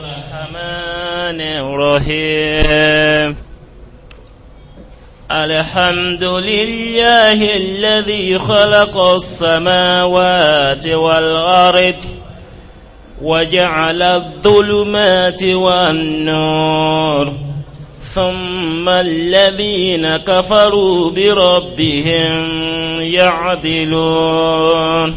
الرحمن الرحيم الحمد لله الذي خلق السماوات والأرض وجعل الظلمات والنور ثم الذين كفروا بربهم يعدلون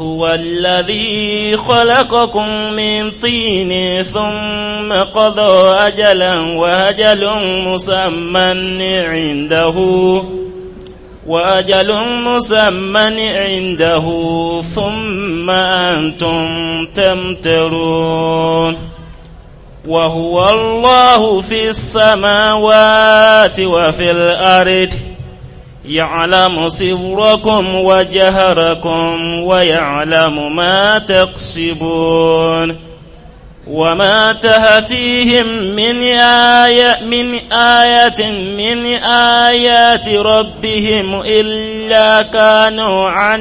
هو الذي خلقكم من طين ثم قضى أجلا وأجل مسمى عنده وأجل مسمى عنده ثم أنتم تمترون وهو الله في السماوات وفي الأرض يعلم سركم وجهركم ويعلم ما تقصبون وما تهتيهم من آية من آية من آيات ربهم إلا كانوا عن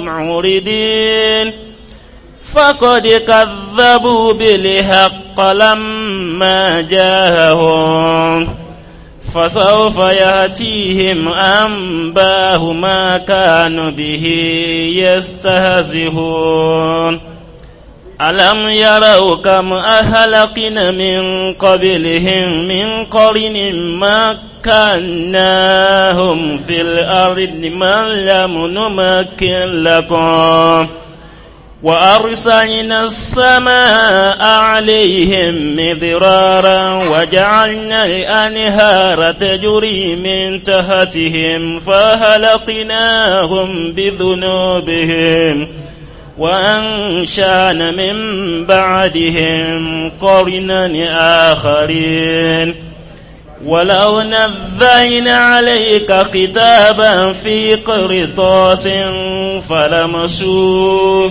معرضين فقد كذبوا بالحق لما جاءهم فسوف يأتيهم أنباه ما كانوا به يستهزئون ألم يروا كم أهلقنا من قبلهم من قرن مكناهم في الأرض ما لم نمكن لكم وأرسلنا السماء عليهم مدرارا وجعلنا الأنهار تجري من تحتهم فهلقناهم بذنوبهم وأنشأنا من بعدهم قرنا آخرين ولو نذينا عليك كتابا في قرطاس فلمسوه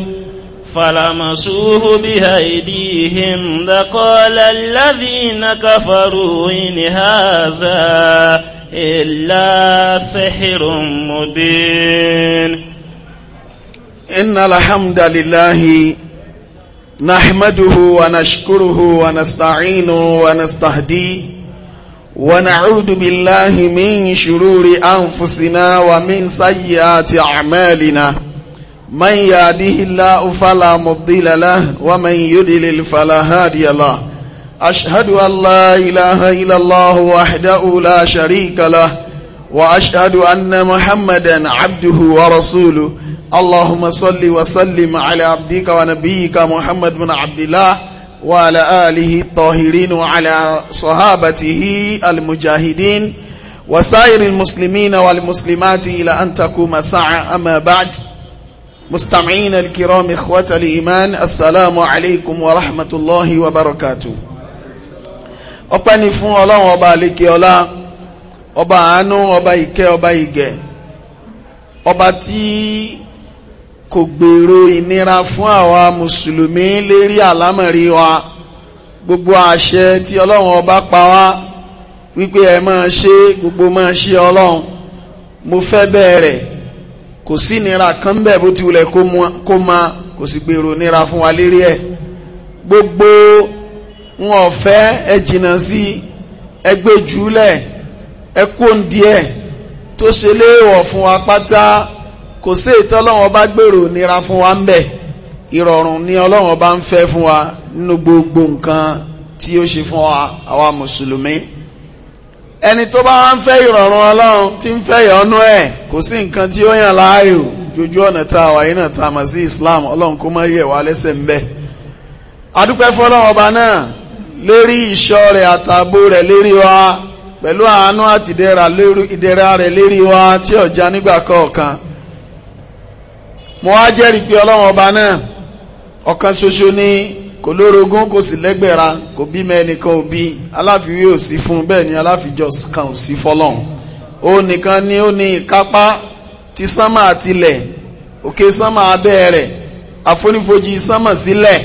فلمسوه بأيديهم لقال الذين كفروا إن هذا إلا سحر مبين إن الحمد لله نحمده ونشكره ونستعينه ونستهديه ونعوذ بالله من شرور أنفسنا ومن سيئات أعمالنا من يهده الله فلا مضل له ومن يضلل فلا هادي له أشهد أن لا إله إلا الله وحده لا شريك له وأشهد أن محمدا عبده ورسوله اللهم صل وسلم على عبدك ونبيك محمد بن عبد الله وعلى آله الطاهرين وعلى صحابته المجاهدين وسائر المسلمين والمسلمات إلى أن تقوم ساعة أما بعد مستمعين الكرام إخوة الإيمان السلام عليكم ورحمة الله وبركاته ọpẹ́ ni fún ọlọ́run ọba àlékè ọlá ọba àánú ọba ìkẹ́ ọba ìgẹ̀ ọba tí kò gbèrò ìnira fún àwa mùsùlùmí lérí àlámọ̀rí wa gbogbo àṣẹ tí ọlọ́run ọba pa wá wípé ẹ máa ṣe gbogbo máa ṣe ọlọ́run mo fẹ́ bẹ̀rẹ̀ kò sí nira kan bẹ́ẹ̀ bó ti wulẹ̀ kó ma kò sì gbèrò nira fún wa lérí ẹ̀ gbogbo wọn ọ̀fẹ́ ẹ jìnnà sí ẹgbẹ́ jùlẹ̀ ẹ kóńdí ẹ̀ tó ṣe léèwọ̀ fún wa pátá kò sí ètò ọlọ́wọ́n bá gbèrò nira fún wa ń bẹ̀ ìrọ̀rùn ni ọlọ́wọ́n bá ń fẹ́ fún wa nínú gbogbo nǹkan tí ó ṣe fún wa àwa mùsùlùmí. ẹni tó bá wá ń fẹ́ ìrọ̀rùn ọlọ́run tí ń fẹ́ ìyọ́nú ẹ̀ kò sí nǹkan tí ó yàn láàyò ọ̀nà tá a náà Islam ọlọ́run kó má yẹ wá lẹ́sẹ̀ ń adúpẹ́ fọlọ́run ọba náà lérí ìṣọ́ rẹ̀ rẹ̀ wa pẹ̀lú àánú àti ìdẹ̀ra rẹ̀ wa tí ọ̀já nígbà kọ̀ọ̀kan. mo wá jẹ́rìí pé ọlọ́run ọba ni kò lórogún kò sì lẹ́gbẹ̀ra kò bí mẹ́nìkan ò bí aláfiwé ò sí fún bẹ́ẹ̀ ni aláfijọ́ kan ò sí fọ́lọ́hun ó nìkan ni ó ní ìkápá ti sánmà àtilẹ̀ òkè sánmà abẹ́ rẹ̀ àfonífojì sánmà sílẹ̀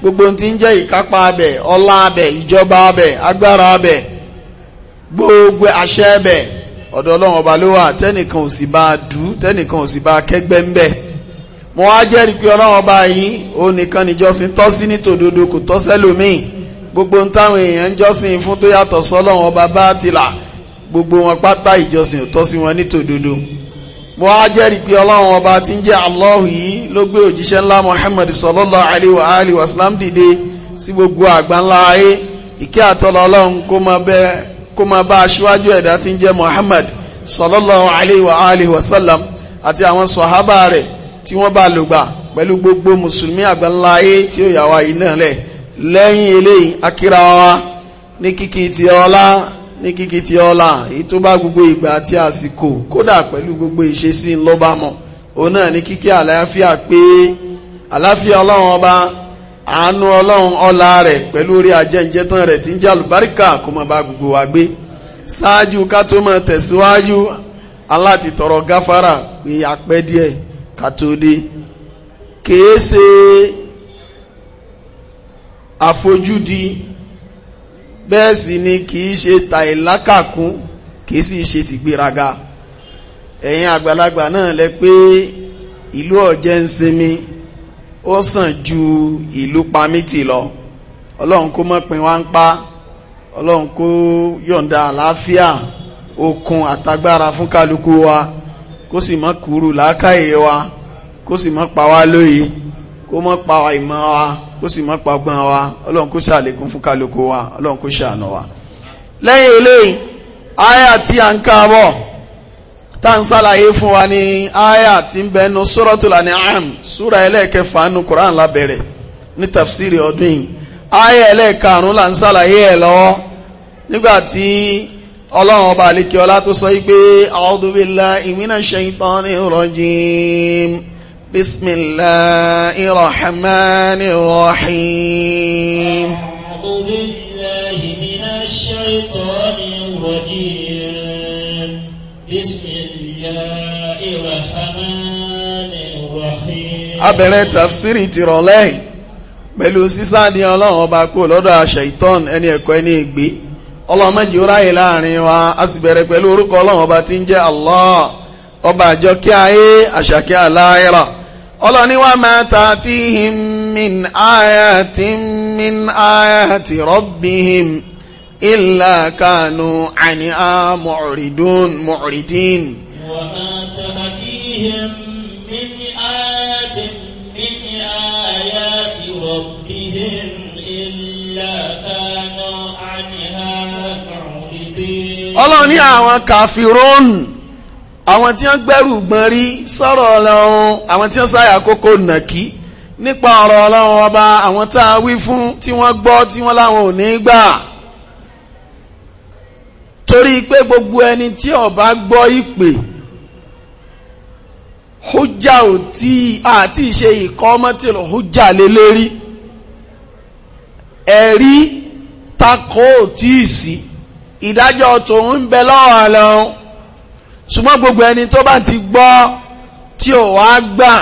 gbogbo tí ń jẹ́ ìkápá abẹ̀ ọlá abẹ̀ ìjọba abẹ̀ agbára abẹ̀ gbogbo àṣẹ abẹ̀ ọ̀dọ̀ ọlọ́run ọba ló wà tẹ́nìkan ò sì bá dùú tẹ́nìkan ò sì bá kẹ́gbẹ́ ń mo wá jẹ́rìí pé ọlọ́run ọba yìí ó nìkan níjọ́sìn tọ́ sí ní tòdodo kò tọ́ sẹ́lòmíì gbogbo ń táwọn èèyàn ń jọ́sìn fún tó yàtọ̀ sọ́lọ́run ọba bá ti là gbogbo wọn pátá ìjọsìn ò tọ́ sí wọn ní tòdodo mo wá jẹ́rìí pé ọlọ́run ọba tí ń jẹ́ Allahu yìí ló gbé òjíṣẹ́ ńlá Muhammad sallallahu alaihi wa alihi wasallam dìde sí gbogbo àgbáńlá ayé ìkẹ́ àtọ́lọ́ ọlọ́run kó máa bá aṣíwájú ẹ̀dá tí ń jẹ́ Muhammad sallallahu alaihi wa alihi wasallam àti àwọn sọ̀hábà rẹ̀ tí wọ́n bá lò gbà pẹ̀lú gbogbo mùsùlùmí àgbáńlá ayé tí ó yàwá yìí náà lẹ̀ lẹ́yìn eléyìí akíra wa ní kíkí ti ọlá ní kíkí ti ọlá èyí tó bá gbogbo ìgbà àti àsìkò kódà pẹ̀lú gbogbo ìṣesí ńlọ́bàmọ̀ òun náà ní kíkí àlàáfíà pé àlàáfíà ọlọ́run ọba àánú ọlọ́run ọlá rẹ̀ pẹ̀lú orí ajẹ́njẹ́tán rẹ̀ tí ń jẹ́ àlùbáríkà aláti tọrọ gáfárà pé àpẹ́ díẹ̀ kàtòdé kìí ṣe àfojúdi bẹ́ẹ̀ sì ni kìí ṣe tàìlákàkún kìí sì ṣe tìgbéraga ẹ̀yin àgbàlagbà náà lẹ pé ìlú ọ̀jẹ́ ń sinmi ó sàn ju ìlú pamítì lọ ọlọ́run kó mọ́ pin wá ń pa ọlọ́run kó yọ̀ǹda àlàáfíà okun àtagbára fún kálukú wa kó sì má kúrú làákàyè wa kó sì má pa wá lóye kó má pa ìmọ̀ wa kó sì má pa gbọ́n wa ọlọ́run kó ṣàlékún fún kálukú wa ọlọ́run kó ṣàánú wa lẹ́yìn eléyìí aya tí a ń káàbọ̀ tá ń sàlàyé fún wa ní aya tí ń bẹnu Suratul An'am súra ẹlẹ́ẹ̀kẹfà nu Qur'an lábẹ̀rẹ̀ ní tafsiri ọdún yìí aya ẹlẹ́ẹ̀karùn-ún là ń sàlàyé ẹ̀ lọ́wọ́ nígbà tí ọlọ́run ọba àlékí ọlá tó sọ wípé a'udhu billahi minash shaitanir rajim bismillahir rahmanir rahim a'udhu billahi minash shaitanir rajim bismillahir rahmanir rahim abẹ̀rẹ̀ tafsiri ti rọ̀lẹ́ pẹ̀lú sísáàdì ọlọ́run ọba kú lọ́dọ̀ àṣẹ ẹni ẹ̀kọ́ ẹni ègbé ọlọ́mọ jù ráyè láàrin wa a sì bẹ̀rẹ̀ pẹ̀lú orúkọ ọlọ́run ọba tí ń jẹ́ Allah ọba àjọ kí ayé àṣàkẹ́ àláyẹ̀rà ọlọ́ni wa ma ta'tihim min ayatin min ayati rabbihim illa kanu anha mu'ridun mu'ridin. wa ma ta'tihim min ayatin min ayati rabbihim ọlọ́run ní àwọn kàfírón àwọn tí wọ́n gbẹ́rù gbọ́n rí sọ̀rọ̀ ọlọ́run àwọn tí wọ́n sáyà kókó nàkí nípa ọ̀rọ̀ ọlọ́run ọba àwọn tá a wí fún tí wọ́n gbọ́ tí wọ́n láwọn ò ní gbà torí pé gbogbo ẹni tí ó gbọ́ ìpè hújà ò àti ìṣe ìkọ́mọ́tìlù hújà lé lérí ẹ̀rí takò tí ì sí ìdájọ́ tòun ń bẹ lọ́wọ́ lọ́wọ́ ṣùgbọ́n gbogbo ẹni tó bá ti gbọ́ tí ò wá gbà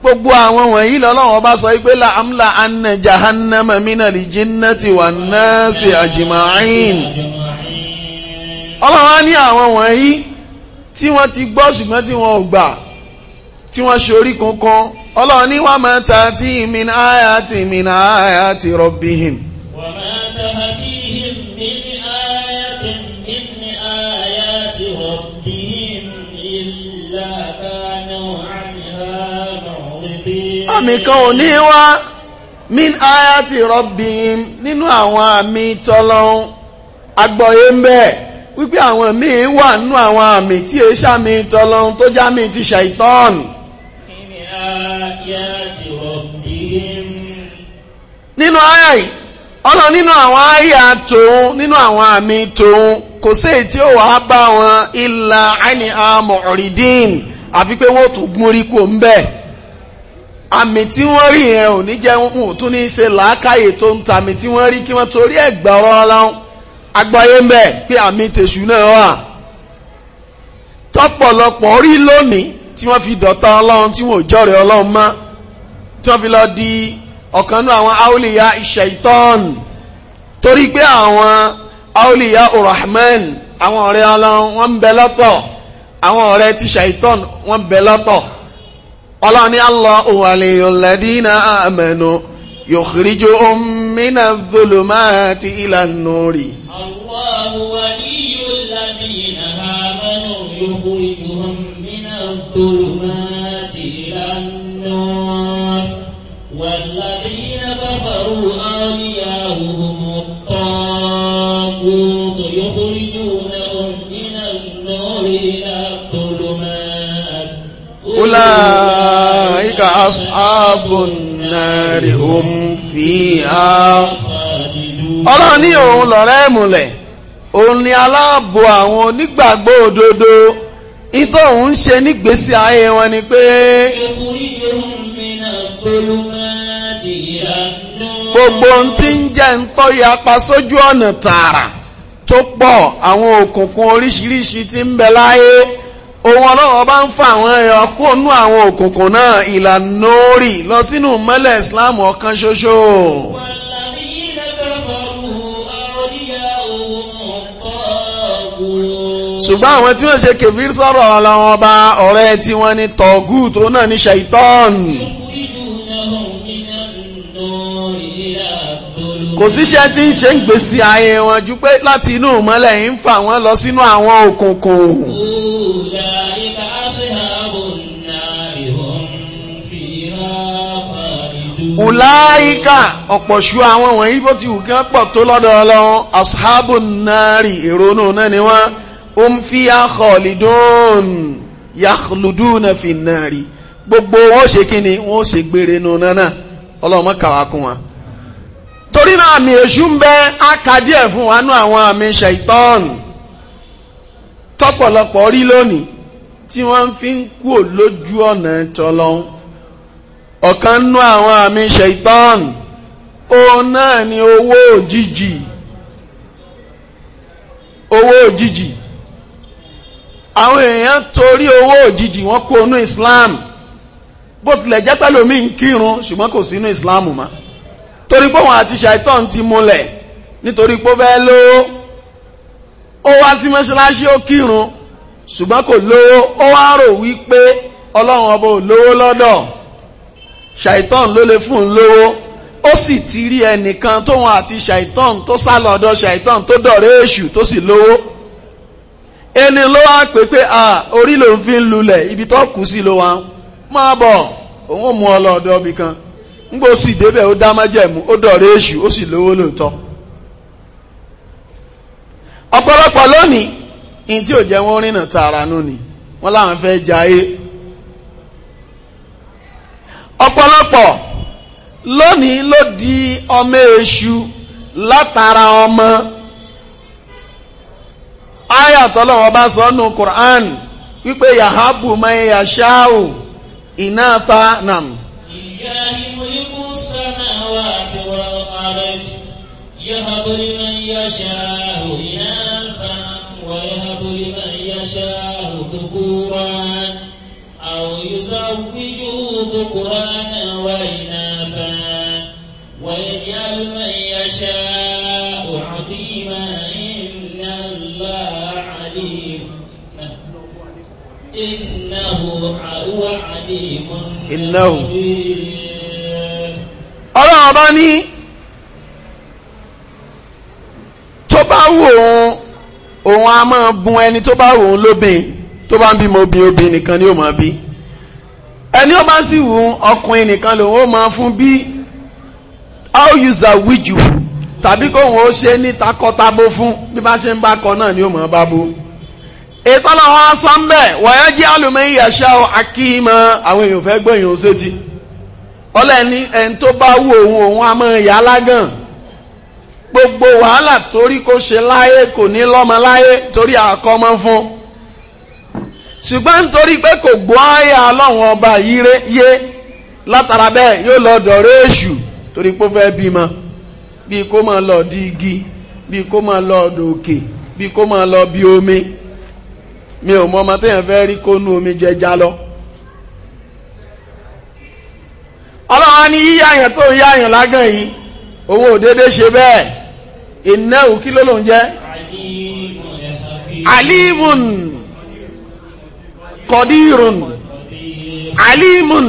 gbogbo àwọn wọ̀nyí lọ́lọ́wọ́ bá sọ pé làmúlà anna jahannama mina lè jinnati wà nasi ajma'in ọlọ́wọ́ ní àwọn wọ̀nyí tí wọ́n ti gbọ́ ṣùgbọ́n tí wọ́n gbà tí wọ́n ṣe orí kankan ọlọ́run ní wà máa ta tí min àyà ti min àyà ti rọ̀bìhìm. wà máa ta tí min àyà ti min àyà ti rọ̀bìhìm ilà kánú àmìhà mọ̀rìndín. àmì kan ò ní wá min àyà ti rọ̀bìhìm nínú àwọn àmì tọ́lọ́hún agbọ̀yé ń bẹ́ẹ̀ wípé àwọn míì wà nínú àwọn àmì tí èé sàmì tọ́lọ́hún tó já mi ti ṣàìtọ́ọ̀nù. nínú àyà yìí ọlọ́run nínú àwọn àyà tòun nínú àwọn àmì tòun kò séè tí ó wàá bá wọn ilà ẹni àmọ̀ ọ̀rìndín àfi pé wọ́n tún gún orí kò ń bẹ̀ àmì tí wọ́n rí yẹn ò ní jẹ́ wọn ò tún ní ṣe làákàyè tó ń ta àmì tí wọ́n rí kí wọ́n torí ẹ̀gbà ọ̀rọ̀ ọlọ́run agbáyé ń bẹ̀ pé àmì tèṣù náà wà tọ́pọ̀lọpọ̀ rí lónìí tí wọ́n fi dọ̀tá ọlọ́run tí wọ́n ò jọ̀rẹ̀ ọlọ́run mọ́ tí wọ́n fi lọ di ọ̀kan náà àwọn aoliya ishaitan torí pé àwọn aoliya urahman àwọn ọ̀rẹ́ ọlọ́run wọ́n ń bẹ lọ́tọ̀ àwọn ọ̀rẹ́ ti shaitan wọ́n ń bẹ lọ́tọ̀ ọlọ́run ní Allahu waliyul ladina amanu yukhrijuhum minaz zulumati ilan nuri. Allahu waliyul ladina amanu yukhrijuhum minaz zulumati ilan nuri. كفروا أولياؤهم الطاغوت يخرجونهم من النور إلى الظلمات أولئك أصحاب النار هم فيها ọlọ́run ní òun lọ̀rẹ́ ìmùlẹ̀ òun ni aláàbò àwọn onígbàgbọ́ òdodo ìtọ́ òun ń ṣe nígbésí ayé wọn ni pé. ìkùnrin yóò mìíràn tó ló máa gbogbo ohun tí ń jẹ́ ń tọ́ yapa sójú ọ̀nà tààrà tó pọ̀ àwọn òkùnkùn oríṣiríṣi tí ń bẹ láyé ohun ọlọ́wọ́ bá ń fa àwọn ẹ̀yọ́ kó nú àwọn òkùnkùn náà ìlànà orí lọ sínú mọ́lẹ̀ Islam ọ̀kan ṣoṣo. ṣùgbọ́n àwọn tí wọ́n ṣe kèfírí sọ̀rọ̀ ọ̀làwọ̀n ọba ọ̀rẹ́ tí wọ́n ní tọ̀gù tó náà ní ṣàìtọ́ọ̀nù. kò síṣẹ́ tí ń ṣe ń gbèsè ayé wọn ju pé láti inú ìmọ́lẹ̀ yìí ń fà wọ́n lọ sínú àwọn òkùnkùn. Ùláìkà ọ̀pọ̀ṣù àwọn wọ̀nyí bó ti wù kí wọ́n pọ̀ tó lọ́dọ̀ ashabu nari ìrònú náà ni wọ́n ó ń fi akhalidun nari gbogbo wọn ó ṣe kí ni wọn ó ṣe gbére nù náà Ọlọ́run mọ́ kàwá wọn torí náà àmì èṣù ń bẹ ákàdí ẹ̀ fún wánú àwọn àmì ṣẹ̀tọ́ọ̀nù tọ́pọ̀lọpọ̀ rí lónìí tí wọ́n fi ń kú lójú ọ̀nà tọ́lọ́hún ọ̀kan nú àwọn àmì ṣẹ̀tọ́ọ̀nù òun náà ni owó òjijì owó òjijì àwọn èèyàn torí owó òjijì wọ́n kó inú Islam bó tilẹ̀ jẹ́ pẹ́lú mi ń kírun ṣùgbọ́n kò sínú Islam mọ́ torí pé òun àti ṣàìtàn ti múlẹ̀ nítorí pé ó fẹ́ lówó ó wá sí mọ́ṣáláṣí ó kírun ṣùgbọ́n kò lówó ó wá rò wípé ọlọ́run ọba ò lówó lọ́dọ̀ ṣàìtàn ló lè fún un lówó ó sì ti rí ẹnìkan tóun àti ṣàìtàn tó sá lọ́dọ̀ ṣàìtàn tó dọ̀rẹ́ èṣù tó sì lówó ẹni ló wá pé pé à orí lòun fi ń lulẹ̀ ibi tó kù sí ló máa bọ̀ òun ò mú ọ lọ́dọ̀ ibì kan ńgbọ́ sì o ó dá májẹ̀mú ó dọ̀rẹ́ èṣù ó sì lówó lóòótọ́ ọ̀pọ̀lọpọ̀ lónìí in tí ò jẹ́ wọ́n rìnà tààrà nù ni wọ́n láwọn fẹ́ jayé ọ̀pọ̀lọpọ̀ lónìí ló di ọmọ èṣù látara ọmọ ayatollah bá sọ nù Qur'an wípé yahabu maye yashau iná nam. السماوات والأرض يهب لمن يشاء إناثا ويهب لمن يشاء ذكورا أو يزوج ذكرانا وإناثا ويجعل من يشاء عقيما إن الله عليم إنه هو عليم إنه ọlọ́run bá ní tó bá wù òun òun á máa bùn ẹni tó bá wù òun lóbìn tó bá ń bímọ obìn obìn nìkan ni ó máa bí ẹni ó bá sì wù ọkùnrin nìkan lòun ó máa fún bí how user wíjù tàbí kóun ó ṣe ní takọtabo fún bí bá ṣe ń bá kọ náà ni ó máa bá bó ètò ọlọ́run sọ ń bẹ̀ wọ́n yá jẹ́ àlùmọ́ ìyàṣá akíma àwọn èèyàn fẹ́ gbọ́ èèyàn ó ṣètì ọlẹ́ni ẹni tó bá wù òun òun a máa yà á lágàn gbogbo wàhálà torí kó ṣe láyé kò ní lọ́mọ láyé torí àkọ́mọ́ fún ṣùgbọ́n nítorí pé kò gbọ́ ayé ọlọ́run ọba yé látara bẹ́ẹ̀ yóò lọ dọ̀rẹ́ èṣù torí pé ó fẹ́ bímọ bí kó máa lọ di igi bí kó máa lọ ọ̀dọ̀ òkè kó máa lọ bí omi mi ò mọ ọmọ téèyàn fẹ́ rí kó nu omi jẹja lọ. ọlọ́wọ́ ní yíyàyàn tó yíyàyàn lágàn yìí owó òdédé ṣe bẹ́ẹ̀ iná òkí ló ló ń jẹ́ alimun kọdírun alimun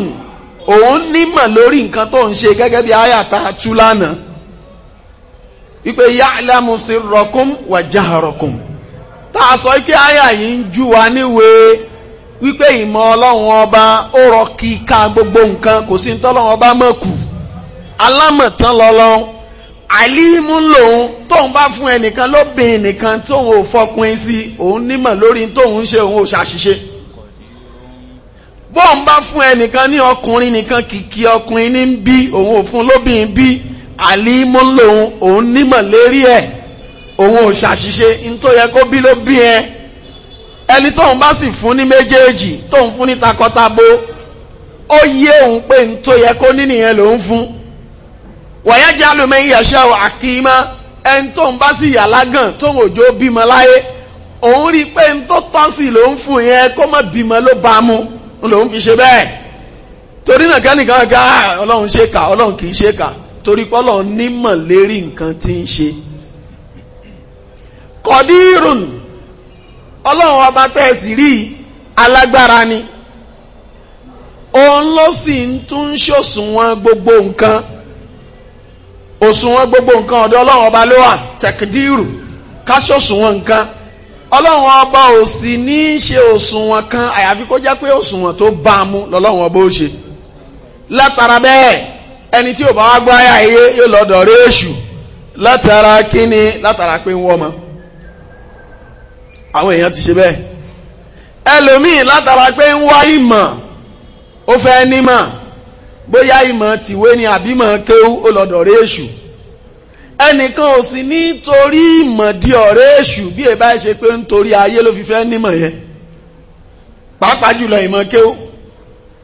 òun nímọ̀ lórí nǹkan tó ń ṣe gẹ́gẹ́ bí ayàtà tú lánàá wípé ya'lamu sirrakum wa jahrakum tá a sọ pé ayà yìí ń jú wa níwèé wípé ìmọ̀ ọlọ́run ọba ó rọ kíka gbogbo nǹkan kò sí tọ́lọ́run ọba mọ̀ kù alámọ̀tán lọ́lọ́run àìlímú lòun tóun bá fún ẹnìkan lóbìn nìkan tóun ò fọkùnrin sí òun nímọ̀ lórí tóun ń ṣe òun ò ṣàṣìṣe bóun bá fún ẹnìkan ní ọkùnrin nìkan kìkì ọkùnrin ní bí òun ò fún lóbìn bí àìlímú lòun òun nímọ̀ lérí ẹ̀ òun ò ṣàṣìṣe ní yẹ kó bí ló bí ẹ ẹni tóun bá sì fún ní méjèèjì tóun fún ní takọtabo ó yé òun pé n tó yẹ kó ní nìyẹn lòun fún wọ̀nyẹ́ jẹ́ alùmẹ́yìn yẹ̀ṣẹ́ àkìmá ẹni tóun bá sì yà lágàn tóun òjò bímọ láyé òun rí i pé n tó tọ́ sí lòun fún yẹn kó má bímọ ló bá mu lòun fi ṣe bẹ́ẹ̀ torí náà kẹ́nìkan ká ọlọ́run ṣe kà ọlọ́run kì í ṣe kà torí pé ọlọ́run nímọ̀ lérí nǹkan tí ń ṣe kọ́dírùn ọlọ́run ọba tẹ́ẹ̀sì rí alágbára ni òun ló sì ń tún ṣòṣùwọ̀n gbogbo nǹkan òṣùwọ̀n gbogbo nǹkan ọ̀dọ̀ ọlọ́run ọba ló wà tẹ̀kídìrù ká ṣòṣùwọ̀n nǹkan ọlọ́run ọba ò sì ní í ṣe òṣùwọ̀n kan àyàfi kó jẹ́ pé òṣùwọ̀n tó bá a mú lọ́lọ́run ọba ó ṣe látara bẹ́ẹ̀ ẹni tí ò bá wá gbọ́ àyà iye yóò lọ́dọ̀ rẹ́ẹ̀ṣù látara kíni látara pé ń wọ́ ọmọ àwọn èèyàn ti ṣe bẹ́ẹ̀ ẹlòmíì látara pé ń wá ìmọ̀ ó fẹ́ nímọ̀ bóyá ìmọ̀ tìwé ni àbímọ̀ kéwú ó lọ́dọ̀ rẹ̀ èṣù ẹnìkan ò sì nítorí ìmọ̀ di ọ̀rẹ́ èṣù bí ẹ bá ṣe pé nítorí ayé ló fi fẹ́ nímọ̀ yẹn pàápàá jùlọ ìmọ̀ kéwú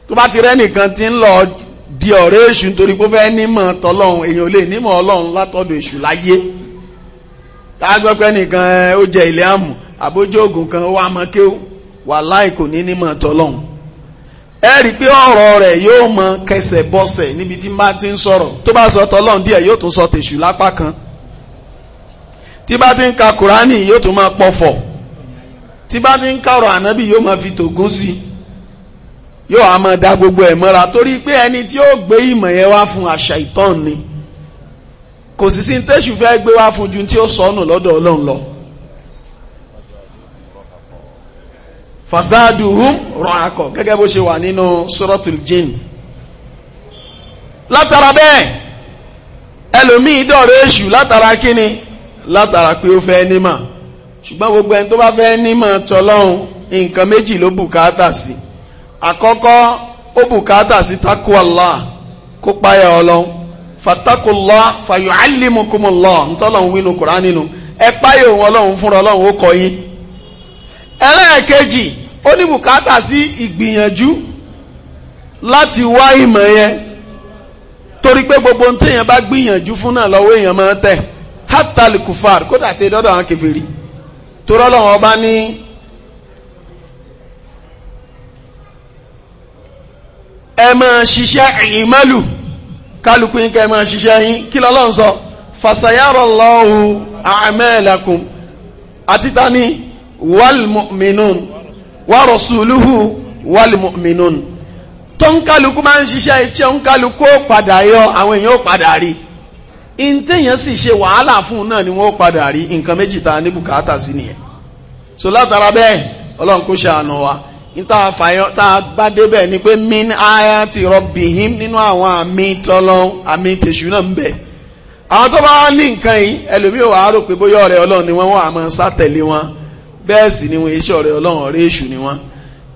tó bá ti rẹ́nìkan ti ń lọ di ọ̀rẹ́ èṣù nítorí pé ó fẹ́ nímọ̀ tọlọ́run èèyàn ò lè nímọ̀ ọlọ́run látọ̀dọ̀ èṣù láyé tágbọ́pẹ́ nìkan ó jẹ ilé àmù àbójú ògùn kan ó wá mọ kí ó wà láì kò ní nímọ̀ tọ́lọ́hún ẹ rí i pé ọ̀rọ̀ rẹ̀ yóò mọ kẹsẹ̀ bọ́sẹ̀ níbi tí bá ti ń sọ̀rọ̀ tó bá sọ tọ́lọ́hún díẹ̀ yóò tún sọ tèṣù lápá kan tí bá ti ń ka kùránì yóò tún máa pọ̀fọ̀ tí bá ti ń kọ̀rọ̀ ànábì yóò máa fi tògún sí yóò á máa da gbogbo ẹ̀ mọ́ra torí pé ẹni tí ó gbé ìmọ̀ yẹn wá fún àṣà ìtọ́ni kò sì sí tẹ́sù fẹ́ gbé wá fún ju tí ó sọnù lọ́dọ̀ ọlọ́run lọ fasaduhum ra'akọ gẹ́gẹ́ bó ṣe wà nínú suratul jinn látara bẹ́ẹ̀ ẹlòmíì dọ̀rọ̀ èṣù látara kíni látara pé ó fẹ́ nímọ̀ ṣùgbọ́n gbogbo ẹni tó bá fẹ́ nímọ̀ tọlọ́run nǹkan méjì ló bùkátà sí àkọ́kọ́ ó bùkátà sí takwa kó páyà ọlọ́run fatakullah fayuallimukumullah ntọ́lọ́hún wínú kùrán nínú ẹ páyé òun ọlọ́run fúnra ọlọ́run ó kọ yín ẹlẹ́ẹ̀kejì ó ní bùkátà sí ìgbìyànjú láti wá ìmọ̀ yẹn torí pé gbogbo ohun tí èèyàn bá gbìyànjú fún náà lọ́wọ́ èèyàn máa tẹ̀ hátàlì kùfàr kódà tẹ dọ́dọ̀ àwọn kèfèrí torí ọlọ́run ọba ní. ẹ máa ṣiṣẹ́ ìmọ̀lù kálukú yín kẹ́ẹ̀ máa ṣiṣẹ́ yín kí lọ́lọ́run sọ fasayarallahu a'malakum àti tani walmu'minun wa rasuluhu walmu'minun tó ń kálukú máa ń ṣiṣẹ́ iṣẹ́ ń kálukú ó padà yọ àwọn èèyàn ó padà rí in téèyàn sì ṣe wàhálà fún un náà ni wọ́n ó padà rí nǹkan méjì ta ní bùkátà sí nìyẹn so látara bẹ́ẹ̀ ọlọ́run kó ṣàánú wa níta fàyọ tá a bá débẹ̀ ni pé min aya ti rọbìhín nínú àwọn àmì tọ́lọ́hún àmì tèṣù náà ń bẹ. àwọn tó bá ní nǹkan yìí ẹlòmíì ò wá rò pé bóyá ọ̀rẹ́ ọlọ́run ni wọ́n wọ́n àmọ́ sátẹ̀lé wọn bẹ́ẹ̀ sì ni wọ́n iṣẹ́ ọ̀rẹ́ ọlọ́run ọ̀rẹ́ èṣù ni wọ́n.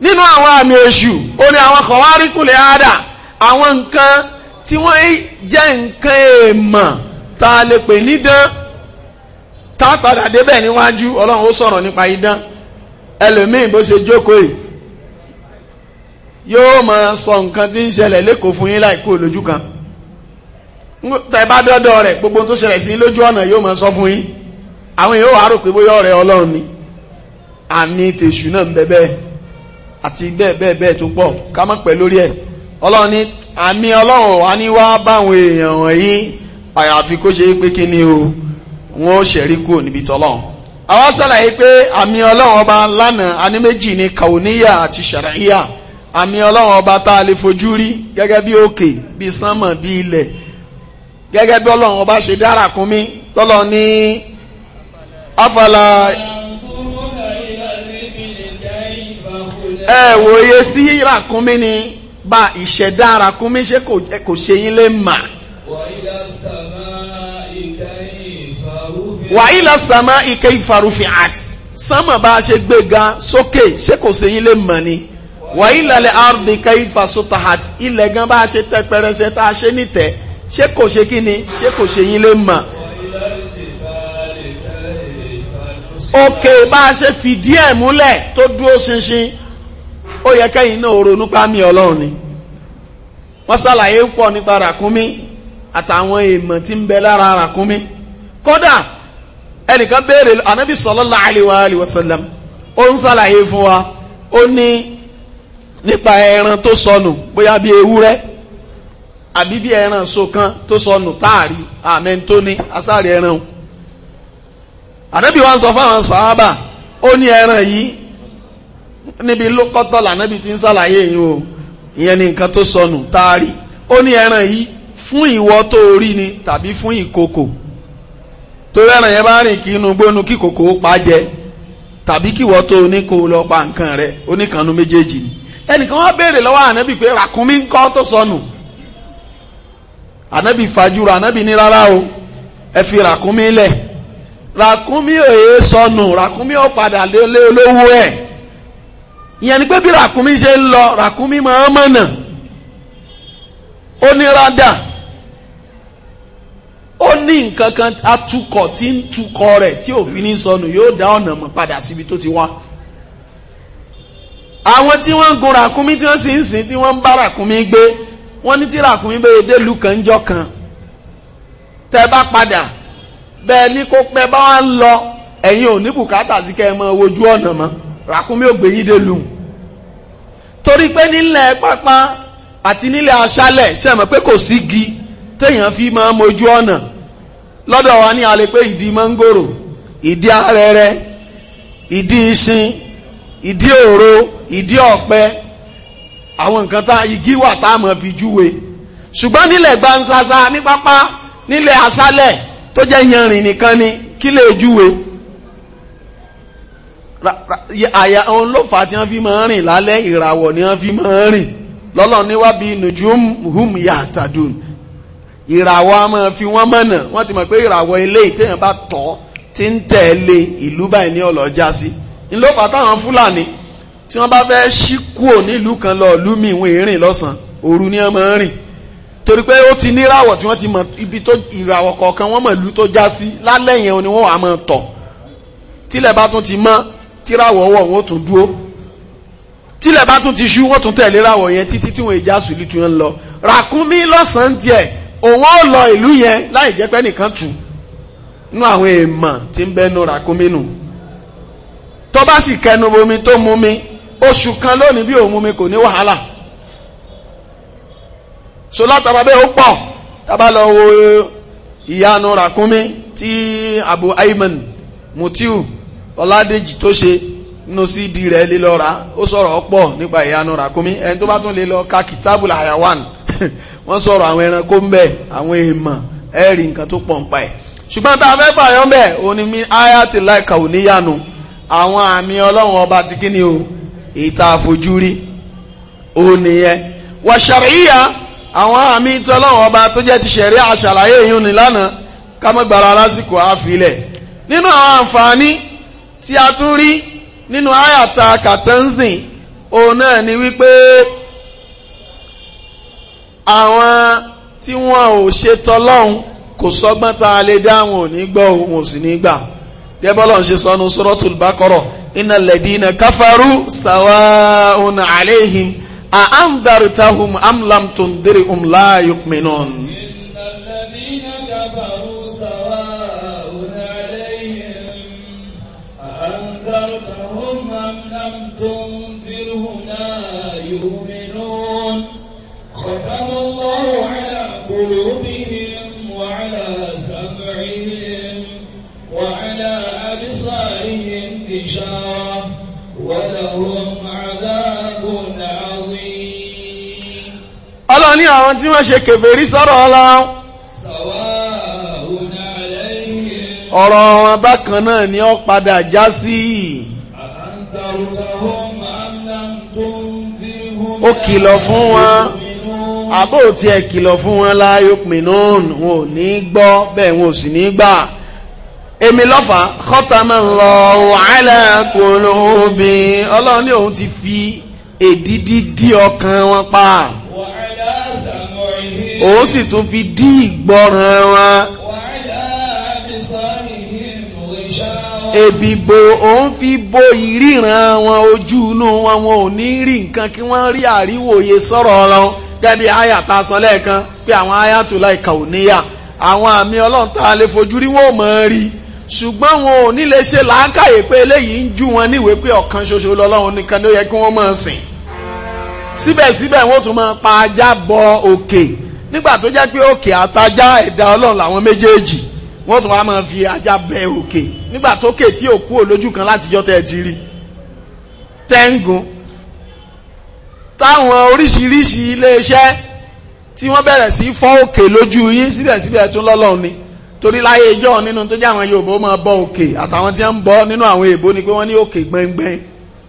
nínú àwọn àmì èṣù ó ní àwọn kan wá kulẹ̀ àdà àwọn nǹkan tí wọ́n jẹ́ nǹkan èèmọ̀ tá lè pè nídán tá a padà débẹ̀ níwájú ọlọ́run ó sọ̀rọ̀ nípa idán ẹlòmíì bó ṣe jókòó yìí yóò máa sọ nǹkan tí ń ṣẹlẹ̀ lẹ́kọ̀ọ́ fún yín láìkú lójú kan tẹ́ bá dọ́dọ̀ rẹ̀ gbogbo tó ṣẹlẹ̀ sí lójú ọ̀nà yóò máa sọ fún yín àwọn èèyàn wàá rò pé bóyá ọ̀rẹ́ ọlọ́run ni àmì tèṣù náà ń bẹ bẹ́ẹ̀ àti bẹ́ẹ̀ bẹ́ẹ̀ bẹ́ẹ̀ tó pọ̀ ká má pẹ́ lórí ẹ̀ ọlọ́run ní àmì ọlọ́run wá ní wá báwọn èèyàn wọ̀nyí àyàfi kó ṣe pé kí ni o wọn ó ṣẹ̀rí kúrò níbi tọ́lọ́run àwọn sàlàyé pé àmì ọlọ́run ọba lánàá aníméjì ni kàwóníyà àti ṣàràyà àmì ọlọ́run ọba tá a lè fojú rí gẹ́gẹ́ bí òkè bí sánmọ̀ bí ilẹ̀ gẹ́gẹ́ bí ọlọ́run ọba ṣe dára kún mi tọ́lọ ní afala ẹ wòye sí ràkúnmí ni bá ìṣẹ̀dá ràkúnmí ṣe kò ṣe yín lè mà. wa ila sàmá ike ìfarufin àti sánmọ̀ bá a ṣe gbé ga sókè ṣe kò ṣe yín lè mà ni wà ilẹ̀lẹ̀ ardi kaifa sutahat ilẹ̀ gan bá a ṣe tẹ́ pẹrẹsẹ tá a ṣe nítẹ̀ ṣé kò ṣe kí ni ṣé kò ṣe yín lè mọ̀. òkè bá a ṣe fìdí ẹ̀ múlẹ̀ tó dúró ṣinṣin ó yẹ kẹ́yìn náà ronú pa ọlọ́run ni wọ́n ṣàlàyé pọ̀ nípa ràkúnmí àtàwọn èèmọ̀ tí ń bẹ lára ràkúnmí kódà ẹnìkan béèrè anabi sallallahu alaihi wa sallam ó ń ṣàlàyé fún wa ó ní. nípa ẹran tó sọnù bóyá bí ewúrẹ́ àbí bí ẹran ṣọ̀kan tó sọnù táàrí àmẹ́ tó ní asáàrí ẹran o ànábì wa ń sọ fáwọn sàábà ó ní ẹran yìí níbi lókọ́tọ́ lànábì ti ń sàlàyé yìí o ìyẹn ni nǹkan tó sọnù táàrí ó ní ẹran yìí fún tó rí ni tàbí fún torí ẹran yẹn bá rìn kí inú gbónú kí pa jẹ tàbí kí ìwọ tó pa nǹkan rẹ ẹnìkan wá béèrè lọ́wọ́ ànábì pé ràkúnmí ń kọ́ tó sọnù ànábì fàjúrò ànábì ní rárá o ẹ fi ràkúnmí lẹ̀ ràkúnmí ò yé sọnù ràkúnmí ò padà lé olówó ẹ̀ ìyẹn ni pé bí ràkúnmí ṣe ń lọ ràkúnmí máa ń mọ̀nà ó ní rádà ó ní nǹkan kan atukọ̀ tí ń tukọ̀ rẹ̀ tí òfin ní sọnù yóò dá ọ̀nà mọ̀ padà síbi tó ti wá àwọn tí wọ́n ń gun ràkúnmí tí wọ́n sì ń sìn tí wọ́n ń bá ràkúnmí gbé wọ́n ní tí ràkúnmí bẹ́ èdè ìlú kan jọ kan tẹ́ bá padà bẹ́ẹ̀ ní kó pẹ́ bá wá ń lọ ẹ̀yin ò ní bùkátà sí kẹ́ ẹ mọ ojú ọ̀nà mọ́ ràkúnmí ò gbé dé lù torí pé nílẹ̀ pápá àti nílẹ̀ aṣálẹ̀ ṣe mọ̀ pé kò sí igi téèyàn fi máa mojú ọ̀nà lọ́dọ̀ wa ní alẹ́ pé ìdí mọ́ngòrò ìdí arẹrẹ ìdí iṣin ìdí òro ìdí ọ̀pẹ àwọn nǹkan tá igi wà tá a mọ̀ fi júwe ṣùgbọ́n nílẹ̀ gbansasa ní pápá nílẹ̀ aṣálẹ̀ tó jẹ́ yanrìn nìkan ni kí lè júwe àyà òun ló fà tí wọ́n fi máa ń rìn lálẹ́ ìràwọ̀ ni wọ́n fi máa rìn lọ́lọ́ níwábi nùjúm hum yàtàdùn ìràwọ̀ a máa fi wọ́n mọ̀nà wọ́n ti mọ̀ pé ìràwọ̀ ilé ìtẹ̀yàn bá tọ́ ti ń tẹ̀lé ìlú báyìí ní ọ̀lọ́jà sí ńlọ́fà táwọn fúlàní tí wọ́n bá fẹ́ ṣí kúò nílùú kan lọ lúmi ìwọ̀n ìrìn lọ́sàn òru ni wọ́n máa ń rìn torí pé ó ti níràwọ̀ tí wọ́n ti mọ̀ ibi tó ìràwọ̀ kọ̀ọ̀kan wọ́n mọ̀ ìlú tó já sí lálẹ́ yẹn ni wọ́n wà máa tọ̀ tílẹ̀ bá tún ti mọ́ tíràwọ̀ wọ̀ wọ́n tún dúró tílẹ̀ bá tún ti ṣú wọ́n tún tẹ̀lé ràwọ̀ yẹn títí tí wọ́n ìjà sùlù tí wọ́n lọ ràkúnmí lọ́sàn-án tiẹ̀ òun ó lọ ìlú yẹn láì jẹ́ pé nìkan tù nú àwọn èèmọ̀ tí ń bẹ́nu ràkúnmí nù tó bá sì kẹnu bomi tó mú mi oṣù kan lónìí bí òun mú mi kò ní wàhálà so látara bẹ́ẹ̀ ó pọ̀ tábà lọ wo eh, ìyanu ràkúnmí tí Abu Ayman Mutiu Ọládèjì tó ṣe nínú cd rẹ̀ lílọ ra ó sọ̀rọ̀ ọ̀pọ̀ nípa ìyanu ràkúnmí ẹni tó bá tún lè lọ ka kitabul hayawan wọ́n sọ̀rọ̀ àwọn ẹranko ń bẹ àwọn èèmọ̀ ẹ̀rí nǹkan tó pọ̀ ń pa ẹ̀ ṣùgbọ́n tá a fẹ́ fààyàn bẹ́ẹ̀ òní mi aya ti láìka ò níyanu àwọn àmì ọlọ́run ọba ti kí ni o ìta àfojúrí ó nìyẹn wà ṣàríyà àwọn àmì tí ọlọ́run ọba tó jẹ́ ti ṣẹ̀rí àṣàlàyé èyí ni lánàá kámọ́gbàrá lásìkò àfilẹ̀ nínú àwọn àǹfààní tí a tún rí nínú àyàtà kàtẹ́ǹsìn òun náà ni wípé àwọn tí wọn ò ṣe tọlọ́hun kò sọ́gbọ́n tá lè dá wọn ò ní gbọ́ òun ò sì ní gbà gẹ́bọ́lọ̀ ń ṣe sọ́nu suratul Baqarah innal ladina kafaru sawa'un alayhim a andartahum am lam tundirhum la yu'minun. innal ladina kafaru sawa'un alayhim a andartahum am lam tundirhum la yu'minun. khatama Allahu ala qulubihim. عاري انتشار ولهم عذاب عظيم ọlọ́run ní àwọn tí wọ́n ṣe kèfèrí sọ̀rọ̀ ọlọ́run ọ̀rọ̀ wọn bákan náà ni ó padà já sí ó kìlọ̀ fún wọn àbóòtí ẹ̀ kìlọ̀ fún wọn láyópin náà wọn ò ní gbọ́ bẹ́ẹ̀ wọn ò sì ní gbà èmi lọ́fà khatamallahu ala qulubi ọlọ́run ní òun ti fi èdídí dí ọkàn wọn pa òun sì tún fi dí ìgbọ́ràn wọn èbìbò òun fi bo ìríran wọn ojú inú wọn wọn ò ní rí nǹkan kí wọ́n rí àríwòye sọ̀rọ̀ ọlọ́run gẹ́bí àyà ta sọ lẹ́ẹ̀kan pé àwọn àyà tó láìka ò níyà àwọn àmì ọlọ́run tá a lè fojú rí wọn ò mọ̀ rí ṣùgbọ́n wọn ò ní lè ṣe làákàyè pé eléyìí ń jú wọn níwèé pé ọ̀kan ṣoṣo lọ́lọ́run nìkan ló yẹ kí wọ́n máa sìn síbẹ̀síbẹ̀ wọ́n tún máa pa ajá bọ òkè nígbà tó jẹ́ pé òkè àtajá ẹ̀dá ọlọ́run làwọn méjèèjì wọ́n tún wá máa fi ajá bẹ òkè nígbà tó kè tí òkú olójú kan látijọ́ tẹ́ ti rí tẹ́ǹgùn táwọn oríṣiríṣi iléeṣẹ́ tí wọ́n bẹ̀rẹ̀ sí fọ́ òkè lójú yín síbẹ̀síbẹ̀ tún lọ́lọ́run ni torí láyé ìjọ nínú tó jẹ́ àwọn Yorùbá máa bọ òkè àtàwọn tí ń bọ nínú àwọn èèbó ni pé wọ́n ní òkè gbẹngbẹn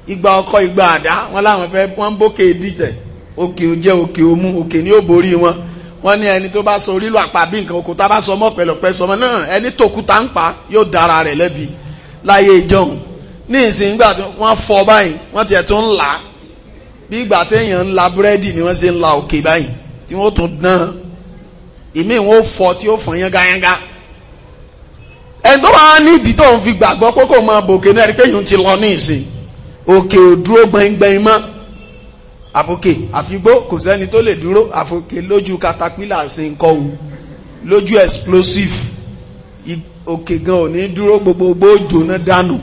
igba ọkọ igba àdá wọn láwọn fẹ́ wọ́n ń bókè dìtẹ̀ òkè ò jẹ́ òkè òmu òkè ní òbórí wọn wọ́n ní ẹni tó bá sọ orílò àpàbí nǹkan oko tá a bá sọ mọ́ pẹ̀lọpẹ́ sọmọ náà ẹni tòkúta ń pa yóò dára rẹ̀ lẹ́bi láyé ìjọ ní ni wọ́n la òkè báyìí tí wọ́n tún dán ìmí wọn fọ tí ó fọ yángayángá ẹni tó wá nídìí tó ń fi gbàgbọ́ pé kò máa bòkè náà rí pé yòó ti lọ ní ìsìn òkè ò dúró gbẹngbẹng mọ́ àfòkè àfigbó kò sẹ́ni tó lè dúró àfòkè lójú katapila sí ń kọ́wù lójú explosive òkè gan ò ní dúró gbogbogbò jóná dànù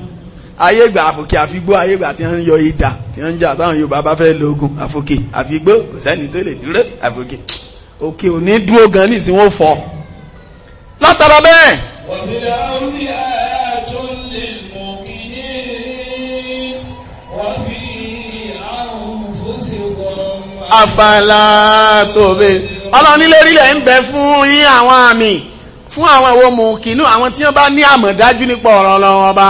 ayégbà àfòkè àfigbó ayégbà tí wọ́n ń yọ ìdà tí wọ́n ń jà táwọn Yorùbá bá fẹ́ lóògùn àfòkè àfigbó kò sẹ́ni tó lè dúró àfòkè òkè ò ní dúró gan ní ìsìn wọn fọ́ látara bẹ́ẹ̀ وفي الأرض آيات للمؤمنين وفي أنفسكم أفلا تبصرون ọlọ́run nílé orílẹ̀ ń bẹ fún yín àwọn àmì fún àwọn ìwọ mùkínú àwọn tí wọ́n bá ní àmọ̀dájú nípa ọ̀rọ̀ ọlọ́run ọba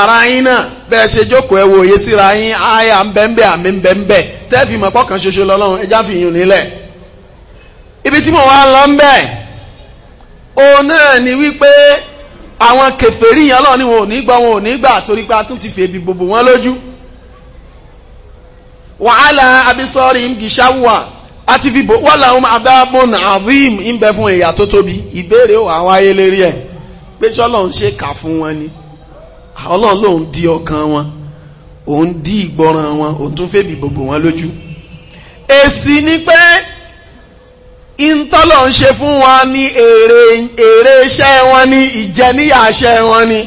ara yín náà bẹ́ẹ̀ ṣe jókòó ẹ wò yé síra yín àyà ń bẹ ń bẹ àmì ń bẹ ń bẹ tẹ́ẹ̀fì mọ̀pọ̀ kan ṣoṣo lọ́lọ́run ẹja fi yùn nílẹ̀ ibi tí mo wá lọ ń bẹ́ẹ̀ òun náà ni wípé àwọn kèfèrí yẹn lọ́ọ̀ ni wọn ò ní gbọ́ wọn ò ní torí pé a tún ti fèbí gbogbo wọn lójú wàhálà abisọ́rí gìṣáwà àti fìbò wàhálà ohun adábọ̀n àdìm ń bẹ fún ìyà tó tóbi ìbéèrè lérí ẹ̀ fún wọn ni ọlọ́run lòun di ọkàn wọn òun di ìgbọràn wọn òun tún fèbí gbogbo wọn lójú èsì ni intolo nso fún wà ni èrè ihe ǹwá ni ǹjẹ niya ǹshẹ ǹwá ni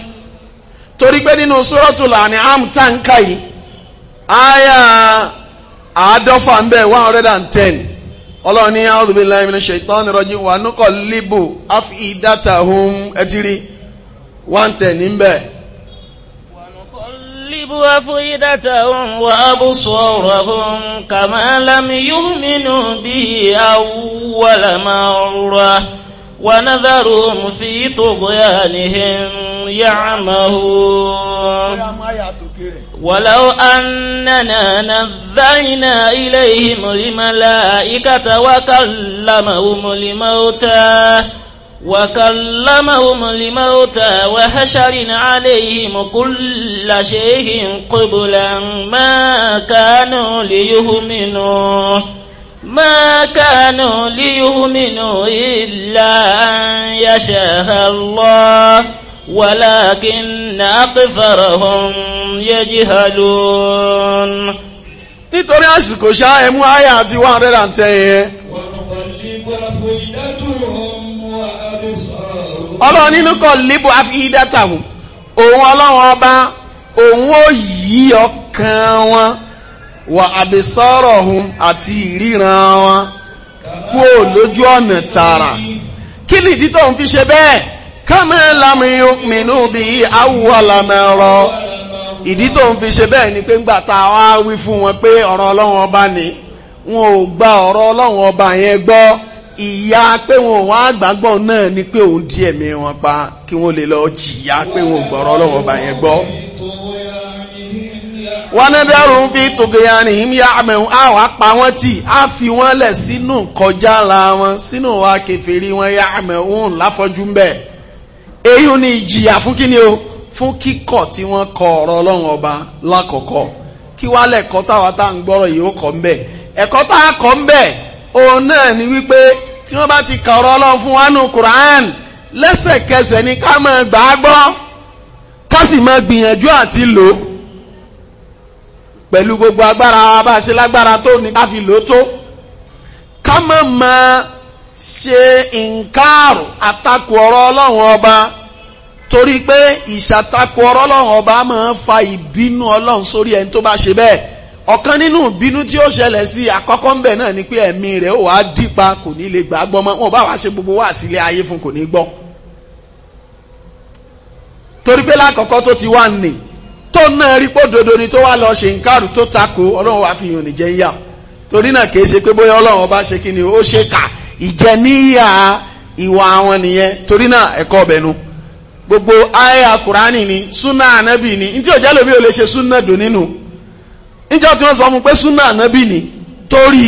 torígbè niile usoro tùlà ni amtrakà aya àádọ́fọ́ à mbẹ 110 ọlọ́ọ̀ni álụ́lụ́bi nla emi ni shetanụ ọrọ jí wà nọkọ̀ lebo afọ ịdata ọhụụ m etiri 110 ní mbẹ. نقلب أفئدتهم وأبصارهم كما لم يؤمنوا به أول مرة ونذرهم في طغيانهم يعمهون ولو أننا نذينا إليهم الملائكة وكلمهم الموتى وكلمهم الموتى وحشر عليهم كل شيء قبلا ما كانوا ليؤمنوا ما كانوا ليؤمنوا إلا أن يشاء الله ولكن أكثرهم يجهلون nítorí àsìkò ṣáà ẹmú àyà àti ọlọ́run nínú kọ́ libu afidatahu òun ọlọ́run ọba òun ó yí ọkàn wọn wà àbẹ̀sọ́rọ̀ hun àti ìríran wọn kúò lójú ọ̀nà tààrà kí nìdí tó ń fi ṣe bẹ́ẹ̀ kámẹ́ lámìí mìínú bí awọ́lámẹ́rọ ìdí tó ń fi ṣe bẹ́ẹ̀ ni pé ńgbà tá a wá wí fún wọn pé ọ̀rọ̀ ọlọ́run ọba ni wọn ò gba ọ̀rọ̀ ọlọ́run ọba yẹn gbọ́ ìyá pé wọn wá àgbàgbọ́ náà ni pé òun di ẹ̀mí wọn pa kí wọ́n lè lọ jìyà pé wọn gbọ́rọ̀ lọ́wọ́ bá yẹn gbọ́. wọ́n ní dẹ́rù ń fi tòkèyà ní ìmí àmẹ́hùn á wàá pa wọ́n tì á fi wọ́n lẹ̀ sínú kọjá la wọn sínú wa kẹfẹ́rí wọn yá àmẹ́hùn láfọ́jú ń bẹ̀. èyí ni ìjìyà fún kí ni o fún kíkọ̀ tí wọ́n kọ ọ̀rọ̀ ọlọ́run ọba lákọ̀ọ́kọ́ kí wàá lẹ̀kọ́ táwa tá à ń gbọ́rọ̀ yìí ó kọ́ ń bẹ̀ tá a kọ́ ń òun náà ni wípé tí wọ́n bá ti kà ọ̀rọ̀ Ọlọ́run fún wa nù Quran lẹ́sẹ̀kẹsẹ̀ ni ká máa gbà á gbọ́ ká sì máa gbìyànjú àti lò ó pẹ̀lú gbogbo agbára wa bá a ṣe lágbára tó ní ká fi lò ó tó ká má máa ṣe nkáàrù àtakò ọ̀rọ̀ Ọlọ́run ọba torí pé ìṣàtakò ọ̀rọ̀ Ọlọ́run ọba máa ń fa ìbínú Ọlọ́run sórí ẹni tó bá ṣe bẹ́ẹ̀ ọ̀kan nínú bínú tí ó ṣẹlẹ̀ sí àkọ́kọ́ ń náà ni pé ẹ̀mí rẹ̀ ó wàá dípa kò ní lè gbàgbọ́ mọ́ wọn bá wàá ṣe gbogbo wá sílé ayé fún kò ní gbọ́ torí pé tó ti wá nì tó náà rí pò ni tó wá lọ ṣe nkárù tó takò ọlọ́run wàá fi hàn níjẹ́ yà torí náà kìí ṣe pé bóyá ọlọ́run ọba ṣe kí ni ó ṣe kà níjọ́ tí wọ́n sọ fún pé súnà ànábì ni torí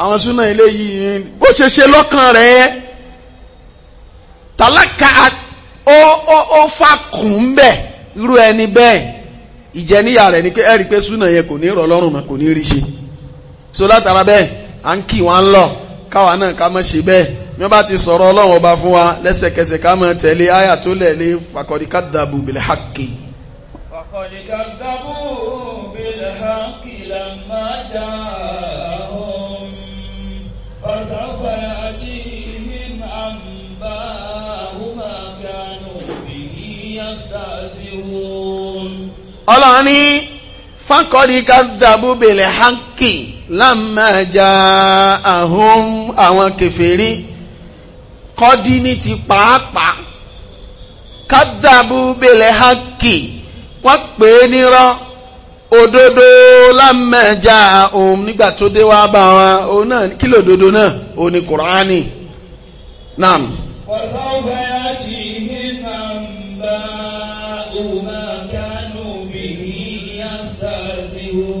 àwọn súnà ilé yìí bó ṣe ṣe lọ́kàn rẹ̀ tálákà ó ó ó fàkùn bẹ̀ irú ẹni bẹ́ẹ̀ ìjẹníyà rẹ̀ ni pé ẹ̀rí pé súnà yẹn kò ní rọ̀ lọ́rùn mọ́ kò ní rí ṣe so látara bẹ́ẹ̀ à ń kì wọ́n ń lọ káwa náà ká má ṣe bẹ́ẹ̀ mi bá ti sọ̀rọ̀ ọlọ́run ọba fún wa lẹ́sẹ̀kẹsẹ̀ ká má tẹ̀lé àyà tó lẹ̀ lé fàkọ̀díkà dàbò bìlẹ̀ hàkì قد كذبوا بالحق لما جاءهم فسوف يأتيهم أنباء ما كانوا به يستهزئون ọlọ́ni fákọ́lì kàdàbù bèlè hánkì lámàjà àhún àwọn kèfèrí kọ́dí ní ti pàápàá kàdàbù bèlè hánkì wọ́n pè é nírọ́ òdodo lámẹjà òun nígbà tó dé wá bá wọn òun náà kí lòdodo náà òun ni kùránì náà. وسوف يأتيهم أنباء ما كانوا به يستهزئون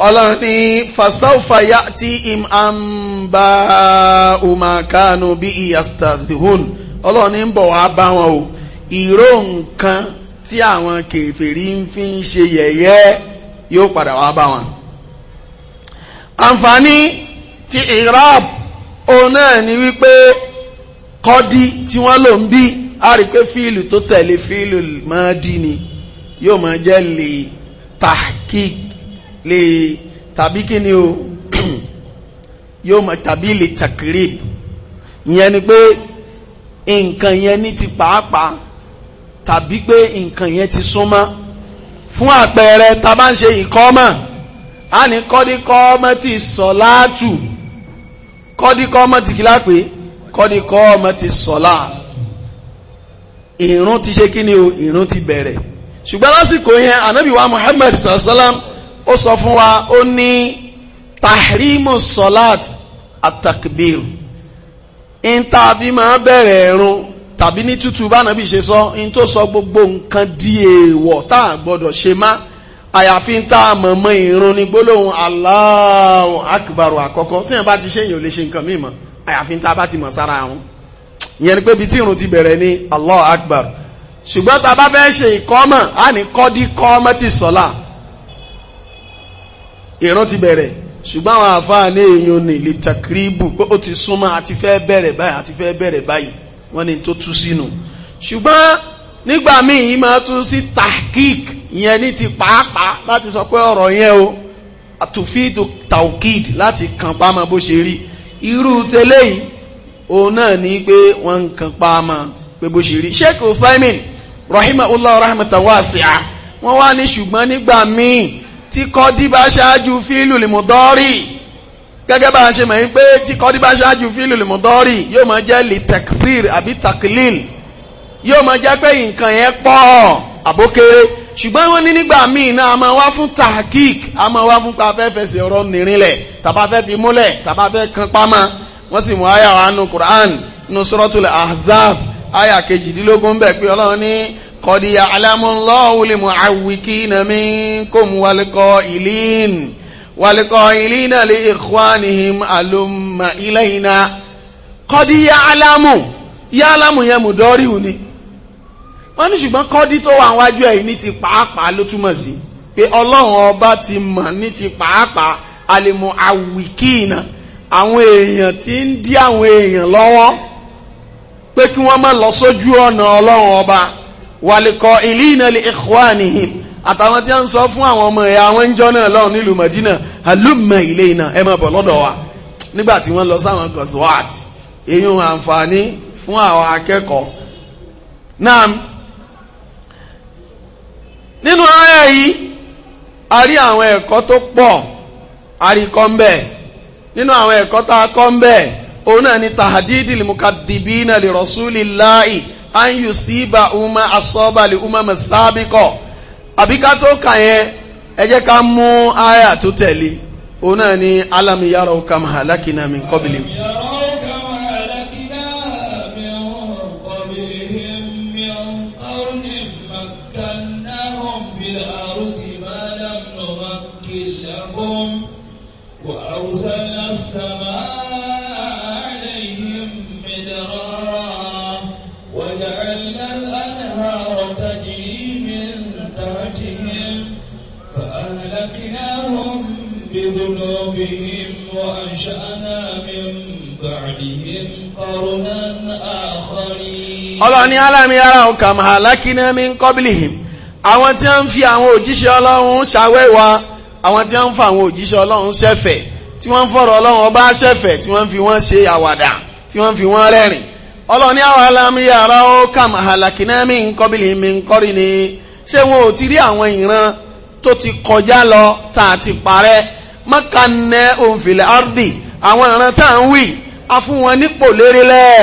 ọlọ́run ní fasaufa ya ti im amba umakanu bí iyastazihun ọlọ́run ní ń bọ̀ wá bá wọn o ìró nǹkan tí àwọn kèfèrí ń fi ń ṣe yẹ̀yẹ́ yóò padà wá bá wọn àǹfààní ti irab òun náà ni wípé kọ́dí tí wọ́n lò ń bí a rí pé fíìlù tó tẹ̀lé fíìlù máa dí ni yóò máa jẹ́ lè tahqiq lè tàbí kí ni o yóò máa tàbí lè takrib ìyẹn ni pé nǹkan yẹn ní ti pàápàá tàbí pé nǹkan yẹn ti súnmọ́ fún àpẹẹrẹ tá a bá ń ṣe ìkọ́mọ̀ a ní kọ́díkọ́mọ́ ti sọ̀láàtù kọ́díkọ́mọ́ ti kílá pé kọ́díkọ́mọ́ ti sọ̀lá ìrun ti ṣe kí ni o ìrun ti bẹ̀rẹ̀ ṣùgbọ́n lásìkò yẹn ànábì wa sallam ó sọ fún wa ó ní tahrimu sọ̀láàtù atakbir ń tá máa bẹ̀rẹ̀ ẹ̀rùn tàbí ní tútù bánàbí ṣe sọ in tó sọ gbogbo nǹkan di èèwọ̀ tá a gbọ́dọ̀ ṣe má àyàfi ń tá a mọ̀ mọ́ ìrun ní gbólóhùn Allahu akbar àkọ́kọ́ tí wọ́n bá ti ṣe èèyàn lè ṣe nǹkan míì àyàfi ń tá a bá ti mọ̀ sára àrùn ìyẹn ni pé ibi tí ìrun ti bẹ̀rẹ̀ ní Allahu akbar ṣùgbọ́n tá a bá fẹ́ ṣe ìkọ́mọ̀ á ní kọ́dí kọ́mọ́ ti sọ́lá ìrun ti bẹ̀rẹ̀ ṣùgbọ́n àwọn àfáà ní èèyàn ní lè takribu pé ó ti súnmọ́ àti fẹ́ bẹ̀rẹ̀ báyìí àti fẹ́ bẹ̀rẹ̀ báyìí wọ́n ní tó tú sínú ṣùgbọ́n nígbà míì yìí máa tú sí tahqiq yẹn ní ti pàápàá láti sọ pé ọ̀rọ̀ yẹn o àtúfíìdù taukid láti kàn pamọ́ bó ṣe rí irú tẹ́lẹ̀ yìí òun náà ní pé wọ́n ń kàn pamọ́ pé bó ṣe rí sheikh ufaimin rahimahullah rahmatan wasi'a wọ́n wá ní ṣùgbọ́n nígbà míì tí kọ́ dí bá ṣáájú fílù lè gẹ́gẹ́ bá a ṣe mọ̀ yín pé tí kọ́dí bá ṣáájú fílù lùmùdọ́rì yóò máa jẹ́ lè tẹ̀kìrìr àbí tàkìlìl yóò máa jẹ́ pé nǹkan yẹn pọ̀ àbókèrè ṣùgbọ́n wọ́n ní nígbà míì náà a máa wá fún tahakik a máa wá fún pa fẹ́ fẹsẹ̀ ọ̀rọ̀ nìrìnlẹ̀ tàbá fẹ́ fi múlẹ̀ tàbá fẹ́ kan pamọ́ wọ́n sì mú àyà wa nu Quran nu suratul ahzab àyà kejìdínlógún bẹ̀ pé ọlọ́run ní kọ́dí alámúlọ́ọ̀lì mọ̀ àwìkí nàmí kò ìlín wàlìkọ̀ọ̀ìlínà lè ìkwánihim àlùmà ilẹ̀ iná kọ́dí yá alámù yá alámù yẹn mú dọ́ríhù ni wọ́n ní ṣùgbọ́n kọ́dí tó wà wájú ẹ̀ ní ti pàápàá ló túmọ̀ sí pé ọlọ́run ọba ti mọ̀ ní ti pàápàá alìmọ̀ àwìkíìnà àwọn èèyàn tí ń dí àwọn èèyàn lọ́wọ́ pé kí wọ́n má lọ sójú ọ̀nà ọlọ́run ọba wàlìkọ̀ọ̀ìlínà lè ìkwánihim àtàwọn tí wọ́n ń sọ fún àwọn ọmọ ẹ̀yà àwọn ń jọ náà lọ́hùn nílùú Madina halumma ilayna ẹ máa bọ̀ lọ́dọ̀ wa nígbà tí wọ́n lọ sáwọn gọ̀sùwàt èyí ń àǹfààní fún àwọn akẹ́kọ̀ọ́ náà nínú ayé yìí a rí àwọn ẹ̀kọ́ tó pọ̀ a ń bẹ̀ nínú àwọn ẹ̀kọ́ tá a ń bẹ̀ òun náà ni tahadidil mukadibina li rasulillahi an yusiba uma asọ́ba li uma masábíkọ̀ àbí ká tó kà yẹn ẹ jẹ́ ká mú àyà tó tẹ̀lé òun náà ni alam yaraw kam halakina min qablihim. وأرسلنا السماء بهم وأنشأنا من بعدهم قرنا آخرين ọlọ́ni alámi ara ọkà màlákínà mi ń kọ́bìlìhìm àwọn tí wọ́n ń fi àwọn òjíṣẹ́ ọlọ́run ṣàwẹ́wà àwọn tí wọ́n ń fa àwọn òjíṣẹ́ ọlọ́run ṣẹ̀fẹ̀ tí wọ́n ń fọ̀rọ̀ ọlọ́run ọba ṣẹ̀fẹ̀ tí wọ́n ń fi wọ́n ṣe àwàdà tí wọ́n ń fi wọ́n rẹ́rìn ọlọ́ni àwọn alámi ara ọkà màlákínà mi ń mi ń ni ṣé wọn ò ti rí àwọn ìran tó ti kọjá lọ tá a ti parẹ́ mọ́kànnẹ́ òǹfìlẹ̀ ardi àwọn ìran tá à ń wí a fún wọn nípò lérí lẹ̀.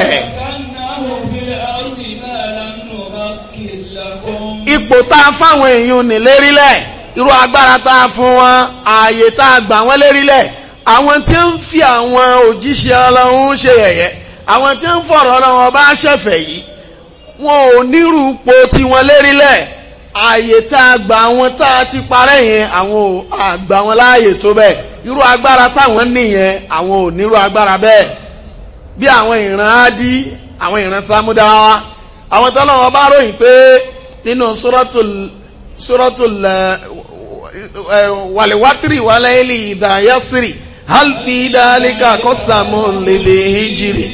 ipò tá a fáwọn èèyàn ní lérí lẹ̀ irú agbára tá a fún wọn ààyè tá a gbà wọ́n lérí lẹ̀ àwọn tí ń fi àwọn òjíṣẹ́ ọlọ́run ṣe yẹ̀yẹ́ àwọn tí ń fọ̀rọ̀ ọlọ́run ọba ṣẹ̀fẹ̀ yìí wọn ò nírú po tiwọn lérí lẹ̀ ààyè tá a gbà wọn tá a ti parẹ́ yẹn àwọn ò àgbà wọn láàyè tó bẹ́ẹ̀ irú agbára táwọn nìyẹn àwọn ò nírú agbára bẹ́ẹ̀ bí àwọn ìran ádí àwọn ìran sámúdáwá àwọn tọ́lọ́wọ́ bá ròyìn pé nínú suratul suratul wàlíwátìrì wàlẹ́lì ìdá yásírì hálfì dálíkà kọ́sàmù lèlè hìjìrì.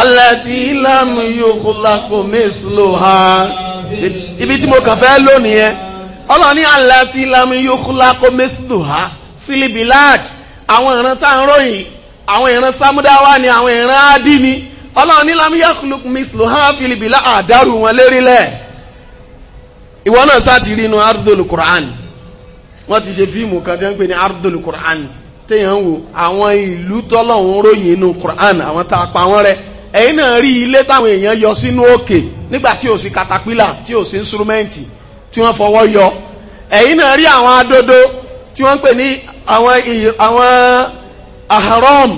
alẹ́tí lámù yóò kó lákò mẹ́sìlò ha ibi tí mo kàn fẹ́ lónìí yẹn ọlọ́run ní alẹ́tí lámù yóò kó lákò mẹ́sìlò ha filibilad àwọn ìran tá à ń ròyìn àwọn ìran samudawa ni àwọn ìran adi ni ọlọ́run ní lámù yóò kó lákò mẹ́sìlò ha filibila àdárù wọn lérílẹ̀ ìwọ náà sá rí inú ardol quran wọ́n ti ṣe fíìmù kan tí wọ́n pè ní ardol quran téèyàn ń àwọn ìlú tọ́lọ́run ròyìn inú quran àwọn tá a pa wọ́n rẹ́ ẹ̀yin náà rí ilé táwọn èèyàn yọ sínú òkè nígbà tí ò sí katapila tí ò sí instrumenti tí wọ́n fọwọ́ yọ ẹ̀yin náà rí àwọn adodo tí wọ́n pè ní àwọn ahram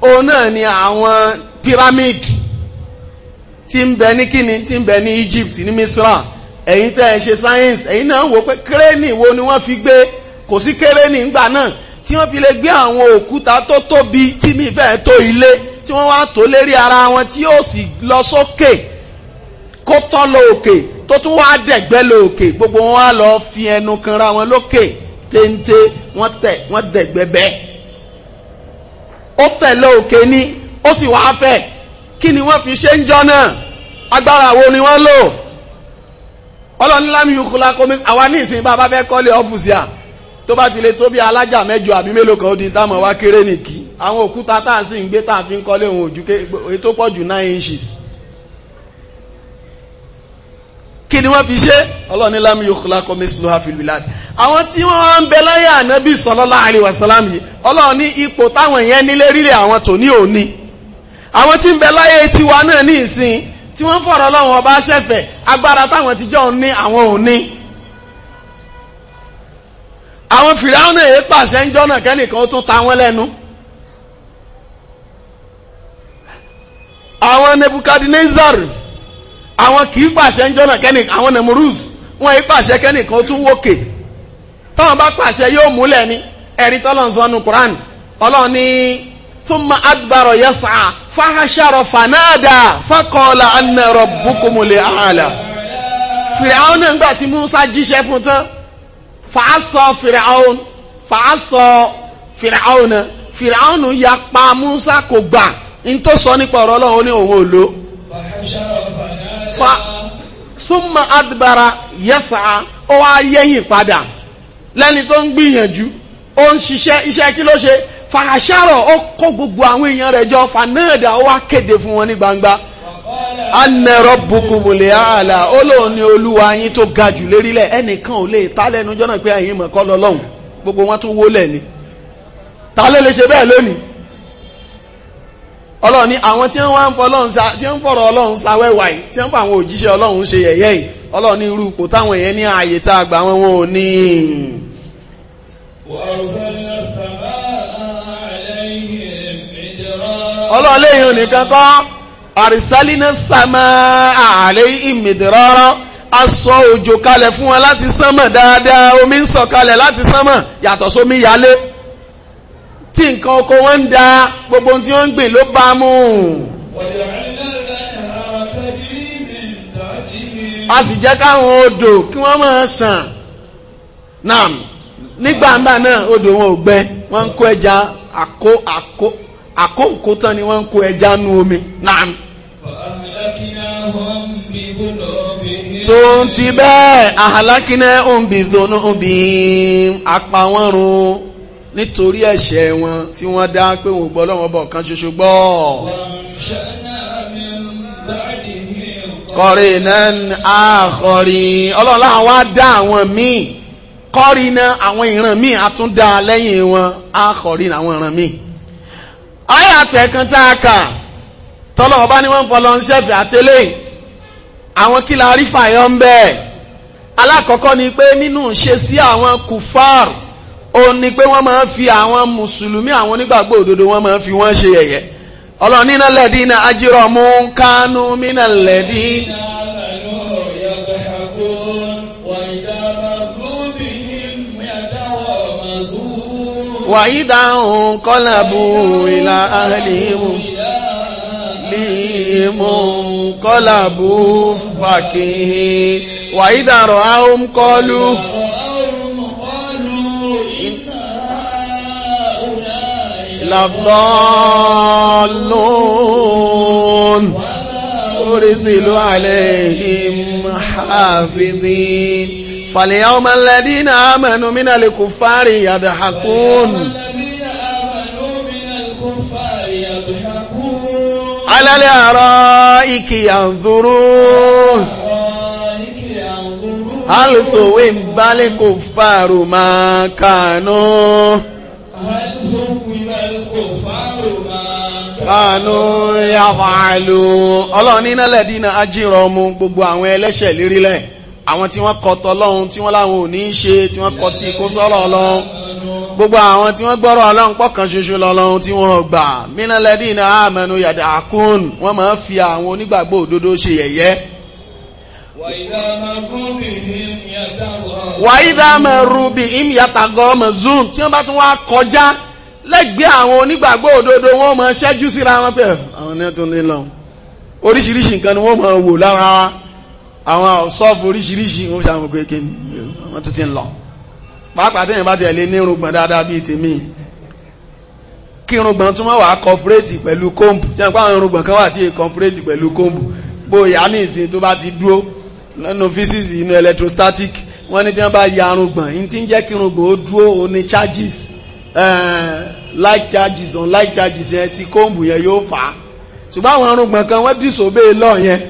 òun náà ni àwọn pyramid tí ń bẹ ní kíni tí ń bẹ ní Egypt ní Misra ẹ̀yin tẹ́ ẹ ṣe science ẹ̀yin náà wò pé kírẹ́nì wo ni wọ́n fi gbé kò sí kírẹ́nì ńgbà náà tí wọ́n fi lè gbé àwọn òkúta tó tóbi tí mi fẹ́ tó ilé tí wọ́n wá tó lérí ara wọn tí yóò sì lọ sókè kó tán lọ òkè tó tún wá dẹ̀gbẹ́ lọ òkè gbogbo wọn wá lọ fi ẹnu kanra wọn lókè téńté wọ́n tẹ̀ wọ́n dẹ̀gbẹ́ bẹ́ẹ̀ ó tẹ̀ òkè ni ó sì wá fẹ́ kí ni wọ́n fi ṣe ń jọ náà agbára wo ni wọ́n lò ọlọ́ni lámì yòókù àwa ní ìsìn bá a bá fẹ́ kọ́lé ọ́fùsì à tó bá ti lè tó bí alájà mẹ́jọ àbí mélòó kan ó di táàmù wá kéré nìkí àwọn òkúta tá à sì ń gbé tá à fi ń kọ́lé òun òjú tó pọ̀ jù nine inches kí ni wọ́n fi ṣe ọlọ́ni lámì yòókùlá kọ́ mẹ́sìlú àfìlúláàdì àwọn tí wọ́n ń bẹ láyé ànábì sallallahu alaihi wasallam yìí ọlọ́ni ipò táwọn yẹn nílé rírẹ̀ àwọn tò ní òní àwọn tí ń bẹ láyé tiwa náà ní ìsìn tí wọ́n fọ̀rọ̀ ọlọ́run ọba ṣẹ̀fẹ̀ agbára táwọn tíjọ́ ń ní àwọn òní àwọn fìràwọ̀nà èyí pàṣẹ ń jọ́nà kẹ́nìkan ó tún ta wọ́n lẹ́nu àwọn Nebukadnezar àwọn kìí pàṣẹ ń jọ́nà kẹ́nìkan àwọn Nemruz wọ́n èyí pàṣẹ kẹ́nìkan ó tún wókè táwọn bá pàṣẹ yóò múlẹ̀ ni ẹ̀rí tọ́lọ́n sọnù Quran ọlọ́run ní thumma adbaro yasa fahasharo fanada fakola anna rabbukumul aala fìràwọ̀nà ńgbà tí Musa jíṣẹ́ fún tán fàásọ fìràún fàásọ fìràún fìràún ya pa Musa kò gbà n tó sọ nípa ọ̀rọ̀ Ọlọ́run ní òun ò lo. súnmọ́ adìbára yẹ́sà ó wá yẹ́yìn padà lẹ́ni tó ń gbìyànjú ó ń ṣiṣẹ́ iṣẹ́ kí ló ṣe fàṣàrọ̀ ó kó gbogbo àwọn èèyàn rẹ̀ jọ fanáàdà ó wá kéde fún wọn ní gbangba anna rabbukumul aala olóhùn ni olúwa yín tó ga jù lérílẹ̀ ẹnìkan ò lè ta lẹ́nu jọ́nà pé ẹ̀yin mọ̀ kọ́ lọ́lọ́hùn gbogbo wọn tún wólẹ̀ ni ta ló lè ṣe bẹ́ẹ̀ lónìí ọlọ́run ní àwọn tí wọ́n ń fọlọ́run sa tí ń fọ̀rọ̀ ọlọ́run sáwẹ́wà yìí tí ń fa àwọn òjíṣẹ́ ọlọ́run ṣe yẹ̀yẹ́ yìí ọlọ́run irú ipò táwọn èèyàn ní ààyè tá a gbà wọn wọn ò ní. ọlọ́run léèyàn nìkan kọ́. àrísálínà sàmà àlẹ́ ìmìdìrọ́rọ́ aṣọ òjò kalẹ̀ fún wa láti sánmọ̀ dáadáa omi ń sọ kalẹ̀ láti sánmọ̀ yàtọ̀ sómi yálé tí nǹkan oko wọn ń da gbogbo tí wọ́n ń gbìn ló bá mú a sì jẹ́ káwọn odò kí wọ́n máa sàn náà nígbàmbà náà odò wọn ò gbẹ wọn ń kó ẹja àkó àkó àkó òkúta ni wọn ń kó ẹja nú omi náà. tó ń ti bẹ́ẹ̀ àhàlákínẹ́ òǹbì dónú òǹbì apá wọn run nítorí ẹ̀ṣẹ̀ wọn tí wọ́n dá pé wọ́n gbọ́ lọ́wọ́ bọ̀ kan ṣoṣo gbọ́. kọrin náà àkọrin ọlọ́lá wa dá àwọn míì kọrin náà àwọn ìran míì a tún dá lẹ́yìn wọn àkọrin àwọn ìran míì. ayé àtẹ̀kán kà tọ́lọ́wọ́ bá ní wọ́n ń fọlọ́ ń ṣẹ̀fẹ̀ àwọn kí la rí fàyọ ń bẹ́ẹ̀ alákọ̀ọ́kọ́ ni pé nínú ṣe sí àwọn kùfàr ó ní pé wọ́n máa ń fi àwọn mùsùlùmí àwọn onígbàgbọ́ òdodo wọ́n máa ń fi wọ́n ṣe yẹ̀yẹ́ ọlọ́run nínú lẹ́dí iná ajírọ̀ mú kánú mínà lẹ́dí. wàyí dáhùn kọ́làbù ìlà àhẹ́lì mú. إليهم انقلبوا فكهين وإذا رأهم قالوا لضالون أرسلوا عليهم حافظين فاليوم الذين آمنوا من الكفار يضحكون alálẹ́ àrọ́ ikì àǹdúró alùsòwé ń bálẹ̀ kò fààrù máa kànú kànú yàfààlù ọlọ́ọ̀ni nálẹ̀ dínà ajírọ̀ mu gbogbo àwọn ẹlẹ́ṣẹ̀ lérílẹ̀ àwọn tí wọ́n kọtọ lọ́hun tí wọ́n láwọn ò ní ṣe tí wọ́n kọtí kó sọ́rọ̀ lọ́hun gbogbo àwọn tí wọ́n gbọ́rọ̀ ọlọ́run pọ̀kan ṣoṣo lọ́lọ́run tí wọ́n gbà mínálẹ́dì iná àmẹ́nu yàdà àkún wọ́n máa ń fi àwọn onígbàgbọ́ òdodo ṣe yẹ̀yẹ́ wàyídà mẹ́rù bí im yàtàgọ́ mẹ́zùn tí wọ́n bá tún wá kọjá lẹ́gbẹ̀ẹ́ àwọn onígbàgbọ́ òdodo wọ́n máa ṣẹ́jú síra wọn pé àwọn ní ẹ̀tún ní lọ oríṣiríṣi nǹkan ni wọ́n máa wò lára àwọn ọ̀ṣọ́fù oríṣiríṣi wọ́n ṣàwọn kékeré wọ́n tún ti ń lọ pàápàá tẹ́yìn bá tiẹ̀ lé nírùngbọ̀n dáadáa bíi tèmi kírùngbọ̀n tún máa wà kọ́pùrẹ́tì pẹ̀lú kóńbù tí wọ́n pa àwọn irùngbọ̀n kan wà tí kọ́pùrẹ́tì pẹ̀lú kóńbù bóyá ní ìsìn tó bá ti dúró nínú physics inú electrostatic wọ́n ní tí wọ́n bá ya arùngbọ̀n ní tí ń jẹ́ kírùngbọ̀n ó dúró ó ní charges light charges on light charges yẹn ti kóńbù yẹn yóò fà á ṣùgbọ́n àwọn arùngbọ̀n kan wọ́n disobey law yẹn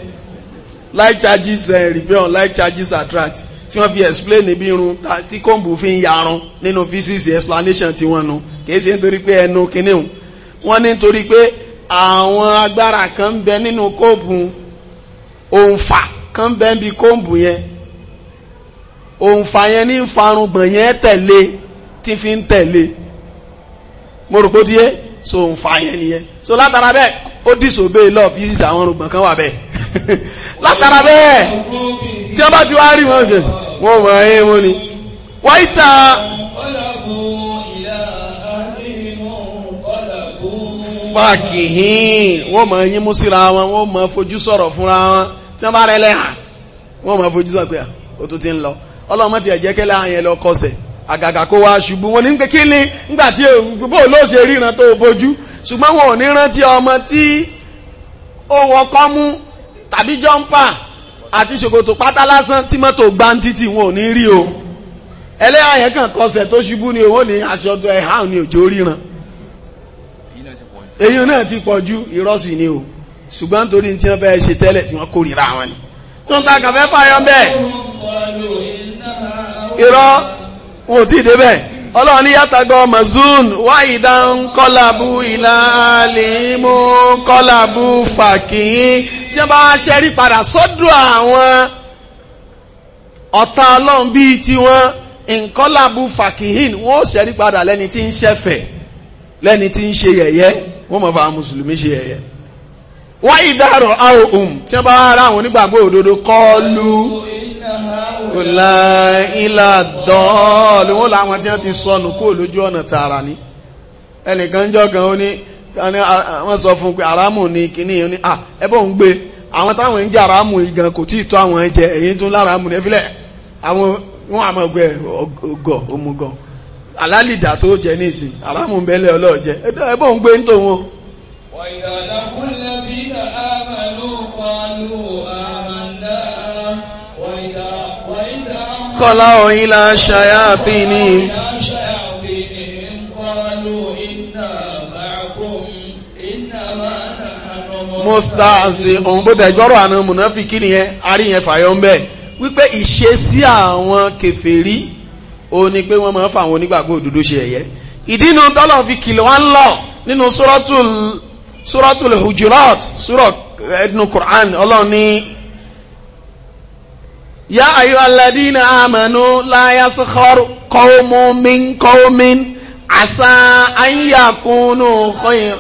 light charges eh, repair on light charges attract tí wọ́n fi explain níbi irun tí kóńbù fi ń yarun nínú physics explanation tí wọ́n nu kìí ṣe nítorí pé ẹnu kìíní wọ́n ní nítorí pé àwọn agbára kan ń bẹ nínú kóòbù òǹfà kan ń bẹ níbi kóòbù yẹn òǹfà yẹn ní farungbọ̀n yẹn tẹ̀lé tí fi ń tẹ̀lé mo rò pé ó ti yé so òǹfà yẹn nìyẹn so látara bẹ́ẹ̀ ó disobey law physics àwọn orùngbọ̀n kan wà bẹ́ẹ̀ látara bẹ́ẹ̀ tí wọ́n ti wá rí wọn jẹ wọ́n mọ̀ wọn ni wọ́n ìta fàákì hìn wọ́n mọ̀ yín mú síra wọn mọ̀ fojú sọ̀rọ̀ fúnra wọn tí wọ́n bá wọ́n fojú sọ̀rọ̀ pé ah, ti ń lọ àgàgà kó wá wọn ni pé kí ni nígbà gbogbo ló ṣe tó bójú tàbí jọ́ǹpà àti ṣòkòtò pátá lásán tí mọ́tò gbá ń títì wọn ò ní rí o ẹlẹ́yà yẹn kàn kọsẹ̀ tó ṣubú ni òun ní aṣọ tó ẹ̀há ní òjò ríran èyí náà ti pọ̀ ju ìrọ́sì ni o ṣùgbọ́n torí tí wọ́n fẹ́ ṣe tẹ́lẹ̀ tí wọ́n kórìíra wọn ni tó ń ta kàfẹ́ fàyọ bẹ́ẹ̀ irọ́ wọn ò tí ì débẹ̀ ọlọ́run ní yàtàgọ́ mazun wá ìdán kọ́làbù ìlàlímú kọ́làbù fàkín tí wọ́n bá wá ṣẹ́rí padà sọ́dọ̀ àwọn ọ̀tá ọlọ́run bíi tiwọn nkọ́làbù fàkìhìn wọ́n ó ṣẹ́rí padà lẹ́ni tí ń ṣẹ̀fẹ̀ lẹ́ni tí ń ṣe yẹ̀yẹ́ wọ́n mọ̀ fà mùsùlùmí ṣe yẹ̀yẹ́. wọ́n ìdárò àwọn ohun tí wọ́n bá wá ra àwọn onígbàgbọ́ òdodo kọ́ọ́lù ọ̀la ìlà dọ́ọ̀lù wọ́n làwọn tí wọ́n ti sọnù kó lójú ọ̀nà tààrà ni ẹnìkan jọ kan ó ní wọ́n sọ fún pé àrámù ni kìíní ó ní à ẹbọ ń gbé àwọn táwọn ń jẹ àràmù igan kò tí ì àwọn jẹ èyí tó lára mù nẹ́fílẹ̀ àwọn wọn àmọ́ ọgbẹ́ ọgọ òmùgọ̀ alálìdá tó jẹ nísìn àràmù bẹ́lẹ̀ ọlọ́ọ̀jẹ ẹbọ̀ ń gbé ń tó wọn. kọ́lá òyìnlá ṣayá pín ní. mọ́sítáàsì òun bó tẹ̀gbọ́rọ̀ àna mùnáfíkì nìyẹn àríyẹn fàyọ ń bẹ̀ wípé ìṣesí àwọn kèfèrí ó ní pé wọ́n máa ń fa àwọn onígbàgbọ́ òdodo ṣe ẹ̀yẹ ìdínú tọ́lọ̀ fi kìlọ̀ wọn lọ nínú suratul hujurat surat ẹnu Qur'an ọlọ́run ní yá ayọ́ aládínà àmànú láyà sọ́kọ́rù qawmun min qawmin àṣà ayé àkúnnù khayr.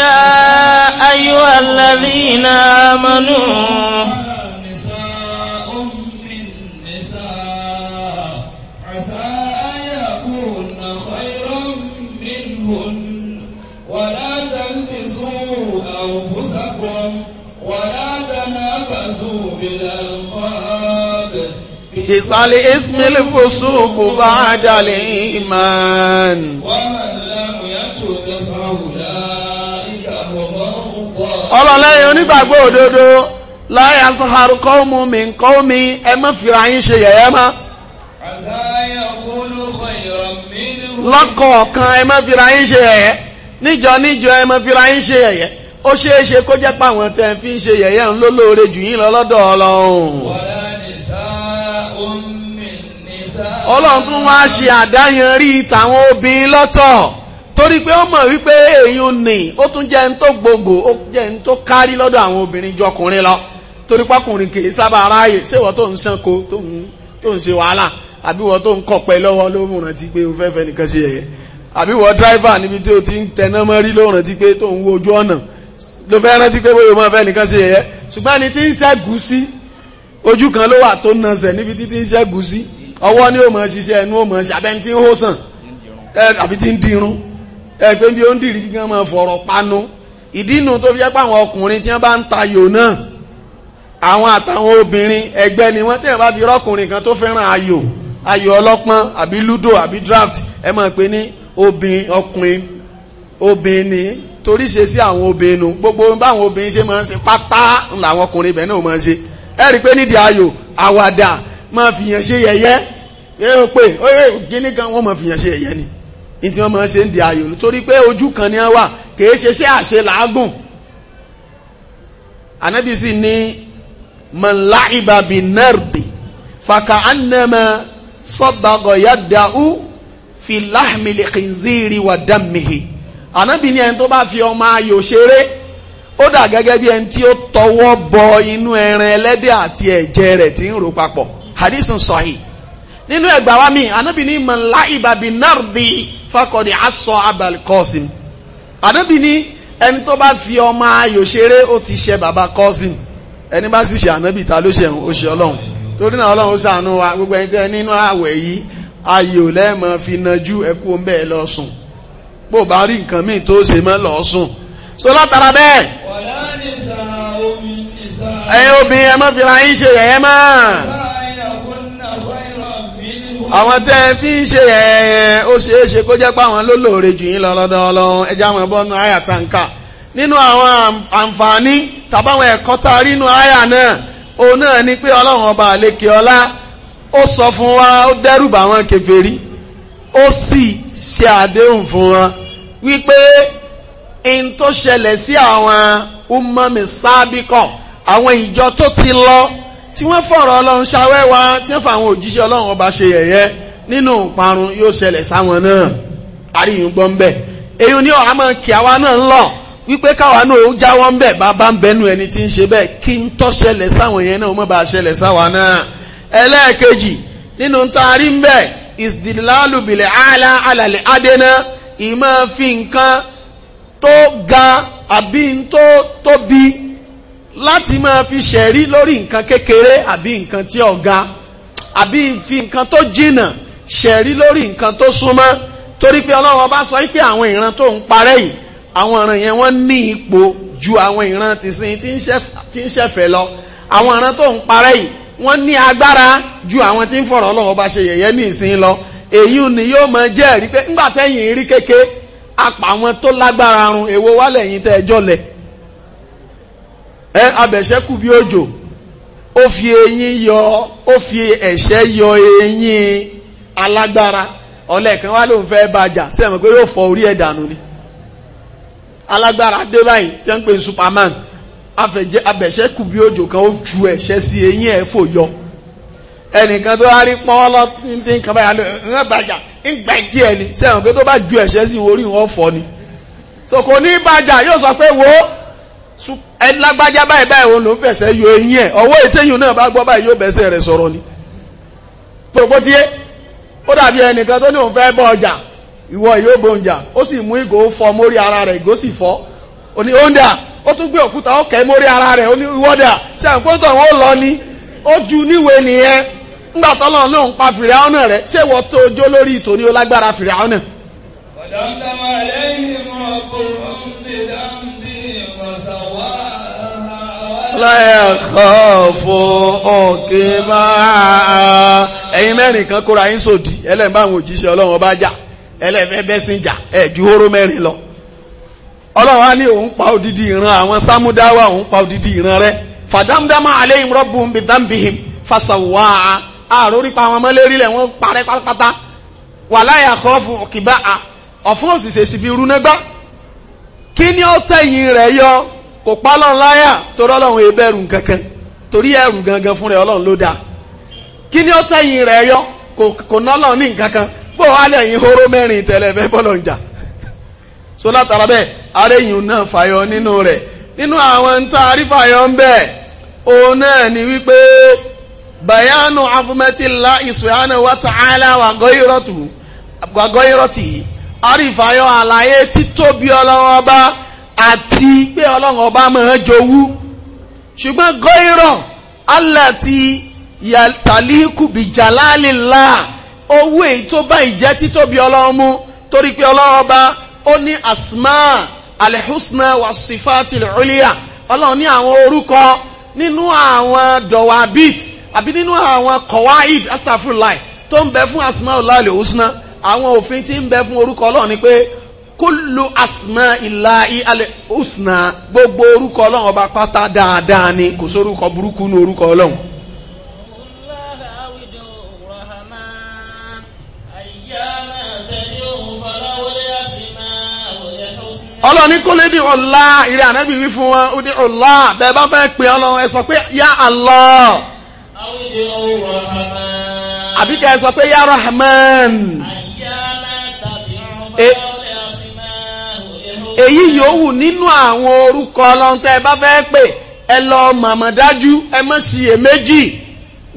يا أيها الذين آمنوا نساء من نساء عسى أن يكون خيرا منهن ولا تلبسوا أنفسكم ولا تنافسوا بالألقاب بصال اسم الفسوق بعد الإيمان ومن ọlọ́lẹ́yìn onígbàgbọ́ òdodo láyà sọ́hárù kọ́ọ̀mù mi nkọ́ọ̀mì ẹ má fìrà yín ṣe yẹ̀yẹ́ mọ́. lọ́kọ̀ọ̀kan ẹ má fìrà yín ṣe yẹ̀yẹ́ níjọ níjọ ẹ má fìrà yín ṣe yẹ̀yẹ́ ó ṣeé ṣe kó jẹ́ pàwọn tẹ́ fi ń ṣe yẹ̀yẹ́ ń lólóore jù yín lọ lọ́dọ̀ ọlọ́run ọlọ́run tún wá ṣe àdáyanrí tàwọn obìnrin lọ́tọ̀ torí pé ó mọ̀ wípé ò nì ó tún jẹ́ ń tó gbogbo ó jẹ́ ń tó kárí lọ́dọ̀ àwọn obìnrin jọ ọkùnrin lọ torí pákùnrin í sábà ráàyè ṣéwọ́ tó ń sanko tó ń ṣe wàhálà àbí wọ́n tó ń kọ̀pẹ́ lọ́wọ́ ló rántí pé nìkan ṣe àbí wọ́n dráìvà ó ti ń tẹná rántí pé tó ń ojú ọ̀nà ló fẹ́ rántí pé bóyá máa nìkan ṣe ṣùgbọ́n tí ń ẹgbẹ́ bí ó ń dìrí kí wọ́n máa fọ̀rọ̀ panu ìdínú tó fi ẹ́pà àwọn ọkùnrin tí wọ́n bá ń tayò náà àwọn àtàwọn obìnrin ẹgbẹ́ ni wọ́n tẹ̀yàn bá ti rọ́kùnrin kan tó fẹ́ràn ayò ayò ọlọ́pọ́n àbí ludo àbí draft ẹ máa pè ní obìnrin ọkùnrin obìnrin ni torí ṣe sí àwọn obìnrin nu gbogbo báwọn obìnrin ṣe máa ń ṣe pátá làwọn ọkùnrin ibẹ̀ náà máa ń ṣe ẹ rí i pé nídìí ayò àwàdà máa fìyàn ṣe yẹ̀yẹ́ ẹ pé ó yẹ kíní kan wọ́n máa fìyàn ṣe yẹ̀yẹ́ ni ní tí wọ́n máa ṣe ń di ayò nítorí pé ojú kan ni wọ́n wà kìí ṣe ṣe àṣe làágùn Ànábì sì ní man la'iba bin nardi faka annama saddaqa yadahu fi lahmil khinziri wa dammihi Ànábì ní ẹni tó bá fi ọmọ ayò ṣeré ó dà gẹ́gẹ́ bí ẹni tí ó tọwọ́ bọ inú ẹran ẹlẹ́dẹ̀ àti ẹ̀jẹ̀ rẹ̀ tí ń rò papọ̀ hadithun sahih nínú ẹgbàá wa mi Ànábì ní man la'iba bin fakọ̀dì asọ abal kọ́sìm ànábì ní ẹni tó bá fi ọmọ ayò ṣeré ó ti ṣe bàbá kọ́sìm ẹni bá sì ṣe ànábì ta ló ṣe ó ṣe ọlọ́run torí náà ọlọ́run ṣàánú wa gbogbo ẹni tẹ́ nínú ààwẹ̀ yìí ayò lẹ́ẹ̀mọ́ fi najú ẹkú ń bẹ́ẹ̀ lọ sùn bó bá rí nǹkan míì tó ṣe mọ́ lọ sùn so látara bẹ́ẹ̀ ẹ obìnrin ẹ má fi yín ṣe yẹ̀yẹ́ máa àwọn tẹ́ fi ń ṣe ẹ̀ẹ́ ó ṣeé ṣe kó jẹ́ pé àwọn ló lóore jù yín lọ lọ́dọ̀ ọlọ́run ẹja àwọn ẹ̀bọ́nú àyà tàǹkà nínú àwọn àǹfààní tàbáwọn ẹ̀kọ́ ta rínú àyà náà òun náà ni pé ọlọ́run ọba àlékè ọlá ó sọ fún wa ó dẹ́rùbà àwọn kèfèrí ó sì ṣe àdéhùn fún wọn wípé in tó ṣẹlẹ̀ sí àwọn umami sábíkọ̀ àwọn ìjọ tó ti lọ tí wọ́n fọ̀rọ̀ ọlọ́run ṣawẹ́wà tí wọ́n fa àwọn òjíṣẹ́ ọlọ́run ọba ṣe yẹ̀yẹ́ nínú ìparun yóò ṣẹlẹ̀ sáwọn náà àríyìn gbọ́ ń èyí ni ọ̀hán máa kí àwa náà ń lọ wípé káwa náà ó jáwọ́ ń bẹ̀ bàbá ń bẹnu ẹni tí ń ṣe bẹ́ẹ̀ kí ń tó ṣẹlẹ̀ sáwọn yẹn náà mọ́ bá ṣẹlẹ̀ sáwa náà ẹlẹ́ẹ̀kejì nínú taari ń bẹ̀ ìsìdìlálùbìlẹ̀ àlà láti máa fi ṣẹ̀rí lórí nǹkan kékeré àbí nǹkan tí ọ̀gá àbí fi nǹkan tó jìnà ṣẹ̀rí lórí nǹkan tó súnmọ́ torí pé Ọlọ́run bá sọ wípé àwọn ìran tó ń parẹ́ yìí àwọn ìran yẹn wọ́n ní ipò ju àwọn ìran tìsín tí ń ṣẹ̀fẹ̀ lọ àwọn ìran tó ń parẹ́ yìí wọ́n ní agbára ju àwọn tí ń fọ̀rọ̀ Ọlọ́run bá ṣe yẹ̀yẹ́ ní ìsìn lọ èyí ni yóò mọ jẹ́rìí pé ńgbà tẹ́yìn rí kéke apà àwọn tó lágbára run èwo wálẹ̀ yìí tẹ́ ẹjọ́ lẹ̀ ẹ abẹ̀ṣẹ́kù bí òjò ó fi eyín yọ ó fi ẹ̀ṣẹ́ yọ eyín alágbára ọlẹ́ẹ̀kan wá fẹ́ pé yóò fọ orí ẹ̀ ni alágbára dé báyìí pè superman abẹ̀ṣẹ́kù bí kan ó ju ẹ̀ṣẹ́ sí eyín ẹ̀ yọ ẹnìkan tó wá pọ́n lọ́tún tí nǹkan báyà lọ ń bàjà ń ju ẹ̀ṣẹ́ sí orí wọn ni ní bàjà yóò sọ pé wo ẹlágbájá báyìí báyìí òun ló ń fẹsẹ̀ yọ eyín ẹ̀ ọwọ́ ètẹ́yìn náà bá gbọ́ báyìí yóò bẹ́sẹ̀ rẹ̀ sọ̀rọ̀ ni pòpò tí ó dàbí ẹnìkan tó ní òun fẹ́ bọ́ ọjà ìwọ yóò bọ́ ọjà ó sì mú ìgò fọ́ mórí ara rẹ̀ ìgò sì fọ́ ó ní óńdà ó tún gbé òkúta ọ̀kẹ́ mórí ara rẹ̀ ó ní ìwọ́dà ṣe àǹkóńtọ̀ wọn lọ ni ó ju níwèé nìyẹn ńgbà náà ń láyẹ̀kọ́fọ́ ọ̀kẹ́ máa ẹ̀yin mẹ́rin kan kóra yín sòdí ẹlẹ́mbà àwọn òjíṣẹ́ ọlọ́run ọba jà ẹlẹ́fẹ́ bẹ́sìn jà ẹ̀jú hóró mẹ́rin lọ ọlọ́run á ní òun pa odidi ìran àwọn sámúdáwà òun pa odidi ìran rẹ̀ fàdámdámà aléyìn rọ́bù ń bi dámbìhìm fàṣàwà àròrí pa àwọn mọ́lẹ́rí lẹ̀ wọ́n parẹ́ pátápátá wà láyẹ̀kọ́fọ́ ọ̀kìbá ọ̀fún òṣìṣẹ́ sì fi rú kí ni ó tẹ̀yìn rẹ̀ yọ kò pa Ọlọ́run láyà torí Ọlọ́run ebẹ̀rù kankan torí ẹrù gangan fún rẹ̀ Ọlọ́run ló dáa kí ni ó tẹ̀yìn rẹ̀ yọ kò ná ní nǹkan bó wà lẹ́yìn horo mẹ́rin tẹ́lẹ̀ fẹ́ bọ́lọ̀ ń jà so látara bẹ́ẹ̀ aréyìn náà fàyọ nínú rẹ̀ nínú àwọn ń tá àrífàyọ ń bẹ́ẹ̀ òun náà ni wípé bayanu afumatila isuana wa wa àrífàyọ àlàyé títóbi ọlọ́run ọba àti pé ọlọ́run ọba máa jowú ṣùgbọ́n gọ́ìrọ̀ aláti tàlíkù bìjàlálìlá owó èyí tó bá ìjẹ́ títóbi ọlọ́run mú torí pé ọlọ́run ọba ó ní asma alihusna wasifati lulia ọlọ́run ní àwọn orúkọ nínú àwọn dọ̀wàbít àbí nínú àwọn kọ̀wáìd astafurulai tó ń bẹ fún asma ọlọ́run lè àwọn òfin tí ń bẹ fún orúkọ ọlọ́run ni pé kúlù asma ìlà ìhàlẹ̀ husna gbogbo orúkọ ọlọ́run ọba pátá dáadáa ni kò sórúkọ burúkú ní orúkọ ọlọ́run. ọlọ́ni kó lé ní ọ̀la ìrẹ́ ànábì wí fún wọn ó ní ọ̀la bẹ́ẹ̀ bá fẹ́ pè ọlọ́run ẹ sọ pé yá Allah àbíkẹ́ ẹ sọ pé yá Rahman. E- èyí yòówù nínú àwọn orúkọ ọlọ́run bá fẹ́ pè ẹ lọ mọ̀mọ́ dájú ẹ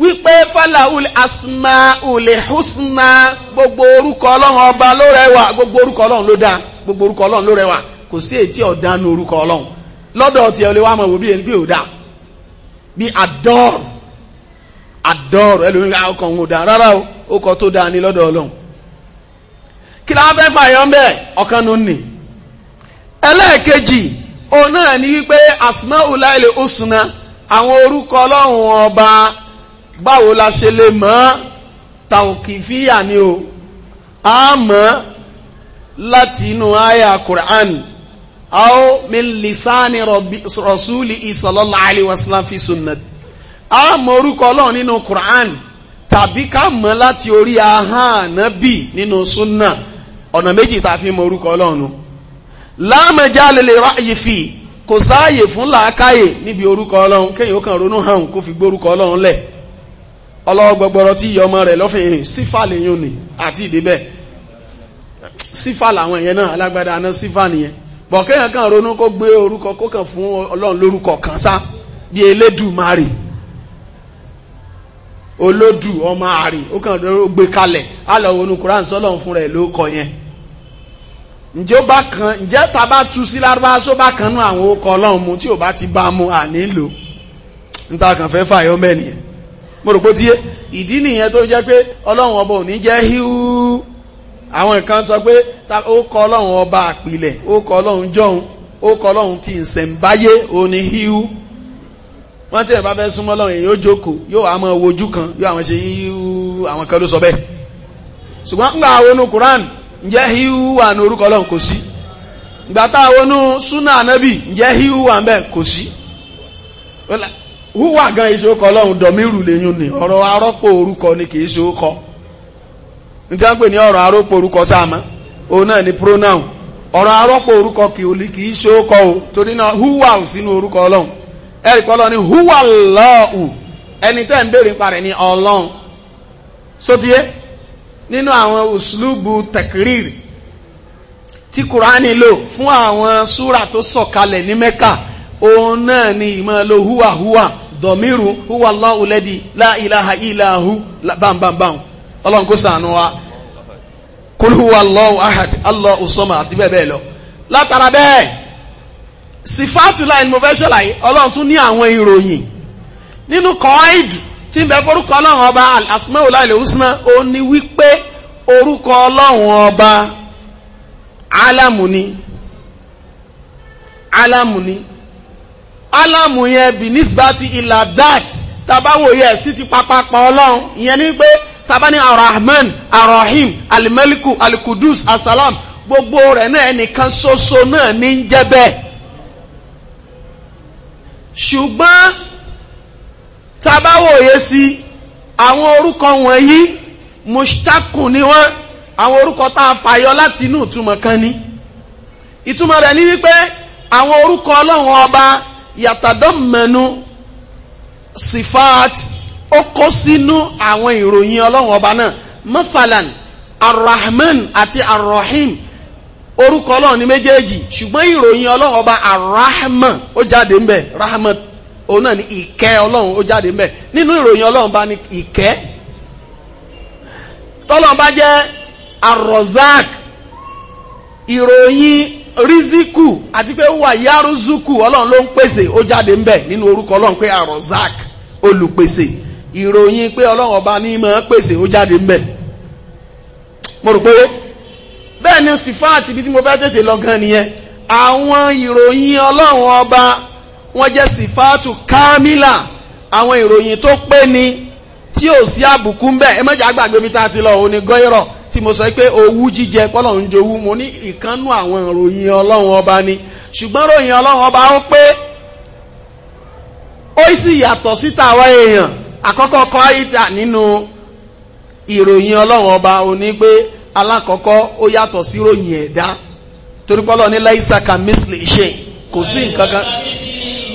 wípé asma husna gbogbo orúkọ ọlọ́run ọba ló rẹwà gbogbo orúkọ ọlọ́run ló dáa gbogbo orúkọ ọlọ́run ló rẹwà kò sí ètí ọ̀dánú orúkọ ọlọ́run lọ́dọ̀ tí ẹ lè wá mọ̀ wò bí ẹni ò dáa bí ẹlòmíràn òun ò dáa rárá o ó kọ tó dáa ní lọ́dọ̀ kí la fẹ́ fàyọ́ bẹ́ẹ̀ ọ̀kan ló nì ẹlẹ́ẹ̀kejì òun náà ni wípé asmaul aile usna àwọn orúkọ ọlọ́run ọba báwo la ṣe lè mọ̀ tàùkìfíyà ni o a mọ̀ láti inú àyà Qur'an aw min lisani rasuli sallallahu alaihi wasallam fi sunnat a mọ̀ orúkọ ọlọ́run nínú Qur'an tàbí ká mọ̀ láti orí ahán nábì nínú sunnah ọ̀nà méjì tá a fi mọ orúkọ ọlọ́run láàmẹjá lèlè ráàyè fi kò sáàyè fún làákàyè níbi orúkọ ọlọ́run kéèyàn kan ronú hàn kó fi gbórúkọ ọlọ́run lẹ̀ ọlọ́wọ́ gbọgbọrọ tí ìyá ọmọ rẹ̀ lọ́fẹ̀ẹ́ sífà lèyún ni àti ìdíbẹ̀ sífà làwọn ìyẹn náà alágbádá aná sífà nìyẹn bọ̀ kéèyàn kan ronú kó gbé orúkọ kó kàn fún ọlọ́run lórúkọ kan sá bí elédùmarè olódù ọmọ àrè ó kàn gbé kalẹ̀ á lọ wọnú sọ́lọ́run fún rẹ̀ ló yẹn ǹjẹ́ ba kan ǹjẹ́ ta bá tu sí lárúbá só ba kan nú àwọn okọ̀ ọlọ́run mu tí ò bá ti bá mu ànílò níta kàn fẹ́ fàyọ́ mẹ́nìyàn mo rò pé ó ti yé ìdí nìyẹn tó jẹ́ pé ọlọ́run ọba ò ní jẹ́ híú àwọn kan sọ pé ó kọ ọlọ́run ọba àpilẹ̀ ó kọ ọlọ́run jọ̀hún ó kọ ọlọ́run tí ò ní híú wọ́n tẹ̀ bá fẹ́ súnmọ́ ọlọ́run èyí ó yóò àmọ́ wojú kan yóò àwọn ṣe híú àwọn kan ló sọ bẹ́ẹ̀ ṣùgbọ́n ń àwọn onú Kùránì ǹjẹ́ hiu wà ní orúkọ ọlọ́run kò sí gbàtà wọnú súnà ànábì ǹjẹ́ hiu wà ń bẹ̀ kò sí húwà gan iṣẹ́ orúkọ ọlọ́run dọ̀míìrù lẹ́yìn ni ọ̀rọ̀ arọ́pò orúkọ ni kì í ṣe orúkọ nítorí wọ́n pè ní ọ̀rọ̀ arọ́pò orúkọ sáàmà òun náà ni pronoun ọ̀rọ̀ arọ́pò orúkọ kì í ṣe orúkọ o torí náà húwà ò sínú orúkọ ọlọ́run ẹ̀rì kọ́ lọ ni húwà lọ́ọ̀ù ẹni tẹ́ ń béèrè ń parẹ́ ni ọlọ́run nínú àwọn uslubu takrir tí kùránì lò fún àwọn súrà tó sọ̀kalẹ̀ ní mẹ́kà òun náà ni ìmọ̀ lo húwà húwà dọ̀míru húwà lọ́ọ̀lẹ́dì láìláha ìlàhú bámbámbám ọlọ́run kó ṣàánú wa kúrú húwà lọ́ọ̀ ahad Allahu sọ́mà àti bẹ́ẹ̀ bẹ́ẹ̀ lọ látara bẹ́ẹ̀ sífàtúláì ni mo fẹ́ ọlọ́run tún ní àwọn ìròyìn nínú kọ́ọ̀ìdù tí ń bẹ forúkọ ọlọ́run ọba al-asmaul al-husna ó ní wípé orúkọ ọlọ́run ọba alamu ni alamu ni alamu yẹn bí nisbati ila dat tabawo yẹ sí ti papapọ̀ ọlọ́run ìyẹn ni pé tabani arahman arahim alimeliku alikudus asalam gbogbo rẹ̀ náà ẹnìkan ṣoṣo náà ní jẹ́ bẹ́ẹ̀ ṣùgbọ́n tàbáwòye sí àwọn orúkọ wọ̀nyí mustakun ni wọ́n àwọn orúkọ tá a fàyọ láti inú ìtumọ̀ kan ni ìtumọ̀ rẹ̀ ní wípé àwọn orúkọ ọlọ́run ọba yàtàdọ́mẹ̀nu sifat ó kó sínú àwọn ìròyìn ọlọ́run ọba náà mafalan arrahman àti arrahim orúkọ ọlọ́run ní méjèèjì ṣùgbọ́n ìròyìn ọlọ́run ọba arrahman ó jáde ń bẹ̀ rahmat òun náà ni ìkẹ́ ọlọ́run ó jáde mbẹ̀ nínú ìròyìn ọlọ́run bá ní ìkẹ́ tọ́lọ́run bá jẹ́ arozak ìròyìn riziku àti pé wà yaruzuku ọlọ́run ló ń pèsè ó jáde mbẹ̀ nínú orúkọ ọlọ́run pé arozak olùpèsè ìròyìn pé ọlọ́run ọba ní máa pèsè ó jáde mbẹ̀ mo rò pé bẹ́ẹ̀ ni sífáàtì ibi tí mo fẹ́ tètè lọ gan nìyẹn àwọn ìròyìn ọlọ́run ọba wọ́n jẹ́ sífáàtù kámílà àwọn ìròyìn tó pé ni tí ò sí àbùkù ń bẹ̀ ẹ mọ́jà àgbàgbé mi tá a ti lọ òun ni gọ́ìrọ̀ tí mo sọ pé owú jíjẹ pọ́lọ̀ ń jowú mo ní ìkánnú àwọn ìròyìn ọlọ́run ọba ni ṣùgbọ́n ròyìn ọlọ́run ọba ó pé ó sì yàtọ̀ síta àwọn èèyàn àkọ́kọ́ kọ́ ìdà nínú ìròyìn ọlọ́run ọba ó ní pé alákọ̀ọ́kọ́ ó yàtọ̀ sí ròyìn ẹ̀dá torípọ́lọ̀ ní láìsàkà mísìlì ṣe kò sí nǹkan kan.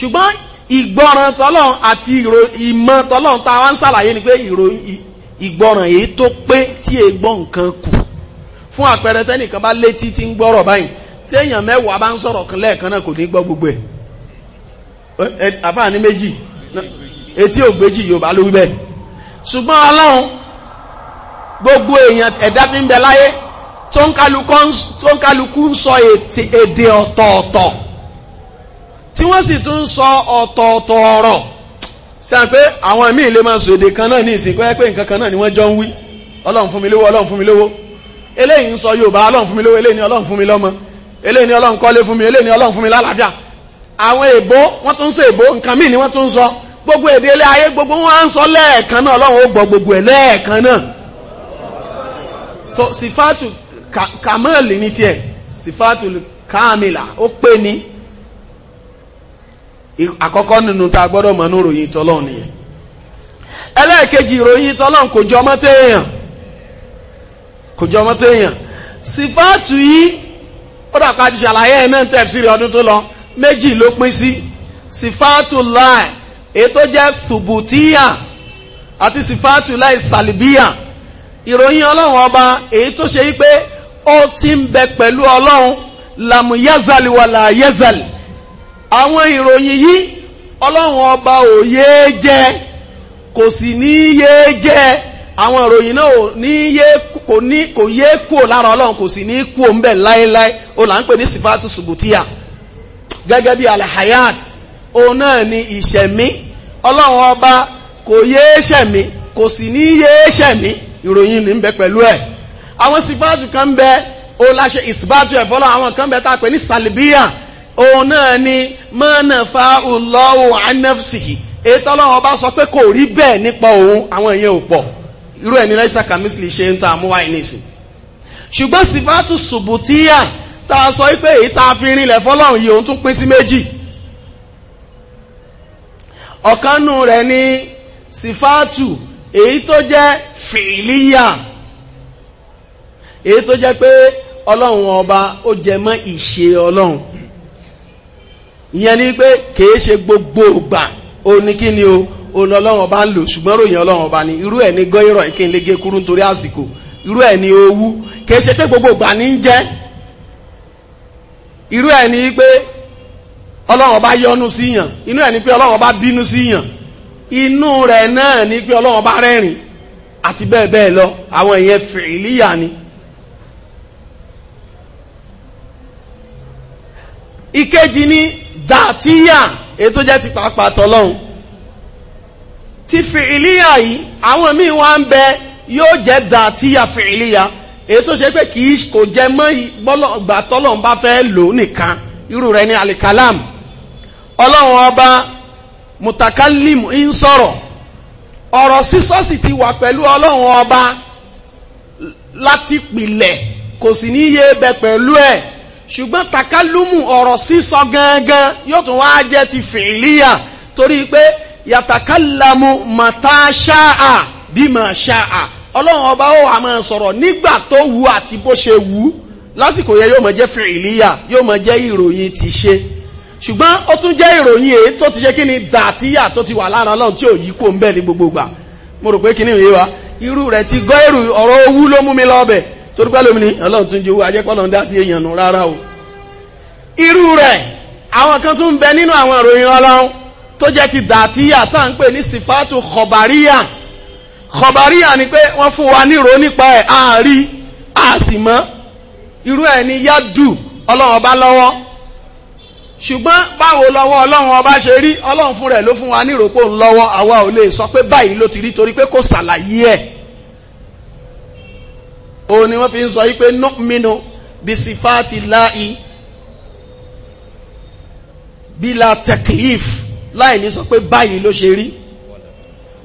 ṣùgbọ́n ìgbọ́ràn tọ́lọ́n àti ìmọ̀ tọ́lọ́n tá a wá ń ṣàlàyé ni pé ìgbọ́ràn èyí tó pé tí e gbọ́ nǹkan kù fún àpẹẹrẹ tẹ́nìkan bá létí tí ń gbọ́rọ̀ báyìí téèyàn mẹ́wàá bá ń sọ̀rọ̀ kan lẹ́ẹ̀kan náà kò ní gbọ́ gbogbo ẹ̀ àfáàní méjì etí ògbéjì yorùbá ló wí bẹ́ẹ̀ ṣùgbọ́n ọlọ́run gbogbo èèyàn ẹ̀dá tí ń bẹ láyé tó ń kálukú ń sọ èdè ọ̀tọ̀ọ̀tọ̀ tí wọ́n sì tún sọ ọ̀tọ̀ọ̀tọ̀ ọ̀rọ̀ sàn pé àwọn míì lè máa sọ èdè kan náà ní ìsìnkú ẹ pé nǹkan kan náà ni wọ́n jọ ń wí ọlọ́run fún mi lówó ọlọ́run fún mi lówó eléyìí ń sọ yorùbá ọlọ́run fún mi ni ọlọ́run fún mi lọ́mọ eléyìí ni ọlọ́run kọ́lé fún mi eléyìí ni ọlọ́run fún mi lálàáfíà àwọn èbó wọ́n tún ni wọ́n tún sọ gbogbo èdè ilé ayé gbogbo wọn á ń sọ lẹ́ẹ̀kan náà ọlọ́run ó gbọ́ gbogbo ẹ̀ lẹ́ẹ̀kan so sifatu kamali ni tiẹ̀ sifatu kamila ó pé ni àkọ́kọ́ nínú tá a gbọ́dọ̀ mọ̀ ní ìròyìn tọ́lọ́run nìyẹn ẹlẹ́ẹ̀kejì ìròyìn tọ́lọ́run kò jọ mọ́ téèyàn kò jọ mọ́ téèyàn sífáàtù yìí ó dà ká ti ṣàlàyé ẹ̀ náà tẹ̀síìrì ọdún tó lọ méjì ló pín sí sífáàtù láì èyí tó jẹ́ àti sífáàtù láì sàlìbíyà ìròyìn ọlọ́run ọba èyí tó ṣe wípé ó ti ń bẹ pẹ̀lú ọlọ́run làmúyázàlì wà àwọn ìròyìn yìí ọlọ́run ọba ò yéé jẹ kò sì ní yéé jẹ àwọn ìròyìn náà ò ní kò ní kò kúò lára ọlọ́run kò sì ní kúò ń bẹ̀ láéláé là pè ní sifatu subutia gẹ́gẹ́ bí alhayat òun náà ni ìṣẹ̀mí ọlọ́run ọba kò yé ṣẹ̀mí kò sì ní ṣẹ̀mí ìròyìn ń bẹ pẹ̀lú ẹ̀ àwọn sifatu kan bẹ òun náà ni mọ́nà fa Allahu anafsihi ètò ọlọ́run ọba sọ pé kò rí bẹ́ẹ̀ nípa òun àwọn èèyàn ò pọ̀ irú ẹni lẹ́sà kàmísìlì ṣe ń ta àmúwá ìnísìn ṣùgbọ́n sífàtù ṣùbùtíyà tá a sọ pé èyí tá a fi rinlẹ̀ fọlọ́run yìí òun tún pín sí méjì ọ̀kanú rẹ̀ ni sífàtù èyí tó jẹ́ fìlíyà èyí tó jẹ́ pé ọlọ́run ọba ó jẹ mọ́ ìṣe ọlọ́run ìyẹn ni pé kìí ṣe gbogbo ògbà oníkíni o olọ́lọ́wọ́n bá ń lò ṣùgbọ́n ròyìn ọlọ́wọ́n bá ní irú ẹ̀ ní gọ́ìrọ̀ ìkínlégé kúrú nítorí àsìkò irú ẹ̀ ní owú kìí ṣe pé gbogbo ògbà ní jẹ́ irú ẹ̀ ní pé ọlọ́wọ́n bá yọ́nú síyàn inú ẹ̀ ní pé ọlọ́wọ́n bá bínú síyàn inú rẹ̀ náà ní pé ọlọ́wọ́n bá rẹ́rìn àti bẹ́ẹ̀ bẹ́ẹ̀ lọ àwọn ìyẹn fìlíyà ni ikeji ní dàtíyà ètò jẹ́ ti pàápàá tọ́lọ́hun ti fìlíyà yìí àwọn míì wá ń bẹ yóò jẹ́ dàtíyà fìlíyà ètò ṣe pé kìí kò jẹ mọ́ bọ́lọ̀gbà tọ́lọ́hun bá fẹ́ lò nìkan irú rẹ̀ ní alikalam ọlọ́run ọba mutakalim ń sọ̀rọ̀ ọ̀rọ̀ ti wà pẹ̀lú ọlọ́run ọba láti pìlẹ̀ kò sì ní yé bẹ pẹ̀lú ẹ̀ ṣùgbọ́n takalumu ọ̀rọ̀ sísọ gangan yóò tún wá jẹ́ ti fìlíyà torí pé yàtàkàlàmù màtá ṣáà bí mà ṣáà ọlọ́run ọba ó wà máa sọ̀rọ̀ nígbà tó wù àti bó ṣe wù lásìkò yẹn yóò máa jẹ́ fìlíyà yóò máa jẹ́ ìròyìn ti ṣe ṣùgbọ́n ó tún jẹ́ ìròyìn èyí tó ti ṣe kí ni dàtíyà tó ti wà lára ọlọ́run tí ò yí kó ń bẹ̀ ní gbogbo gbà mo rò pé kí ni ìwé wa irú rẹ̀ ti gọ́ èrò ọ̀rọ̀ owú ló mú mi lọ́bẹ̀ẹ́ torí pẹ́ lómi ni ọlọ́run tún jowó ajẹ́pọ̀lọ́ ń dá bí èèyàn nù rárá o irú rẹ̀ àwọn kan tún ń bẹ nínú àwọn ìròyìn ọlọ́run tó jẹ́ ti dàtíyà tá à ń pè ní sifatu kọbaríyà kọbaríyà ni pé wọ́n fún wa nírò nípa ẹ̀ àárí a sì mọ́ irú ẹ̀ ni yádù ọlọ́run ọba lọ́wọ́ ṣùgbọ́n báwo lọ́wọ́ ọlọ́run ọba ṣe rí ọlọ́run fún rẹ̀ ló fún wa nírò pé òun lọ́wọ́ àwa ò lè sọ pé báyìí ló ti rí torí pé kò ṣàlàyé ẹ̀ òun ni wọ́n fi ń sọ wípé nọ́ọ̀mínú bisifati láì la teklif láì ní sọ pé báyìí ló ṣe rí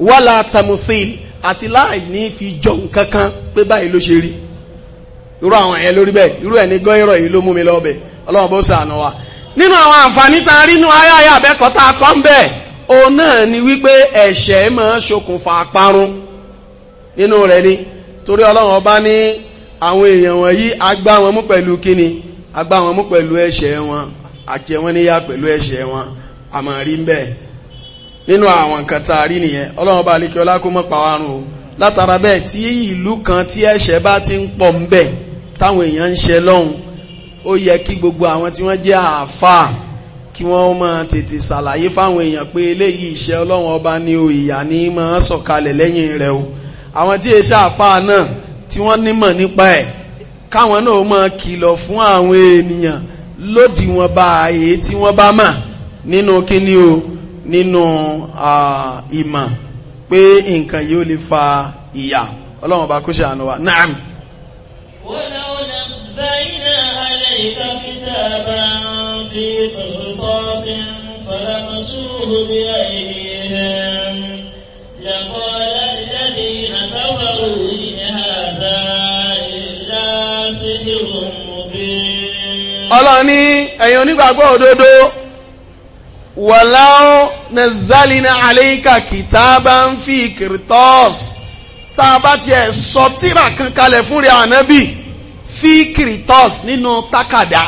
wàlá tamuthil àti láì ní fi jọ nǹkan kan pé báyìí ló ṣe rí irú àwọn ẹ̀ lórí bẹ́ẹ̀ irú ẹ̀ ní gan irọ́ yìí ló mú mi lọ́bẹ̀ ọlọ́run bó ṣàánú nínú ni wípé ẹ̀ṣẹ̀ máa ń ṣokùnfà parun torí ọlọ́run ọba ní àwọn èèyàn wọ̀nyí agbá wọn mú pẹ̀lú kíni agbá wọn mú pẹ̀lú ẹ̀ṣẹ̀ wọn àjẹ wọn níyà pẹ̀lú ẹ̀ṣẹ̀ wọn àmọ́ rí ń bẹ́ẹ̀ nínú àwọn nǹkan tá a rí nìyẹn ọlọ́run ọba àlekí ọlá kó mọ́ pàwárùn o látara bẹ́ẹ̀ tí ìlú kan tí ẹ̀ṣẹ̀ bá ti ń pọ̀ ń bẹ̀ táwọn èèyàn ń ṣe lọ́hùn ó yẹ kí gbogbo àwọn tí wọ́n jẹ́ àáfàá kí wọ́n máa tètè ṣàlàyé fáwọn èèyàn pé eléyìí iṣẹ́ ọlọ́run ọba ni o ní máa sọ̀kalẹ̀ lẹ́yìn rẹ̀ o àwọn tí èṣà àfáà náà tí wọ́n nímọ̀ nípa ẹ̀ káwọn náà máa kìlọ̀ fún àwọn ènìyàn lòdì wọn bá èyí tí wọ́n bá mà nínú kíní o nínú ìmọ̀ pé nǹkan yóò lè fa ìyà ọlọ́run bá kó ṣàánú wa naam. wọ́n náà فَذَرُوا هَذَا إِلَّا سِحْرٌ مُّبِينٌ Ọlọ́run ní ẹ̀yin onígbàgbọ́ òdodo wàláwọ́ ń fi kìrìtọ́ọ̀sì tá a bá tiẹ̀ sọ tírà kan kalẹ̀ fún rẹ̀ ànábì fi kìrìtọ́ọ̀sì nínú tákàdá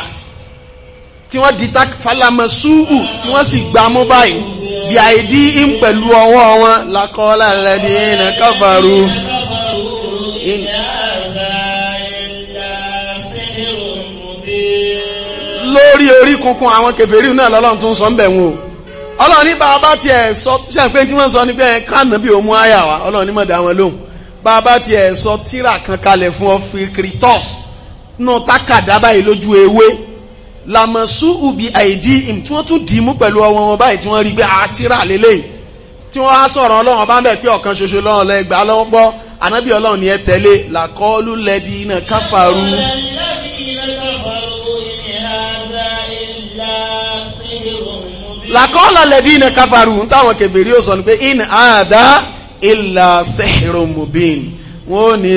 tí wọ́n di falamẹ́sùwù tí wọ́n sì gbámú báyìí bí àìdí ń pẹ̀lú ọwọ́ wọn lakọ́lá lẹ́ni ẹ̀nà káfàrú lórí orí kunkun àwọn kèfèrí náà lọ́lọ́run tún sọ ń bẹ̀ wọn o ọlọ́run ní bàbá tí ẹ̀ sọ ṣẹ́pẹ́ tí wọ́n sọ ní pé kánà bí o mú àyà ọlọ́run ní mọ̀ dá lóhùn bàbá tí ẹ̀ sọ tíra kan kalẹ̀ fún ọ fi kìrìtọ́s náà tákàdá báyìí lójú ewé làmọ̀sú ubi àìdí im tí wọ́n tún dì í mú pẹ̀lú ọwọ́ wọn báyìí tí wọ́n rí pé àtìrà ah, lélẹ̀ tí wọ́n á sọ̀rọ̀ ọlọ́run bá ń bẹ̀ pé ọ̀kan ṣoṣo lọ́run lẹ́gbàá lọ́pọ̀ anábì ọlọ́run ni ẹ tẹ̀lé làkọ́ọ́lù lẹ́dí iná káfàrú. làkọ́ọ́lù lẹ́dí iná káfàrú ń táwọn kèfèrí ó sọ ni pé in àdá ìlà sẹ́hìrò mùbín wọ́n ní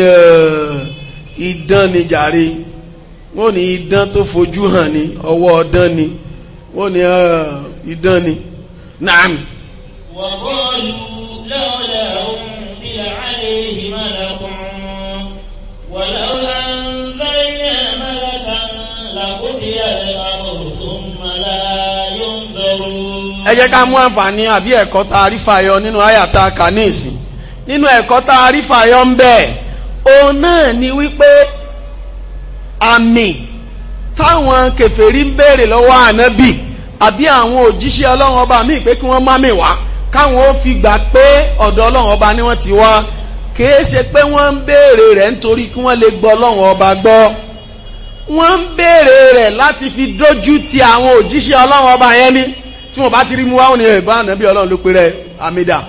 wọ́n ni idán tó fojú hàn ní ọwọ́ ọdán ni wọ́n ní ah, idán ni naam. wàhálù lọ́wọ́lá ohun tí a lè yí máa lọ́kùn wàlọ́wọ́lá ń bá iná mẹ́ta làkúndì àlẹ́ ẹ jẹ́ ká mú àǹfààní àbí ẹ̀kọ́ tá a rí fàyọ nínú àyàtà kàníìsì nínú ẹ̀kọ́ tá a rí fàyọ ń bẹ òun náà ni wípé àmì táwọn kèfèrí ń béèrè lọ́wọ́ ànábì àbí àwọn òjíṣẹ́ ọlọ́run ọba míì pé kí wọ́n má mi wá káwọn ó fi gbà pé ọ̀dọ̀ ọlọ́run ọba ni wọ́n ti wá kìí ṣe pé wọ́n ń béèrè rẹ̀ nítorí kí wọ́n lè gbọ́ ọlọ́run ọba gbọ́ wọ́n ń béèrè rẹ̀ láti fi dójú ti àwọn òjíṣẹ́ ọlọ́run ọba yẹn ni tí wọ́n bá ti rí mu wáhùn ní ẹ̀bá ànábì ọlọ́run ló pe rẹ̀ amida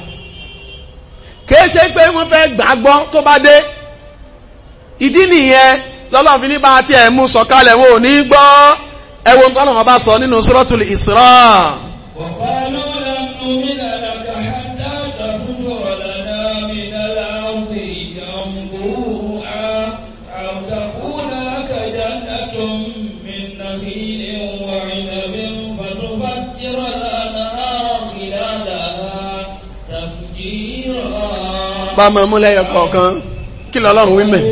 kìí ṣe pé wọ́n fẹ́ gbàgbọ́ tó bá dé ìdí nìyẹn lọ́lọ́run fi ní bá tí ẹ̀ mú sọ̀kalẹ̀ wọn ní gbọ́ ẹwọ nǹkan bá sọ nínú Suratul Isra. bá mọ̀ múlẹ̀ yọ kọ̀ọ̀kan kí lọ́lọ́run wí mẹ́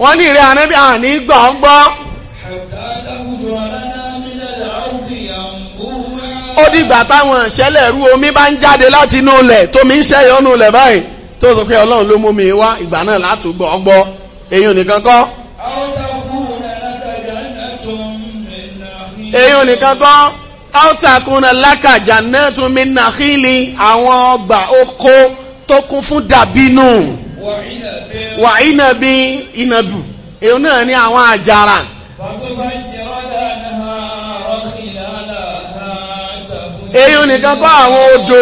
wọ́n ní ìrẹ́ ànábì àní gbà ń gbọ́. ó dìgbà táwọn ìṣẹ̀lẹ̀ rú omi bá ń jáde láti inú ilẹ̀ tómi ń ṣẹ̀yọ́ inú ilẹ̀ báyìí tó sọ pé ọlọ́run ló mú mi wá ìgbà náà látùgbọ̀ ọgbọ́ èyí ò nìkan kọ́. èyí ò nìkan kọ́ áùtàkùnrin lákàjà náà tún mi nàkílì àwọn ọgbà oko tó kún fún dàbínú wà ìnàbí ìnàbù èyí náà ní àwọn àjàrà èyí nìkan kọ́ àwọn odò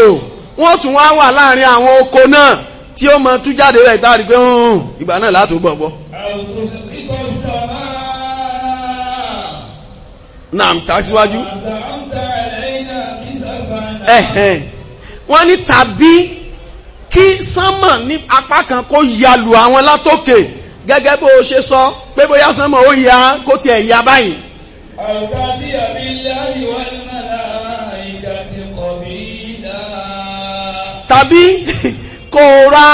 wọ́n tún wá wà láàrin àwọn oko náà tí ó mọ tú jáde rẹ̀ tá a rí pé hàn ìgbà náà látò gbọ̀ngbọ́. náà ta wọ́n ní tàbí kí sánmà ní apá kan kó yalù àwọn látòkè gẹ́gẹ́ bó o ṣe sọ pé bóyá sánmà ó ya kó tiẹ̀ ya báyìí. ọ̀gá bí abiláyé wà lára ìgbà tí kò bí dá. tàbí kó ra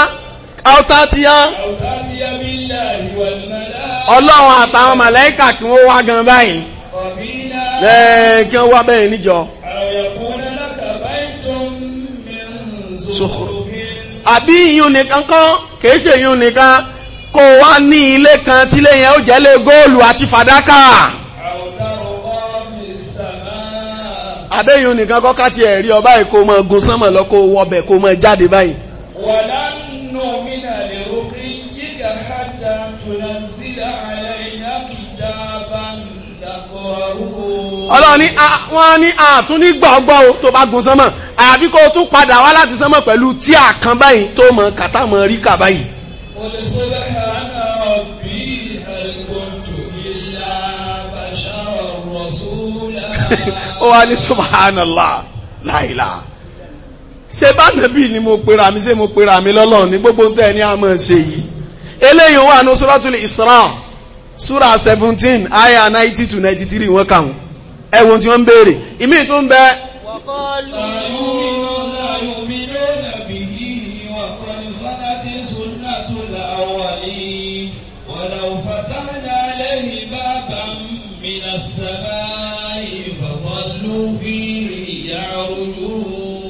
ọ̀tàtíyá. ọ̀tàtíyá biláyé wà lára. ọlọ́run àtàwọn màlẹ́kà kí wọ́n wá gan báyìí. kọ̀bí dá. lẹ́ẹ̀ kí wọ́n wá bẹ́ẹ̀ níjọ. àyàkùn náà kàbáyé tó ń mẹ́rin àbí ìyún nìkan kọ́ kìí ṣe ìyún nìkan kó wá ní ilé kan tílé yẹn ó jẹ́ lé góòlù àti fàdákà àbẹ́yìn nìkan kọ́ káti ẹ̀rí ọba yìí kó mọ gun sánmọ̀ lọ kó wọbẹ̀ kó mọ jáde báyìí. wàlá nù mí nà lè rúkí yíga hajjá tùnà sílẹ̀ àlẹ́yìnà kìjà bá ń dàkọ̀ àrùkò. ọlọ́ni wọ́n á ní àtúnígbà tó bá gun sánmọ̀ àbí kó tún padà wá láti sánmọ̀ pẹ̀lú tí àkàn báyìí tó mọ kàtà mọ rí kà báyìí. ó wá ní subhanallah láìlá ṣe bá nàbí ni mo pera mi ṣe mo pera mi lọ́lọ́run ní gbogbo ń tẹ́ ní àmọ́ ṣe yìí eléyìí wà ní suratul Isra sura seventeen aya ninety to ninety three wọ́n kà wọ́n ẹ̀wọ̀n tí wọ́n ń béèrè ìmí tó bẹ́ẹ̀. وقالوا يؤمنون يؤمنون به وقد خلت سنة الأولين ولو فتحنا عليه بابا من السماء فظلوا فيه يعرجون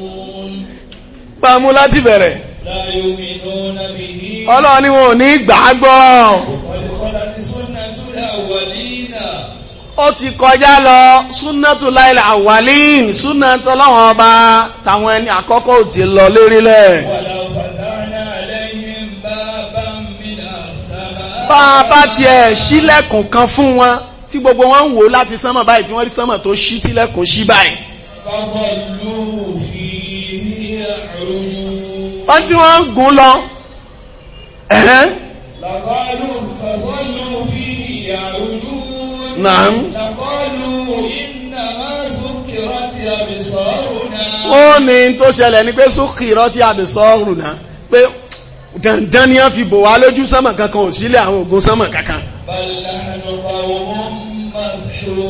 pàmò láti bẹ̀rẹ̀ ọlọ́run ni wọn ò ní gbàgbọ́. ó ti kọjá lọ súnátù láìlà àwàlín súnátù ọlọ́wọ́n ọba táwọn ẹni àkọ́kọ́ ò ti lọ lérílẹ̀. bá a bá tiẹ̀ ṣílẹ̀kùn kan fún wọn tí gbogbo wọn ń wò láti sánmọ̀ báyìí tí wọ́n rí sánmọ̀ tó ṣí tílẹ̀kùn ṣí báyìí. wọ́n tí wọ́n gùn lọ. Làbálù Nàám. Wọ́n ní tó ṣẹlẹ̀ ní pé súnkìrọ́ tí a bè sọ́ọ̀rù náà pé dandan ni a fi bò wá lójú sánmà kankan ò sílẹ̀ àwọn ògùn sánmà kankan.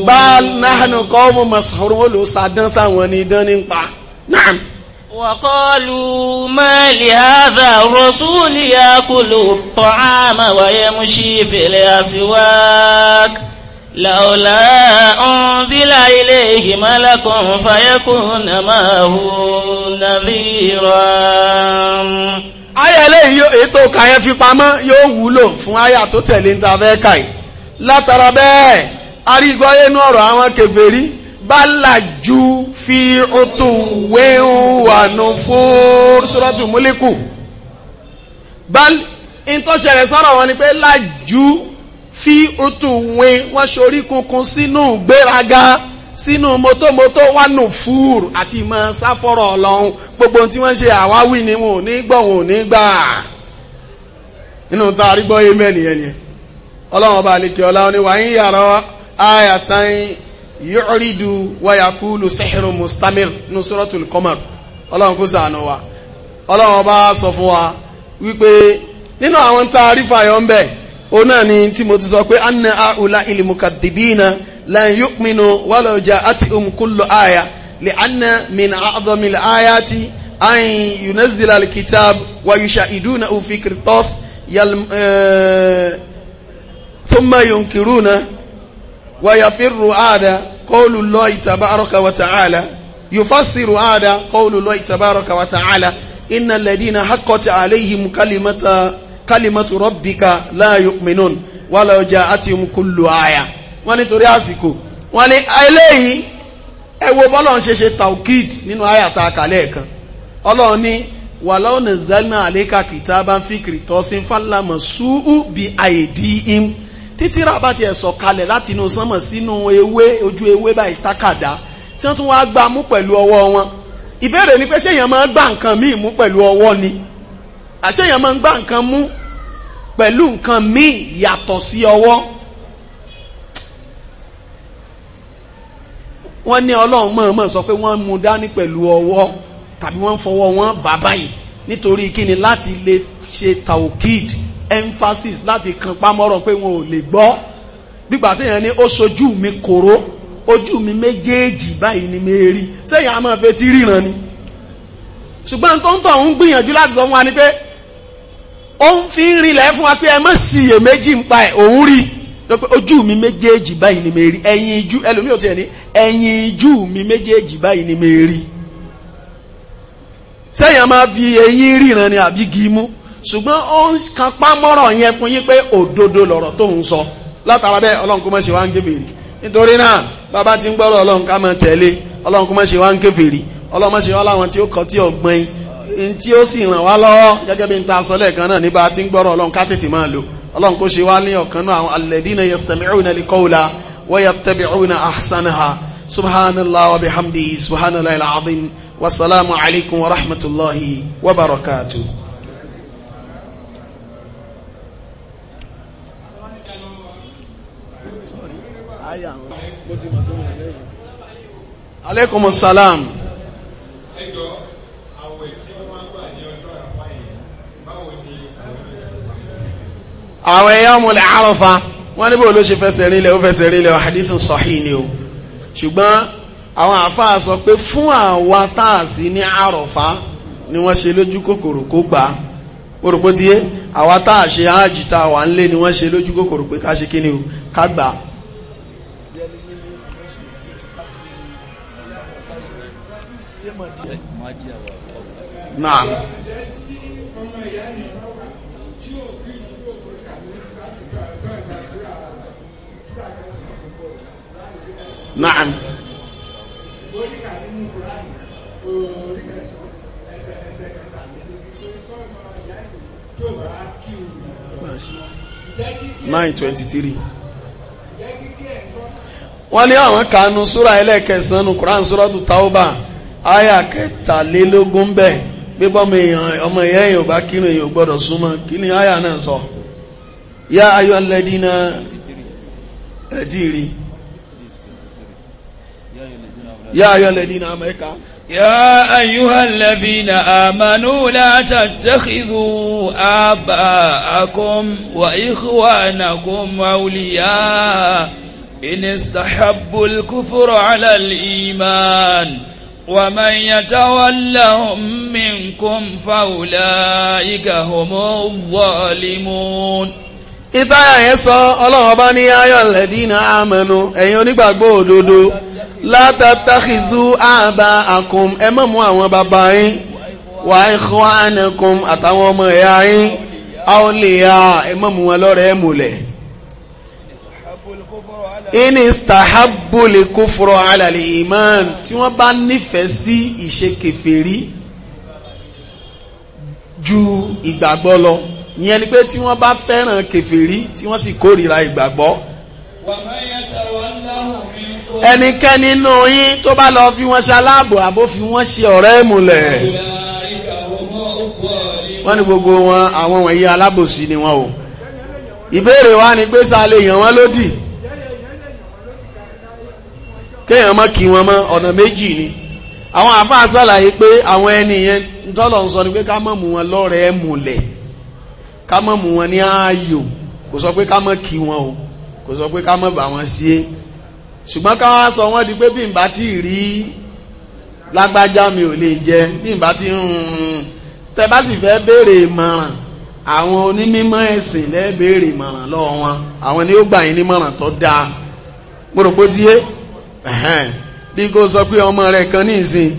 Bal nahnu qawmun mas'hurun ó lò sàdán sáwọn ní idán ní pa. Nàám. وقالوا ما لهذا الرسول يأكل الطعام ويمشي في الأسواق لولا أنزل إليه ملك فيكون معه نذيرا aya eléyìí ètò kàyẹn fi pamọ́ yóò wúlò fún aya tó tẹ̀lé níta fẹ́ kàì látara bẹ́ẹ̀ arígbọ́ inú ọ̀rọ̀ àwọn kèfèrí bá làjú fi òtún wéhùn wànú fún sọ́rọ́tù múlíkù bá ń tó ṣẹlẹ̀ sọ́rọ̀ wọn ni pé làjú fi otu win wọ́n ṣorí kunkun sínú gbéraga sínú mọ́tòmọ́tò wà nù ati àti ìmọ̀ sáfọ́rọ̀ ọlọ́run gbogbo tí wọ́n ṣe àwáwí ni wọn ò ní gbọ́ wọn ò ní gbà nínú tá a rí gbọ́ ni ọlọ́run ọba àlekè ọlá ni wàá ń yàrá ayàtàn yọ̀rìdù wayakulu sẹ́hìrù mustamir nusratul qamar ọlọ́run kó sànù wa ọlọ́run ọba sọ fún wa wípé nínú àwọn tá a rí fàyọ̀ ń bẹ́ẹ̀ ona ni tí mo ti sọ pé anna aula la yu'minu yukminu ja'ati um kullu aya li anna min a'zami al-ayati ay yunazzila al-kitab wa yushahiduna u fikr tas yal thumma yunkiruna wa yafirru ada qawlu Allah tabaraka wa ta'ala yufassiru ada qawlu Allah tabaraka wa ta'ala innal ladina haqqat alayhim kalimata kalimatu rabbika la yu'minun wala ja'atuhum kullu aya wọ́n nítorí àsìkò wọ́n ní eléyìí ẹ wo bọ́lọ̀ ń ṣe ṣe taukid nínú àyà ta kàlẹ́ ẹ̀kan ọlọ́run ní walaw nazzalna alayka kitaban fi qirtasin falamasuhu bi aydihim títírà bá tiẹ̀ sọ̀kalẹ̀ láti inú sánmọ̀ sínú ewé ojú ewé báyìí tákàdá tí wọ́n tún wá gbá mú pẹ̀lú ọwọ́ wọn ìbéèrè ni pé ṣéèyàn máa ń gbá nǹkan míì mú pẹ̀lú ọwọ́ ni àṣéèyàn máa ń gbá nǹkan mú pẹ̀lú nǹkan míì yàtọ̀ sí ọwọ́ wọ́n ní ọlọ́run mọ̀ọ́mọ̀ sọ pé wọ́n mú dání pẹ̀lú ọwọ́ tàbí wọ́n fọwọ́ wọn bà báyìí nítorí kíni láti lè ṣe taokid emphasis láti kan pámọ́rọ̀ pé wọn ò lè gbọ́ gbígbà téèyàn ní ó sojú mi kòró ojú mi méjèèjì báyìí ni mẹ́rí sẹ́yìn a máa fẹ́ ti ríran ni ṣùgbọ́n tó ń tọ̀ ń gbìyànjú láti sọ fún wa ni pé ó ń fi ń rinlẹ̀ fún wa pé ẹ mọ́ sí iye méjì ń pa ẹ̀ òun rí ojú mi méjèèjì báyìí ni mi rí ẹ̀yìn ijú ẹlòmíì ò tiẹ̀ ní ẹ̀yìn ijú mi méjèèjì báyìí ni mi rí sẹ́yìn máa fi eyín ríran ni àbí gímú ṣùgbọ́n ó ń kan pámọ́rọ̀ yẹn fún yín pé òdodo lọ̀rọ̀ tó ń sọ látara bẹ́ẹ̀ ọlọ́run kó mọ̀ ṣe wá ń kèfèrí nítorí náà bàbá ti ń gbọ́rọ̀ ọlọ́run ká mọ̀ tẹ̀lé ọlọ́run kó mọ̀ ṣe wá ń kèfèrí ọlọ́run mọ̀ ṣe wá láwọn tí ó kọ́ tí ọ̀gbọ́n in tí ó sì ràn wá lọ́wọ́ gẹ́gẹ́ bí n ta sọ lẹ́ẹ̀kan náà nígbà tí ń gbọ́rọ̀ ọlọ́run ká tètè máa lò ọlọ́run kó ṣe wá ní ọ̀kan náà àwọn alladhina yastami'una al-qawla wa yattabi'una ahsanaha subhanallah wa bihamdihi subhanallah al wasalaamu alaykum wa rahmatulahi wa barakatuh. aleykum salaam. àwẹ̀ yawmul arafa wọ́n níbò ló ṣe fẹsẹ̀ rílẹ̀ ó fẹsẹ̀ rílẹ̀ hadithun sahih ni o ṣùgbọ́n àwọn àfáà sọ pé fún àwa táàsì ní àrọ̀fá ni wọ́n ṣe lójú kòkòrò kó gbà orùpó ti yé àwa táà ṣe ájìta wà ń lé ni wọ́n ṣe lójú kòkòrò pé ká ṣe kí ni o ká gbà náà naanị. nine twenty three wọ́n ní àwọn kanu súra ẹlẹ́ẹ̀kẹsàn nu Quran Tauba aya kẹtàlélógún bẹ́ẹ̀ pípọ́ mi ọmọ ìyá bá kírun èèyàn gbọ́dọ̀ súnmọ́ kí ni aya náà sọ yá ayọ̀ lẹ́dínà ẹ̀jì يا أيها الذين آمنوا يا أيها الذين آمنوا لا تتخذوا آباءكم وإخوانكم أولياء إن استحبوا الكفر على الإيمان ومن يتولهم منكم فأولئك هم الظالمون ìtayà yẹn sọ ọlọ́run ọba ní ayọ̀ lẹ́dínà àmẹ́nu ẹ̀yin onígbàgbọ́ òdodo látàtàkìzú àbá àkùn ẹ má mú àwọn bàbá yín wà ẹ̀kọ́ ànàkùn àtàwọn ọmọ ẹ̀yà yín àólìyà ẹ má mú wọn lọ́rẹ̀ ẹ múlẹ̀ ini stahabule kófòrò alàlè iman tí wọ́n bá nífẹ̀ẹ́ sí ìṣe kèfèrí ju ìgbàgbọ́ lọ ìyẹn ni pé tí wọ́n bá fẹ́ràn kèfèrí tí wọ́n sì kórìíra ìgbàgbọ́. wàmọ́ ẹnikẹ́ni nínú yín tó bá lọ fi wọn ṣe aláàbò àbó fi wọn ṣe ọ̀rẹ́ ìmùlẹ̀ wọ́n ní gbogbo wọn àwọn wọ̀nyí alábòsí ni wọn o ìbéèrè wa ni pé sáà lè yàn lódì kéèyàn mọ́ kí wọn mọ́ ọ̀nà méjì ni àwọn àfáà sàlàyé pé àwọn ẹni yẹn tọ́lọ̀ ń sọ ni pé ká mọ̀ mú wọn lọ́rẹ̀ẹ́ múlẹ̀ ká mọ̀ mú wọn ní ààyò kò sọ pé ká mọ̀ kí wọn o kò sọ pé ká mọ̀ bà wọn sí é ṣùgbọ́n ká wá sọ wọ́n di pé bí n bá ti rí lágbájá mi ò lè jẹ bí n bá ti rún tẹ bá sì fẹ́ béèrè ìmọ̀ràn àwọn onímọ̀ ẹ̀sìn lẹ́ béèrè ìmọ̀ràn lọ́wọ́ wọn àwọn ni ó gbà yín nímọ̀ràn tó dáa gbọ́dọ̀ pé díẹ̀ bí kò sọ pé ọmọ rẹ̀ kan ní ìsìn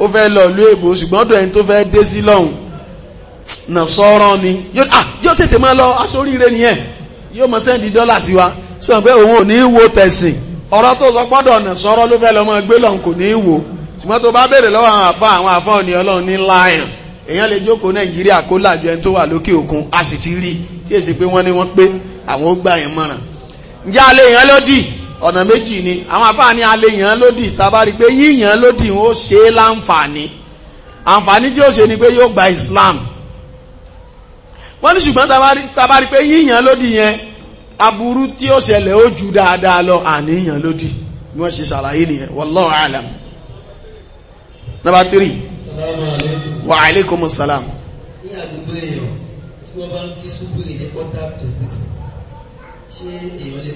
ó fẹ́ lọ ìlú èbó ṣùgbọ́n ọ̀dọ̀ ẹni tó fẹ́ dé sí lọ́hùn nà sọ́rọ́ ni yóò tètè máa lọ aṣọ oríire nìyẹn yóò mọ sẹ́ndì dọ́là sí wa sọ pé òun ò ní wo tẹ̀sìn ọ̀rọ̀ tó sọ pọ́dọ̀ ọ̀nà sọ̀rọ̀ ló fẹ́ lọ́mọ gbé lọ́n kò ní wò ṣùgbọ́n tó bá béèrè lọ́wọ́ àwọn àfa àwọn àfa òní ọlọ́run ní láàyàn èèyàn lè jókòó nàìjíríà kó làjọ ẹni tó wà lókè òkun a sì ti rí tí èsì pé wọ́n ní wọ́n pé àwọn ó gbà yẹn mọ̀ràn ǹjẹ́ alẹ́ èèyàn lódì ọ̀nà méjì ni àwọn àfa ní alẹ́ èèyàn lódì tabari pé yíyàn lódì wọn ó ṣe é láǹfààní àǹfààní tí ó ṣe ni pé yóò gba Islam wọ́n ní ṣùgbọ́n tabari pé yíyàn lódì yẹn aburú tí ó ṣẹlẹ̀ ó ju dáadáa lọ àníyàn lódì bí wọ́n ṣe ṣàlàyé nìyẹn wallahu alam. number three wa aleykum salam. ní àdúgbò wọ́n bá ń kí súbúrì ní quarter to six ṣé èèyàn lè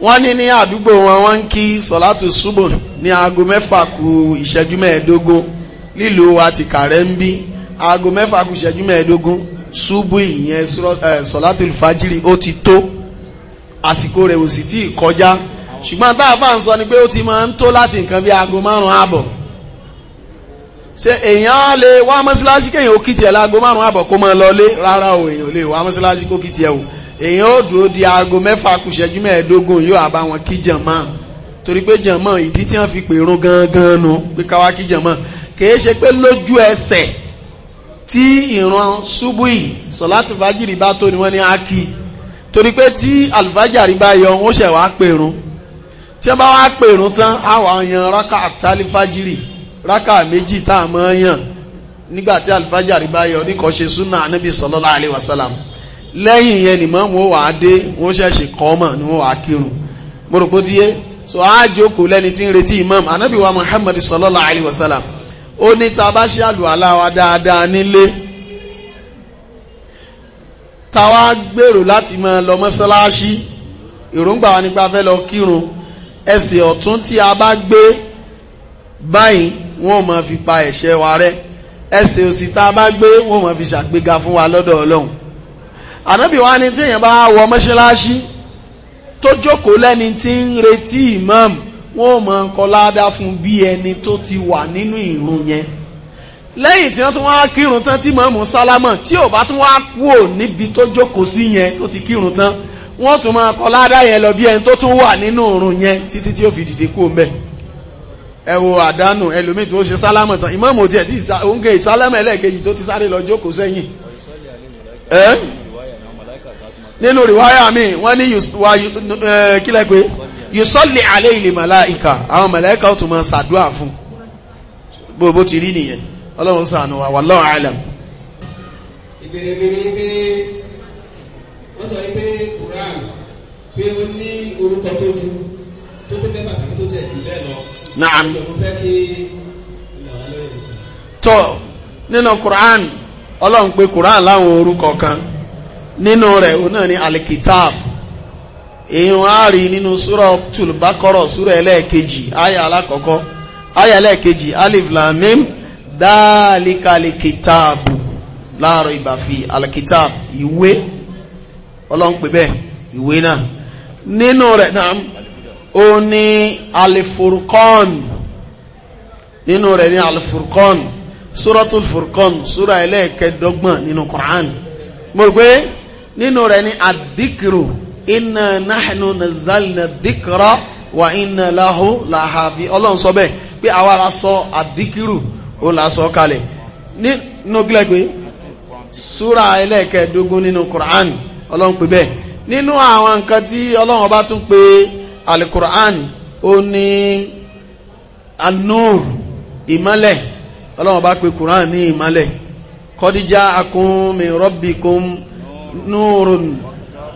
wọ́n ní ní àdúgbò wọn wọ́n ń kí sọ̀látù súbò ní aago mẹ́fà kù ìṣẹ́jú mẹ́ẹ̀ẹ́dógún nílùú wa ti kàrẹ́ ń bí aago mẹ́fà kù ṣẹ́jú mẹ́ẹ̀ẹ́dógún ṣubú ìyẹn sọ̀látùlù fàájìrì ó ti tó àsìkò rẹ̀ ò sì tí kọjá ṣùgbọ́n tá ń sọ ni pé ó ti máa ń tó láti nǹkan bí aago márùn-ún ààbọ̀ ṣe èèyàn lè wá mọ́síláṣí kéèyàn ó kí tiẹ̀ láago márùn-ún ààbọ̀ kó máa lọlé rárá o èèyàn lè wá mọ́síláṣí kó kí tiẹ̀ o èèyàn ó dúró di aago mẹ́fà kù ṣẹ́jú mẹ́ẹ̀ẹ́dógún yóò àbá wọn kí jàmá torí pé jàmá ìdí tí wọ́n fi pèrún gangan nu pé káwá kí jàmá kìí ṣe pé lójú ẹsẹ̀ tí ìran ṣubú yìí sọ̀látù fàájìrì bá tó ni wọ́n ní ákì torí pé tí àlùfájàrí bá yọ wọ́n ṣẹ̀ wá pèrún tí wọ́n bá wá pèrún tán àwọn yan rákà àtàlífàjìrì rákà méjì tá a máa yàn nígbà tí àlùfájàrí bá yọ ní kò ṣe súnà ànábì sallallahu alaihi wasallam lẹ́yìn yẹn ni mọ́mú ó wà á dé wọ́n ṣẹ̀ṣẹ̀ kọ́ mọ̀ ni wọ́n wà á kírun mo rò pé ó so àá jókòó lẹ́ni tí ń retí imam ànábì wa Muhammad sallallahu alaihi wasallam ó ní tá a bá ṣe àlùwàlá wa dáadáa nílé tá wá gbèrò láti máa lọ mọ́sálásí èròǹgbà wa nípa fẹ́ lọ kírun ẹsẹ̀ ọ̀tún tí a bá gbé báyìí wọn ò fi pa ẹ̀ṣẹ̀ wa rẹ́ ẹsẹ̀ òsì tá a bá gbé wọn ò fi ṣàgbéga fún wa lọ́dọ̀ Ọlọ́run ànábì wa ni tí èèyàn bá wọ mọ́sálásí tó jókòó lẹ́ni tí ń retí ìmáàmù wọ́n mọ̀ kọ́ ládá fún bí ẹni tó ti wà nínú ìrun yẹn lẹ́yìn tí wọ́n tún wá kírun tán tí mọ̀ọ́mù sálámọ̀ tí ò bá tún wá kúò níbi tó jókòó sí yẹn tó ti kírun tán wọ́n tún máa kọ́ ládá yẹn lọ bí ẹni tó tún wà nínú ìrun yẹn títí tí ó fi dìde kúò mbẹ́ ẹ wo àdánù ẹlòmíì tó ṣe sálámọ̀ tán ìmọ̀ọ́mù tiẹ̀ tí òǹkè ìsálámọ̀ ẹlẹ́ẹ̀kejì tó ti sáré lọ jókòó sẹ́yìn nínú rìwáyà mi wọ́n ní eh, kílẹ̀ pé yusalli alayhi màláìka àwọn màláìka ó tún máa ṣàdúrà fún bó ti rí nìyẹn ọlọ́run ṣàánú wa wallahu alam. ìbéèrè mi ni pé wọ́n sọ pé ju tó tó mẹ́fà tàbí tó tẹ̀ jù bẹ́ẹ̀ lọ. naam tó nínú Quran ọlọ́run pé Quran láwọn orúkọ kan nínú rẹ̀ ni alikitab. èèyàn á rí nínú súrọ̀ tùlùbákọ́rọ̀ súrọ̀ ẹlẹ́ẹ̀kejì àyà alákọ̀ọ́kọ́ àyà ẹlẹ́ẹ̀kejì alif lam mim dáàlíkàlì kìtààbù láàrọ̀ ìbàfi alkitaabu ìwé ọlọ́run pè bẹ́ẹ̀ ìwé náà nínú rẹ̀ náà ó ní alifurkọ́n nínú rẹ̀ ní alifurkọ́n súrọ̀tul furkọ́n súrọ̀ ẹlẹ́ẹ̀kẹẹ̀dọ́gbọ̀n nínú Qur'an mo pé nínú rẹ̀ ní adíkìrò inna nahnu nazzalna dhikra wa inna lahu lahafi ọlọ́run sọ bẹ́ẹ̀ pé àwa la sọ àdíkìrù ó la sọ kalẹ̀ nínú gílẹ̀ pé súra ẹlẹ́ẹ̀kẹ́ẹ̀dógún nínú Qur'an ọlọ́run pè bẹ́ẹ̀ nínú àwọn nǹkan tí ọlọ́run ọba tún pè al-Qur'an ó ní an-nur ìmọ́lẹ̀ ọlọ́run ọba pè ní ìmọ́lẹ̀ qad ja'akum min rabbikum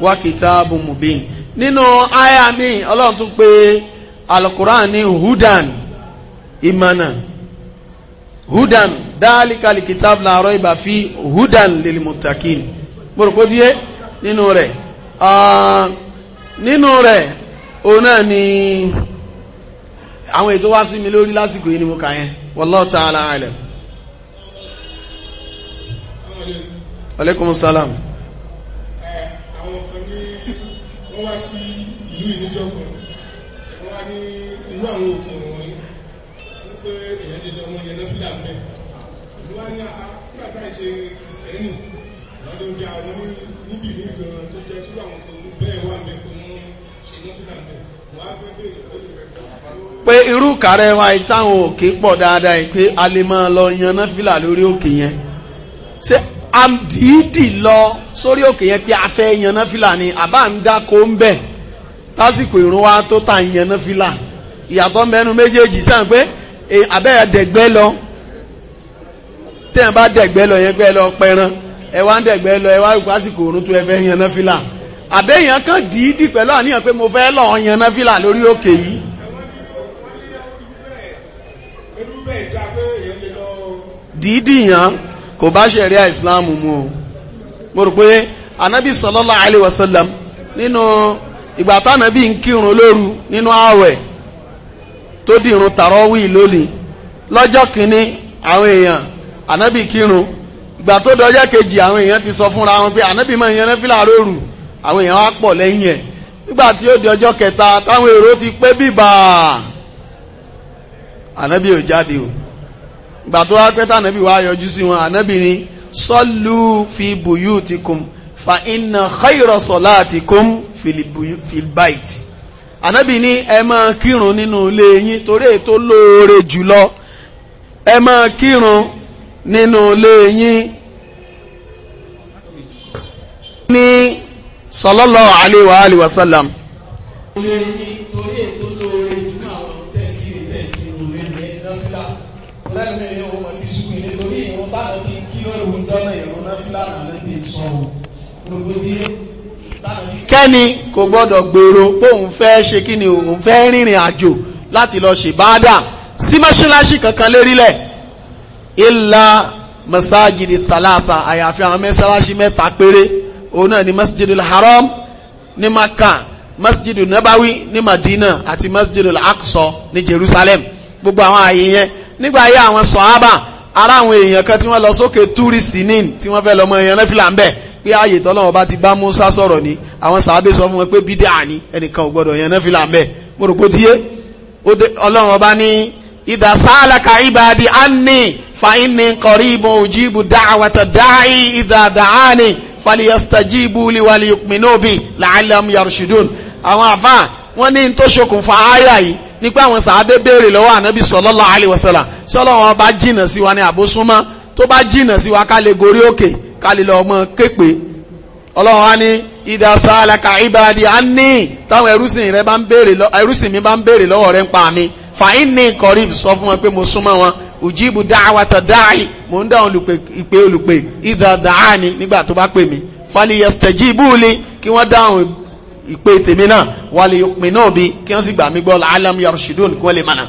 wa kitabun mubin nínú àyà mi ọlọ́run tún pé alukuran ní hudan imana hudan dáálíkàlì kitab la rayba fi hudan lil muttaqin gbọ́dọ̀kọ́ díẹ̀ nínú rẹ̀ nínú rẹ̀ òun náà ni àwọn ètò wá sí mi lórí lásìkò yìí ni mo kà yẹn wallahu ta'ala alam. aleykum salaam. wọ́n wá sí ìlú ìníjọ́gbọ̀n wọ́n wá ní irú àwọn òkè wọ̀nyí wípé èyàn lè lọ́mọ yẹn lọ́fílà mẹ́ ìlú wá ní àpàtà ah, ah, ìṣe ìsẹ́yìn lọ́dún ga wọn níbi ìlú gan tó jẹ́ tí àwọn kan bẹ́ẹ̀ wà mẹ́ pé wọ́n ṣe lọ́fílà mẹ́ wọ́n á fẹ́ bèèrè lọ́dún rẹ̀ pé irú kàrẹ́ wa ìtàwọn òkè pọ̀ dáadáa pé a lè máa lọ yan náfìlà lórí òkè yẹn àdìídì lọ sórí òkè yẹn pé a fẹ́ yan náfìlà ni àbá ń dáko ń bẹ̀ lásìkò ìrún wa tó tà ń yan náfìlà ìyàtọ̀ mẹ́nu méjèèjì sàn pé àbẹ́rẹ́ dẹ̀gbẹ́ lọ tẹ́yàn bá dẹ̀gbẹ́ lọ yẹn gbẹ́ lọ pẹran ẹ wá ń dẹ̀gbẹ́ lọ ẹ wá rò pásìkò òrùn tó ẹ fẹ́ yan náfìlà àbẹ́yàn kan dìídì pẹ̀lú àníyàn pé mo fẹ́ lọ yan náfìlà lórí òkè yìí. dìídì yàn kò bá ṣẹ̀ríà ìsìláàmù mú o mo rò pé anabi sallallahu alaihi wasallam nínú ìgbà tánàbí ń kírun lóru nínú ààwẹ̀ tó dìrun tàrọ́wì lónìí lọ́jọ́ kìíní àwọn èèyàn anabi kírun ìgbà tó dọjọ́ kejì àwọn èèyàn ti sọ fúnra wọn pé anabi máa ń yan nafila lóru àwọn èèyàn wá pọ̀ lẹ́yìn ẹ̀ nígbà tí ó di ọjọ́ kẹta táwọn èrò ti pé bíbà anabi ò jáde o. ìgbà tó wá pẹ́ tànàbí wá yọjú sí wọn ànábì ni sallu fi buyutikum fa inna khayra salatikum fil bait ànábì ni ẹ máa kírun nínú ilé yín torí ètò lóore jùlọ ẹ máa kírun nínú ilé yín ní sallallahu alaihi wa alihi kẹ́ni kò gbọ́dọ̀ gbèrò pé òun fẹ́ ṣe kí ni òun fẹ́ rìnrìn àjò láti lọ ṣèbáàdà sí mọ́ṣáláṣí kankan lérílẹ̀ ìlà masajidi talata àyàfi àwọn mẹ́ṣáláṣí mẹ́ta péré òun náà ni masjidul haram ní maka masjidul nabawi ni madina àti masjidul aqsa ni jerusalem gbogbo àwọn àyè yẹn nígbà ayé àwọn sọ̀hábà ara àwọn èèyàn kan tí wọ́n lọ sókè túrì sinin tí wọ́n fẹ́ lọ́mọ èèyàn náà fi là pé ààyè tọ́lọ́wọ́ bá ti bá Musa sọ̀rọ̀ ni àwọn sàábé sọ fún wọn pé bídà ni ẹnìkan ò gbọ́dọ̀ yẹn náfìlà mẹ́ mo rò pé tiye ọlọ́wọ́ bá ní idha salaka ibadi anni fa inni qaribun ujibu da'wata da'i idha da'ani falyastajibu kálílẹ̀ ọmọ képe ọlọ́run á ní ìdásá alaka ibadi á ní táwọn ẹrúsìn rẹ bá ń béèrè lọ ẹrúsìn mi bá ń béèrè lọ́wọ́ rẹ ń pa mi fàáyín ní kọrí sọ fún wọn pé mo súnmọ́ wọn òjìbù dáwàtà dáì mo ń dáhùn ìpè olùpè ìdàdàá ni nígbà tó bá pè mí fàlìyẹsẹ̀jì ìbúlé kí wọ́n dáhùn ìpè tèmi náà wàlì òpin náà bí kí wọ́n sì gbà mí gbọ́ alam yarshidun kí wọ́n lè mọ̀nà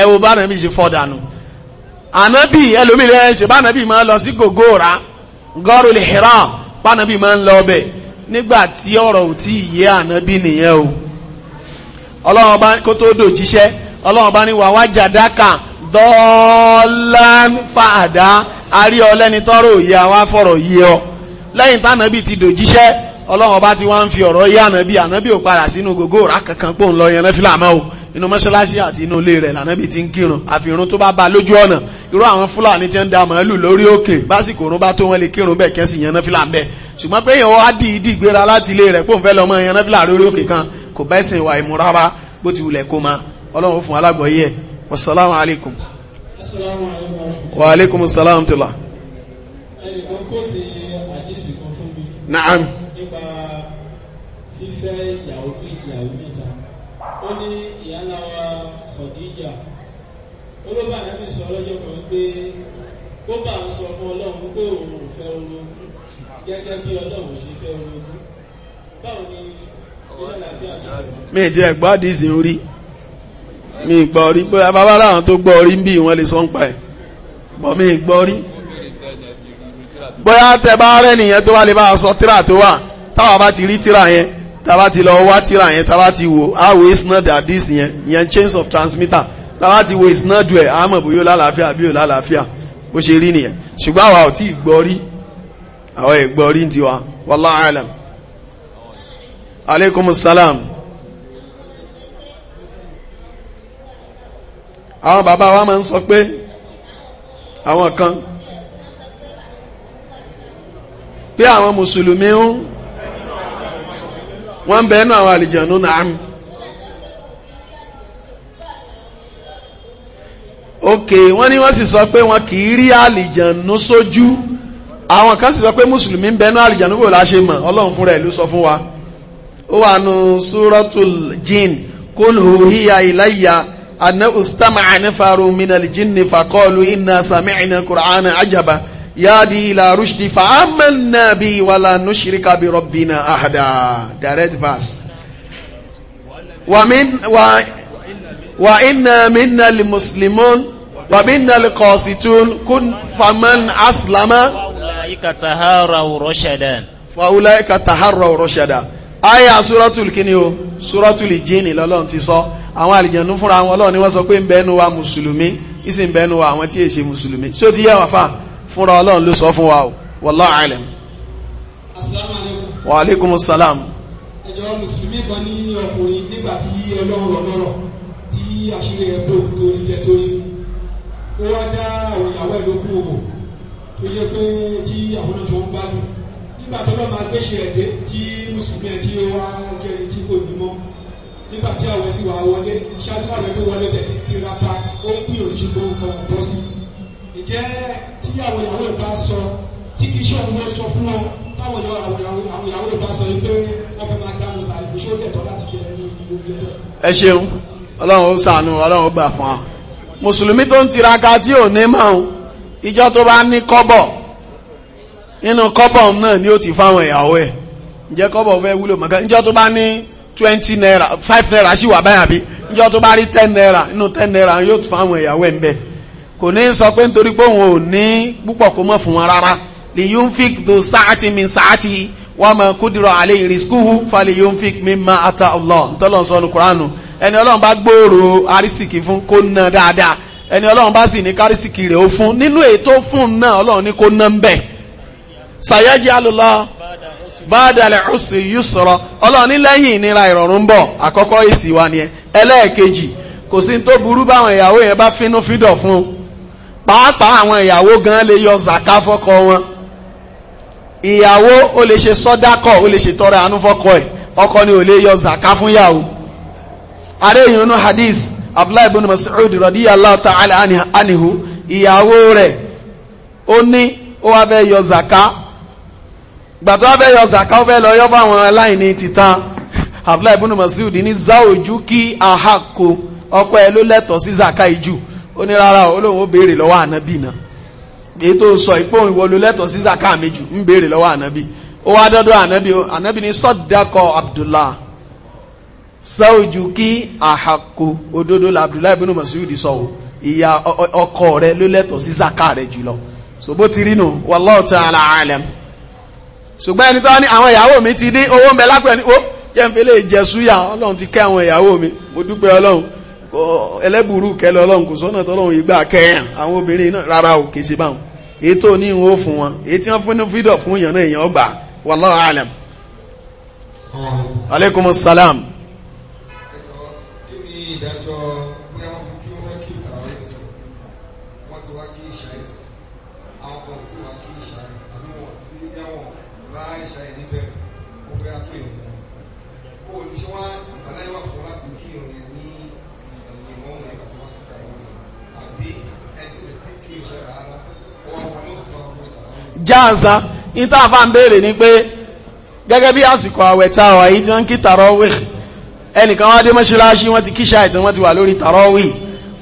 ẹ bá nàbí ṣe fọ́ dànù ànábì ẹlòmíràn ṣe bá nàbì máa lọ sí gògó rà gọ́rù lè hìrá pánàbí máa ń lọ ọbẹ̀ nígbà tí ọ̀rọ̀ ò tí yé ànábì nìyẹn o ọlọ́run bá kó tó dò jíṣẹ́ ọlọ́run bá ní wà wá jàdákà dọ́ọ́lán fàdá àrí ọlẹ́ni tọ́rọ òye àwa fọ̀rọ̀ yé ọ lẹ́yìn tánàbí ti dò jíṣẹ́ ọlọ́run bá ti wá ń fi ọ̀rọ̀ yé ànábì ànábì ò padà sínú gògó òrà pò ń lọ yẹn lẹ́fìlà máa o inú mọ́ṣáláṣí àti inú ilé rẹ̀ lànàbí ti ń kírun àfihàn tó bá ba lójú ọ̀nà irú àwọn fúlàní tí ń da màálù lórí òkè básìkò òrùn bá tó wọn lè kírun bẹ́ẹ̀ kẹ́sì yan náfìlà ń bẹ́ẹ̀ ṣùgbọ́n pé èèyàn wá dì í dì gbéra láti ilé rẹ̀ pòun fẹ́ lọ́mọ yan náfìlà lórí òkè kan kò bá ẹ̀sìn ìwà ìmú rárá bó ti wulẹ̀ kó ma ọlọ́run fún alágbọ̀ọ́yé ẹ̀ wasalaamu alaykum. wa aleykum salaam tila. ẹnìkan kò tí àdìsí kan fún mi ó ló bá ànábì sọ lọ́jọ́ kan wípé kó bá ń sọ fún ọlọ́run pé òun ò fẹ́ ológun gẹ́gẹ́ bí ọlọ́run ṣe fẹ́ ológun báwo ni ilé àlàáfíà ti sọ. mi ti ẹ̀ gbọ́ àdìsí ń rí mi gbọ́ rí pé abábára àwọn tó gbọ́ rí ń bí wọ́n lè sọ ń pa ẹ̀ bọ́ mi gbọ́ rí bóyá tẹ bá rẹ nìyẹn tó wá lè bá a sọ tíra tó wà táwa bá ti rí tíra yẹn táwa ti lọ wá tíra yẹn táwa ti wò á wò àdìsí yẹn yẹn chains of transmitter láwá ti wo ìsinádù ẹ̀ àmọ̀ bó yóò lálàáfíà bí yóò lálàáfíà bó ṣe rí nìyẹn ṣùgbọ́n àwa ò tí ì gbọ́ rí àwọn ìgbọ́ rí ti wa wallahu alam aleykum salam àwọn bàbá wa máa ń sọ pé àwọn kan pé àwọn mùsùlùmí ń wọ́n ń bẹ̀ẹ́nu àwọn àlìjànú nàámi ok wọ́n ní wọ́n sì sọ pé wọn kì í rí àlìjànú sójú àwọn kan sì sọ pé mùsùlùmí ń bẹnu àlìjànú bò láṣẹ mọ̀ ọlọ́run fúnra ẹ̀ ló sọ fún wa ó wà nù súrọ́tù jin kul huhiya ilayya anna ustama'a nafaru min aljinni faqalu inna sami'na qur'ana ajaba yadi ila rushdi fa'amanna bi wala nushrika bi rabbina ahada direct verse wa min wa wa inna minna almuslimun wa minnal qasitun kun faman aslama faulaika taharraw rashada faulaika taharraw rashada aya suratul kini o suratul jini lọ́lọ́run ti sọ àwọn àlìjẹ̀nú fúnra wọn lọ́ọ̀ ni wọ́n sọ pé ń bẹ́nu wa mùsùlùmí ìsìn bẹ́nu wa àwọn tí è ṣe mùsùlùmí ṣé ó ti yẹ wà fà fúnra ọlọ́run ló sọ fún wa o wallahu alam. wa alaikum salam. ẹjọ́ mùsùlùmí kan ní ọkùnrin nígbà tí ọlọ́run ọlọ́rọ̀ tí àṣírí ẹ̀ bò torí jẹ torí ó wá dá ìyàwó ẹ̀ lókun òwò tó yẹ pé tí àwọn náà tó ń gbádùn nígbà tó lọ́ọ́ máa gbéṣe ẹ̀dẹ́ tí mùsùlùmí ẹ̀ tí ó wá kẹrin tí kò ní mọ́ nígbà tí àwọn sì wà wọlé ṣáájú àwọn tó wọlé tẹ̀ tiraka ó ń gbìyànjú ló ń kọ́ bọ́ sí. ìjẹ́ tí àwọn ìyàwó ìbá sọ tí kì í ṣe òun ló sọ fún wọn táwọn ìyàwó ìbá sọ yìí pé wọ́n fẹ́ máa dánu sàrìkì ṣó lẹ̀tọ́ láti jẹ ẹni ìlú jẹ bẹ́ẹ̀. ẹ ṣeun ọlọ́run ó ṣàánú ọlọ́run ó gbà fún wa. mùsùlùmí tó ń tiraka tí ò ní máa ìjọ tó bá ní kọ́bọ̀ nínú kọ́bọ̀ náà ni ó ti fáwọn ìyàwó ẹ̀ ǹjẹ́ kọ́bọ̀ fẹ́ wúlò mọ̀ká ìjọ tó bá ní naira five naira wà báyà bí ìjọ tó ten naira ten naira yóò ti fáwọn ìyàwó ẹ̀ ń bẹ̀ kò ní sọ pé nítorí pé òun ò ní púpọ̀ kó mọ̀ fún wọn rárá lè fi sáàtì mi sáàtì wọ́n ẹni ọlọ́run bá gbòòrò arísìkì fún kó ná dáadáa ẹni ọlọ́run bá sì ní kárísìkì rẹ̀ ó fún nínú ètò fún náà ọlọ́run ní kó ná ń bẹ̀ sàyẹ́jì alùlọ bádàlẹ̀ ọ̀sẹ̀ yìí sọ̀rọ̀ ọlọ́run ní lẹ́yìn ìnira ìrọ̀rùn ń bọ̀ àkọ́kọ́ èsì wa nìyẹn ẹlẹ́ẹ̀kejì kò sí tó burú báwọn ìyàwó yẹn bá finú fídọ̀ fún un pàápàá àwọn ìyàwó gan lè yọ zàká fọ́kọ wọn ìyàwó ó lè ṣe sọ́dákọ̀ ó lè ṣètọrẹ àánú fọ́kọ ẹ̀ ọkọ ni ò lè yọ zàká fún yàwó are yìí nínú hadith abdullahi ibn mas'ud radiyallahu ta'ala anhu ìyàwó rẹ̀ ó ní ó wá fẹ́ yọ zaka gbàtọ́ wá fẹ́ yọ zaka ó fẹ́ lọ yọ fún àwọn aláìní titan abdullahi ibn mas'ud ní záòjú kí ahako ọkọ ẹ ló lẹ́tọ̀ọ́ sí zaka ìjù ó ní rárá o lóun ó béèrè lọ́wọ́ ànábì náà ètò sọ ìpóhùn ìwọlú lẹ́tọ̀ọ́ sí zaka méjì ń béèrè lọ́wọ́ ànábì ó wá ànábì ànábì ní abdullah sáòjú kí àhàkò òdodo l'Abdullahi ibn Mas'ud sọ o ìyá ọkọ rẹ ló lẹ́tọ̀ sí zaka rẹ jùlọ so bó ti rí nù wallahu ta'ala alam ṣùgbọ́n ẹni tó ní àwọn ìyàwó mi ti ní owó mẹ́lá pẹ̀lú ó jẹ́ ń fẹ́lẹ̀ jẹ súyà ọlọ́run ti kẹ́ àwọn ìyàwó mi mo dúpẹ́ ọlọ́run ẹlẹ́bùrú kẹlẹ ọlọ́run kò sọ́nà tọ́lọ́run ìgbà kẹyàn àwọn obìnrin náà rárá ò kèsì báwọn èyí tó ní ìwọ̀n fún wọn èyí tí wọ́n fún ní fídọ̀ fún èèyàn èèyàn ọgbà wallahu alam. aleykum salaam. jáàza níta àfà ń béèrè ni pé gẹ́gẹ́ bí àsìkò àwẹ̀ tá a wà yìí tí wọ́n ń kí tàrọ́wì ẹnìkan wá dé mọ́ṣáláṣí wọ́n ti kíṣà ìtàn wọ́n ti wà lórí tàrọ́wì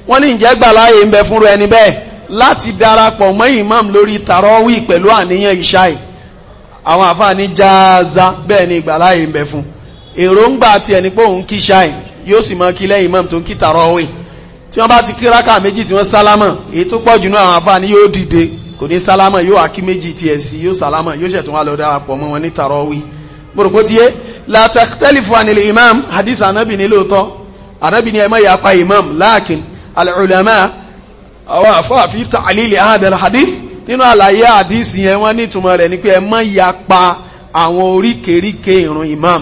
wọ́n ní ìjẹ́ gbà láàyè ń bẹ fúnra ẹni bẹ́ẹ̀ láti darapọ̀ mọ́ imam lórí tàrọ́wì pẹ̀lú àníyàn ìṣáì àwọn àfà ní jáàza bẹ́ẹ̀ ni ìgbà láàyè ń bẹ fún èròǹgbà tiẹ̀ ni pé òun kíṣáì yóò sì mọ́ kí lẹ́yìn imam tó ń kí tàrọ́wì tí wọ́n bá ti kí rákà méjì tí wọ́n sálámọ̀ èyí tó pọ̀ jù náà àwọn àfà ní yóò dìde kò ní sálámà yóò akí méjì tiẹ̀ sí yóò sálámà yóò ṣẹ̀tún wá lọ darapọ̀ mọ́ wọn ní tàrọ́wì gbòròkó tiye la takhtalifu anil imam hadith anabi ní lóòótọ́ anabi ní ẹ má yapa imam lakin al-ulama àwọn àfáàfi ta'lil hadal hadith nínú àlàyé hadith yẹn wọ́n ní ìtumọ̀ rẹ̀ ni pé ẹ yapa àwọn oríkèríkè ìrun imam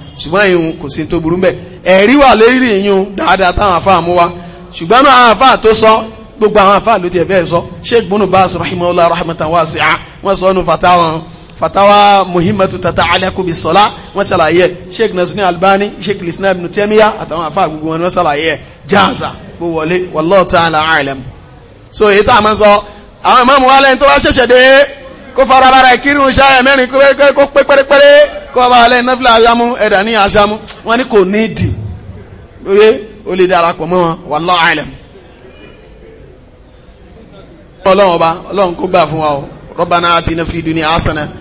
ṣùgbọ́n ìhun kò sí tó burú mbẹ̀ ẹ̀rí wà lérí ìyún dáadáa táwọn afá mú wa ṣùgbọ́n àwọn afá tó sọ gbogbo àwọn afá ló tiẹ̀ bẹ́ẹ̀ sọ Sheikh Ibn Baz rahimahullah rahmatan wasi'a wọ́n sọ ọ́nù fatawa fatawa muhimmatu tata'allaqu bis salah wọ́n ṣàlàyé Sheikh Nasruddin Albani Sheikh lisna ibn Taymiyyah àtàwọn afá gbogbo wọn wọ́n ṣàlàyé jáàzà so èyí tá a máa sọ àwọn ìmáàmù wa kó farabalẹ̀ kírun ṣáyẹ̀ mẹ́rin kó pé pẹ́rẹ́pẹ́rẹ́ kó bá alẹ́ nọ́fìlà aṣámú ẹ̀dà ní aṣámú wọ́n ní kò ní dì lóye ó lè darapọ̀ mọ́ wọn wallahu alam. ọlọ́run ọba ọlọ́run kó gbà fún wa o rabbana atina fid dunya hasana